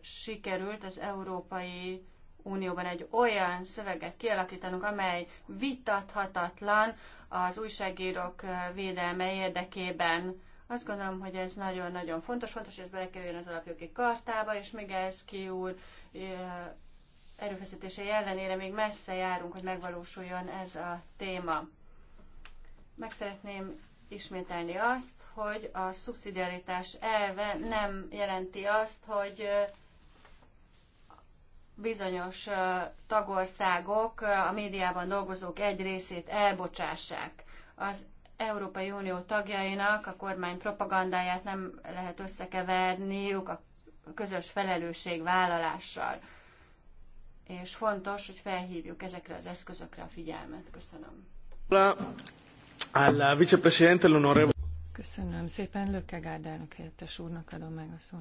sikerült az Európai Unióban egy olyan szöveget kialakítanunk, amely vitathatatlan az újságírók védelme érdekében. Azt gondolom, hogy ez nagyon-nagyon fontos, fontos, hogy ez belekerüljön az alapjogi kartába, és még ez kiúr erőfeszítései ellenére még messze járunk, hogy megvalósuljon ez a téma. Meg szeretném ismételni azt, hogy a szubszidiaritás elve nem jelenti azt, hogy bizonyos tagországok a médiában dolgozók egy részét elbocsássák. Az Európai Unió tagjainak a kormány propagandáját nem lehet összekeverniük a közös felelősség vállalással. És fontos, hogy felhívjuk ezekre az eszközökre a figyelmet. Köszönöm. Alla vicepresidente l'onorevole. Köszönöm szépen, Lökkegárd elnök helyettes úrnak adom meg a szót.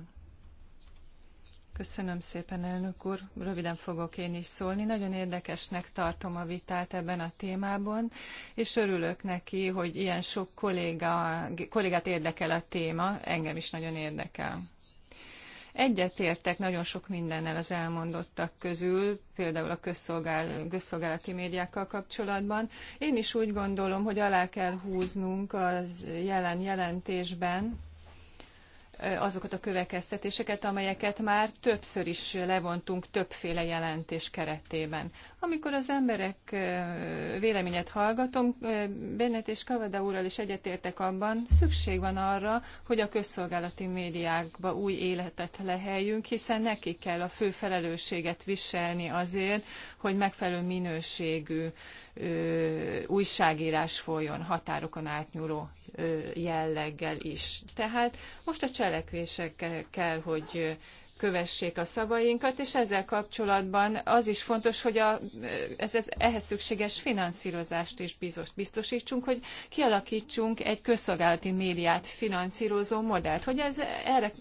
Köszönöm szépen, elnök úr. Röviden fogok én is szólni. Nagyon érdekesnek tartom a vitát ebben a témában, és örülök neki, hogy ilyen sok kolléga, kollégát érdekel a téma. Engem is nagyon érdekel. Egyetértek nagyon sok mindennel az elmondottak közül, például a közszolgál, közszolgálati médiákkal kapcsolatban. Én is úgy gondolom, hogy alá kell húznunk a jelen jelentésben, azokat a következtetéseket, amelyeket már többször is levontunk többféle jelentés keretében. Amikor az emberek véleményet hallgatom, Bennet és Kavada úrral is egyetértek abban, szükség van arra, hogy a közszolgálati médiákba új életet leheljünk, hiszen neki kell a fő felelősséget viselni azért, hogy megfelelő minőségű újságírás folyjon határokon átnyúló jelleggel is. Tehát most a cselekvésekkel kell, hogy kövessék a szavainkat, és ezzel kapcsolatban az is fontos, hogy a, ez, ez, ehhez szükséges finanszírozást is biztos, biztosítsunk, hogy kialakítsunk egy közszolgálati médiát finanszírozó modellt, hogy ez erre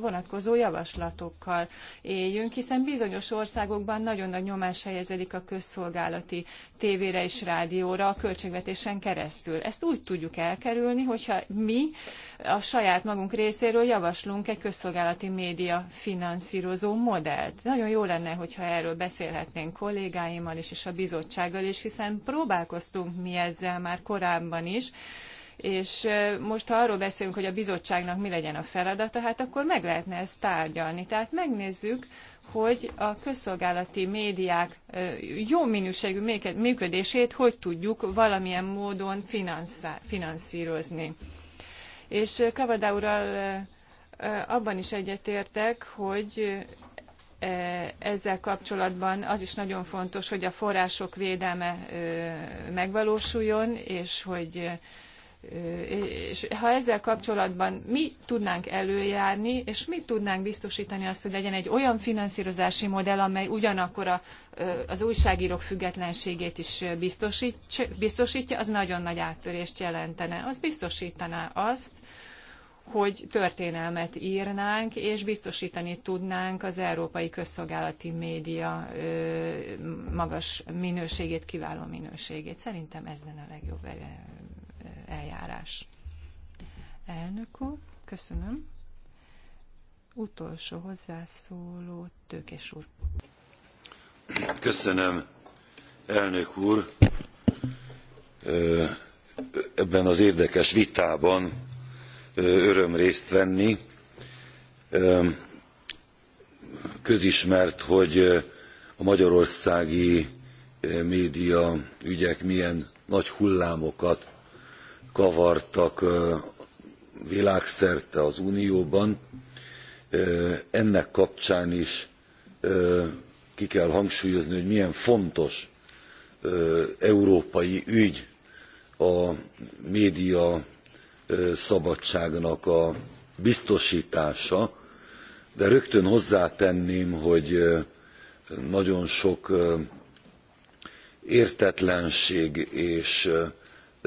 vonatkozó javaslatokkal éljünk, hiszen bizonyos országokban nagyon nagy nyomás helyezedik a közszolgálati tévére és rádióra a költségvetésen keresztül. Ezt úgy tudjuk elkerülni, hogyha mi a saját magunk részéről javaslunk egy közszolgálati média finanszírozást finanszírozó modellt. Nagyon jó lenne, hogyha erről beszélhetnénk kollégáimmal is, és a bizottsággal is, hiszen próbálkoztunk mi ezzel már korábban is, és most ha arról beszélünk, hogy a bizottságnak mi legyen a feladata, hát akkor meg lehetne ezt tárgyalni. Tehát megnézzük, hogy a közszolgálati médiák jó minőségű működését hogy tudjuk valamilyen módon finanszírozni. És Kavada úrral abban is egyetértek, hogy ezzel kapcsolatban az is nagyon fontos, hogy a források védelme megvalósuljon, és hogy és ha ezzel kapcsolatban mi tudnánk előjárni, és mi tudnánk biztosítani azt, hogy legyen egy olyan finanszírozási modell, amely ugyanakkor a, az újságírók függetlenségét is biztosítja, az nagyon nagy áttörést jelentene. Az biztosítaná azt, hogy történelmet írnánk, és biztosítani tudnánk az európai közszolgálati média magas minőségét, kiváló minőségét. Szerintem ez lenne a legjobb eljárás. Elnök úr, köszönöm. Utolsó hozzászóló Tőkés úr. Köszönöm, elnök úr. Ebben az érdekes vitában öröm részt venni. Közismert, hogy a magyarországi média ügyek milyen nagy hullámokat kavartak világszerte az unióban ennek kapcsán is ki kell hangsúlyozni hogy milyen fontos európai ügy a média szabadságnak a biztostása de rögtön hozzátenném hogy nagyon sok értetlenség és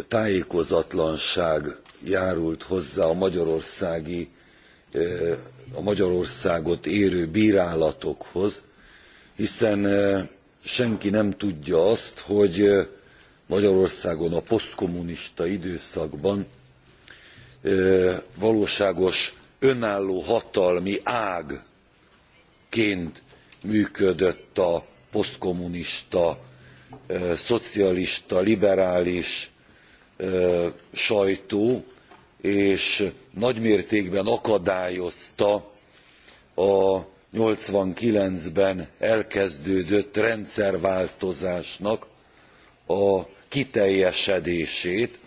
tájékozatlanság járult hozzá a magyarországi a magyarországot érő brálatokhoz hiszen senki nem tudja azt hogy magyarországon a posztkommunista időszakban valóságos önálló hatalmi ágként működött a posztkommunista szocialista liberális sajtó és nagymértékben akadályozta a eighty nine ben elkezdődött rendszerváltozásnak a kiteljesedését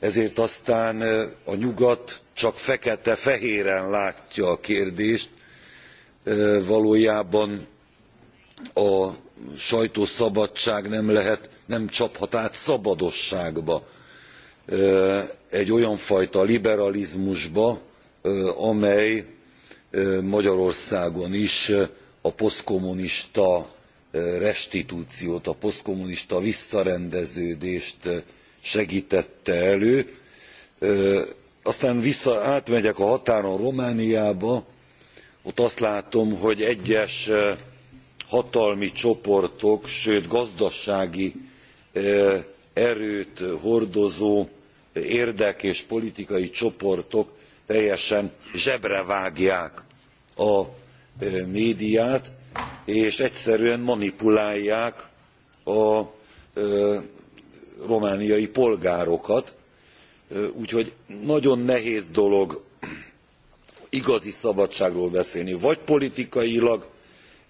ezért aztán a nyugat csak fekete fehéren látja a kérdést valójában a sajtószabadság nem lehet nem csaphat át szabadosságba egy olyan fajta liberalizmusba amely magyarországon is a posztkommunista restitúciót a posztkommunista visszarendeződést segtette elő aztán átmegyek a határon romániába ott azt látom hogy egyes hatalmi csoportok sőt gazdasági erőt hordozó érdek és politikai csoportok teljesen zsebrevágják a médiát és egyszerűen manipulálják a romániai polgárokat úgyhogy nagyon nehéz dolog igazi szabadságról beszélni vagy politikailag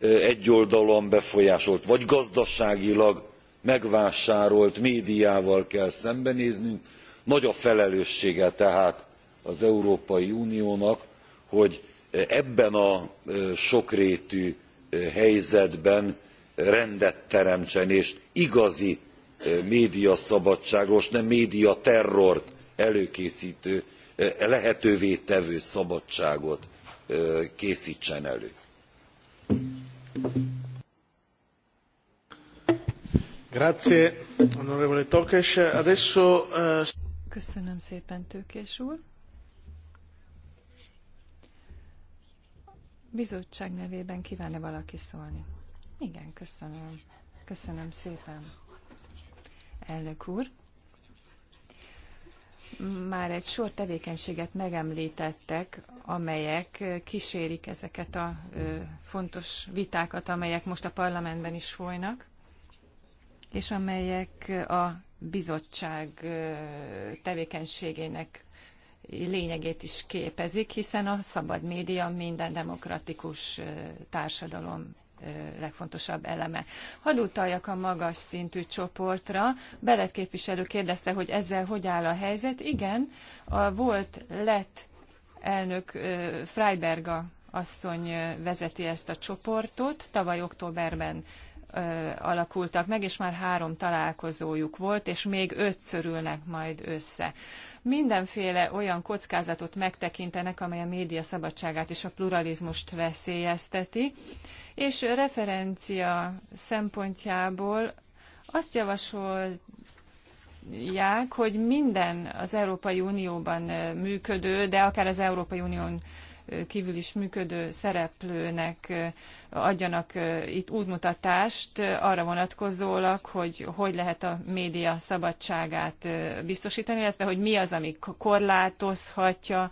egyoldalúan befolyásolt vagy gazdaságilag megvásárolt médiával kell szembenéznünk nagy a felelőssége tehát az európai uniónak hogy ebben a sokrétű helyzetben rendet teremtsen és igazi médiaszabadságos nem médiaterrort előkésztő lehetővé tevő szabadságot késztsen elő. Köszönöm szépen, Tőkés úr. Bizottság nevében kíván-e valaki szólni? Igen, köszönöm. Köszönöm szépen elnök úr. Már egy sor tevékenységet megemlítettek, amelyek kísérik ezeket a fontos vitákat, amelyek most a parlamentben is folynak, és amelyek a bizottság tevékenységének lényegét is képezik, hiszen a szabad média minden demokratikus társadalom legfontosabb eleme. Hadd utaljak a magas szintű csoportra. Belet képviselő kérdezte, hogy ezzel hogy áll a helyzet. Igen, a volt lett elnök Freiberga asszony vezeti ezt a csoportot. Tavaly októberben alakultak meg, és már három találkozójuk volt, és még ötször ülnek majd össze. Mindenféle olyan kockázatot megtekintenek, amely a média szabadságát és a pluralizmust veszélyezteti, és referencia szempontjából azt javasolják, hogy minden az Európai Unióban működő, de akár az Európai Unión kívül is működő szereplőnek adjanak itt útmutatást arra vonatkozólag, hogy hogy lehet a média szabadságát biztosítani, illetve hogy mi az, ami korlátozhatja,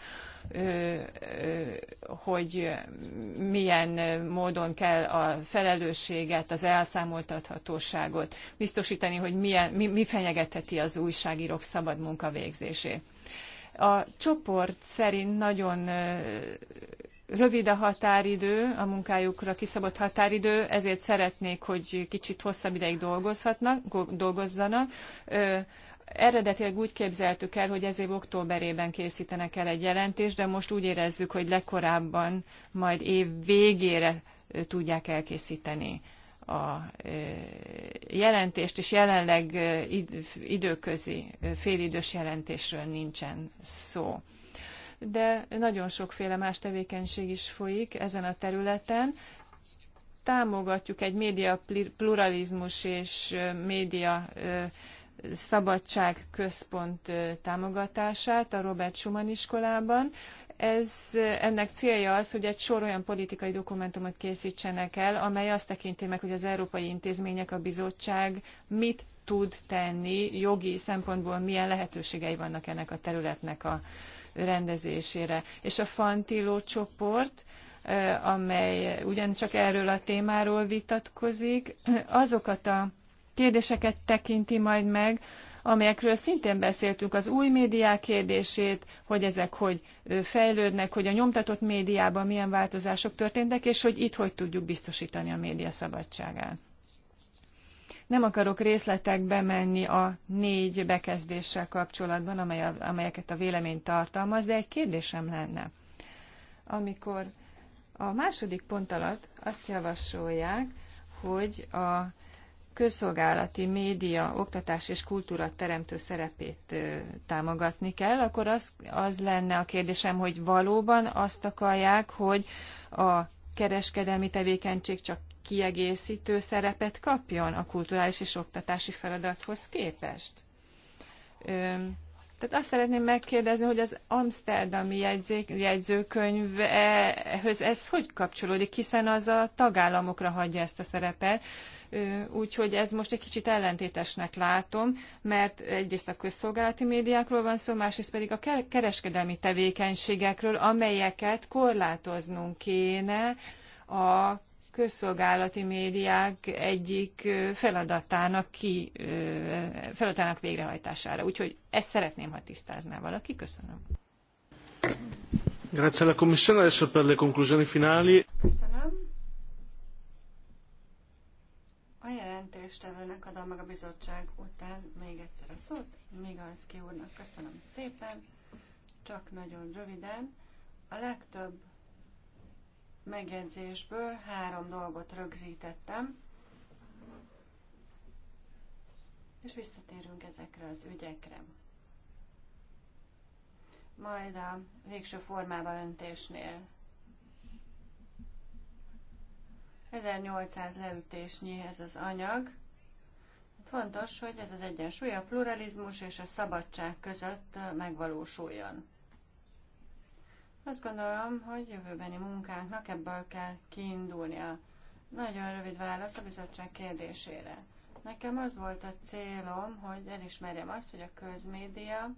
hogy milyen módon kell a felelősséget, az elszámoltathatóságot biztosítani, hogy milyen, mi, mi fenyegetheti az újságírók szabad munkavégzését. A csoport szerint nagyon rövid a határidő, a munkájukra kiszabott határidő, ezért szeretnék, hogy kicsit hosszabb ideig dolgozhatnak, dolgozzanak. Eredetileg úgy képzeltük el, hogy ez év októberében készítenek el egy jelentést, de most úgy érezzük, hogy legkorábban majd év végére tudják elkészíteni a e, jelentést, és jelenleg e, időközi e, félidős jelentésről nincsen szó. De nagyon sokféle más tevékenység is folyik ezen a területen. Támogatjuk egy média pluralizmus és média szabadság központ támogatását a Robert Schumann iskolában, ez, ennek célja az, hogy egy sor olyan politikai dokumentumot készítsenek el, amely azt tekinti meg, hogy az európai intézmények, a bizottság mit tud tenni jogi szempontból, milyen lehetőségei vannak ennek a területnek a rendezésére. És a Fantilo csoport, amely ugyancsak erről a témáról vitatkozik, azokat a kérdéseket tekinti majd meg, amelyekről szintén beszéltünk, az új médiák kérdését, hogy ezek hogy fejlődnek, hogy a nyomtatott médiában milyen változások történtek, és hogy itt hogy tudjuk biztosítani a média szabadságát. Nem akarok részletekbe menni a négy bekezdéssel kapcsolatban, amely a, amelyeket a vélemény tartalmaz, de egy kérdésem lenne. Amikor a második pont alatt azt javasolják, hogy a közszolgálati média, oktatás és kultúra teremtő szerepét támogatni kell, akkor az, az lenne a kérdésem, hogy valóban azt akarják, hogy a kereskedelmi tevékenység csak kiegészítő szerepet kapjon a kulturális és oktatási feladathoz képest? Tehát azt szeretném megkérdezni, hogy az amsterdami jegyzék, jegyzőkönyvhöz ez hogy kapcsolódik, hiszen az a tagállamokra hagyja ezt a szerepet úgyhogy ez most egy kicsit ellentétesnek látom, mert egyrészt a közszolgálati médiákról van szó, másrészt pedig a kereskedelmi tevékenységekről, amelyeket korlátoznunk kéne a közszolgálati médiák egyik feladatának, ki, feladatának végrehajtására. Úgyhogy ezt szeretném, ha tisztázná valaki. Köszönöm. Grazie alla Commissione, adesso per le conclusioni finali. Köszönöm. A jelentéstevőnek adom meg a bizottság után még egyszer a szót. Migalszki úrnak köszönöm szépen, csak nagyon röviden. A legtöbb megjegyzésből három dolgot rögzítettem, és visszatérünk ezekre az ügyekre. Majd a végső formában öntésnél 1800 lentésnyi ez az anyag. Hát fontos, hogy ez az egyensúly a pluralizmus és a szabadság között megvalósuljon. Azt gondolom, hogy jövőbeni munkánknak ebből kell kiindulnia. Nagyon rövid válasz a bizottság kérdésére. Nekem az volt a célom, hogy elismerjem azt, hogy a közmédia,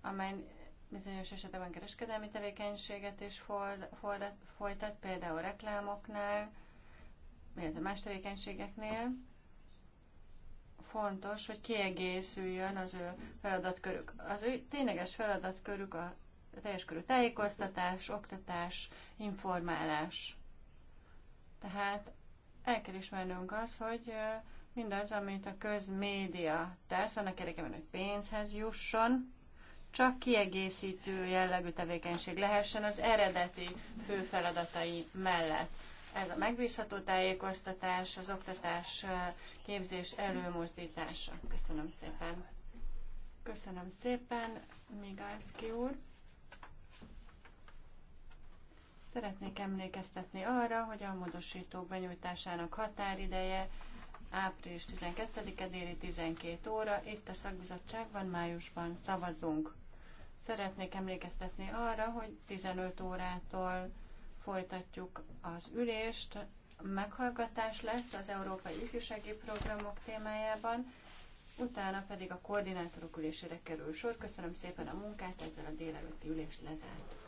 amely bizonyos esetekben kereskedelmi tevékenységet is folytat, például reklámoknál, illetve más tevékenységeknél. Fontos, hogy kiegészüljön az ő feladatkörük. Az ő tényleges feladatkörük a teljes körű tájékoztatás, oktatás, informálás. Tehát el kell ismernünk az, hogy mindaz, amit a közmédia tesz, annak érdekében, hogy pénzhez jusson, csak kiegészítő jellegű tevékenység lehessen az eredeti fő feladatai mellett. Ez a megbízható tájékoztatás, az oktatás, képzés előmozdítása. Köszönöm szépen. Köszönöm szépen, Migalszki úr. Szeretnék emlékeztetni arra, hogy a módosítók benyújtásának határideje április 12-e déli 12 óra, itt a szakbizottságban májusban szavazunk. Szeretnék emlékeztetni arra, hogy 15 órától folytatjuk az ülést. Meghallgatás lesz az Európai Ifjúsági Programok témájában, utána pedig a koordinátorok ülésére kerül sor. Köszönöm szépen a munkát, ezzel a délelőtti ülést lezártuk.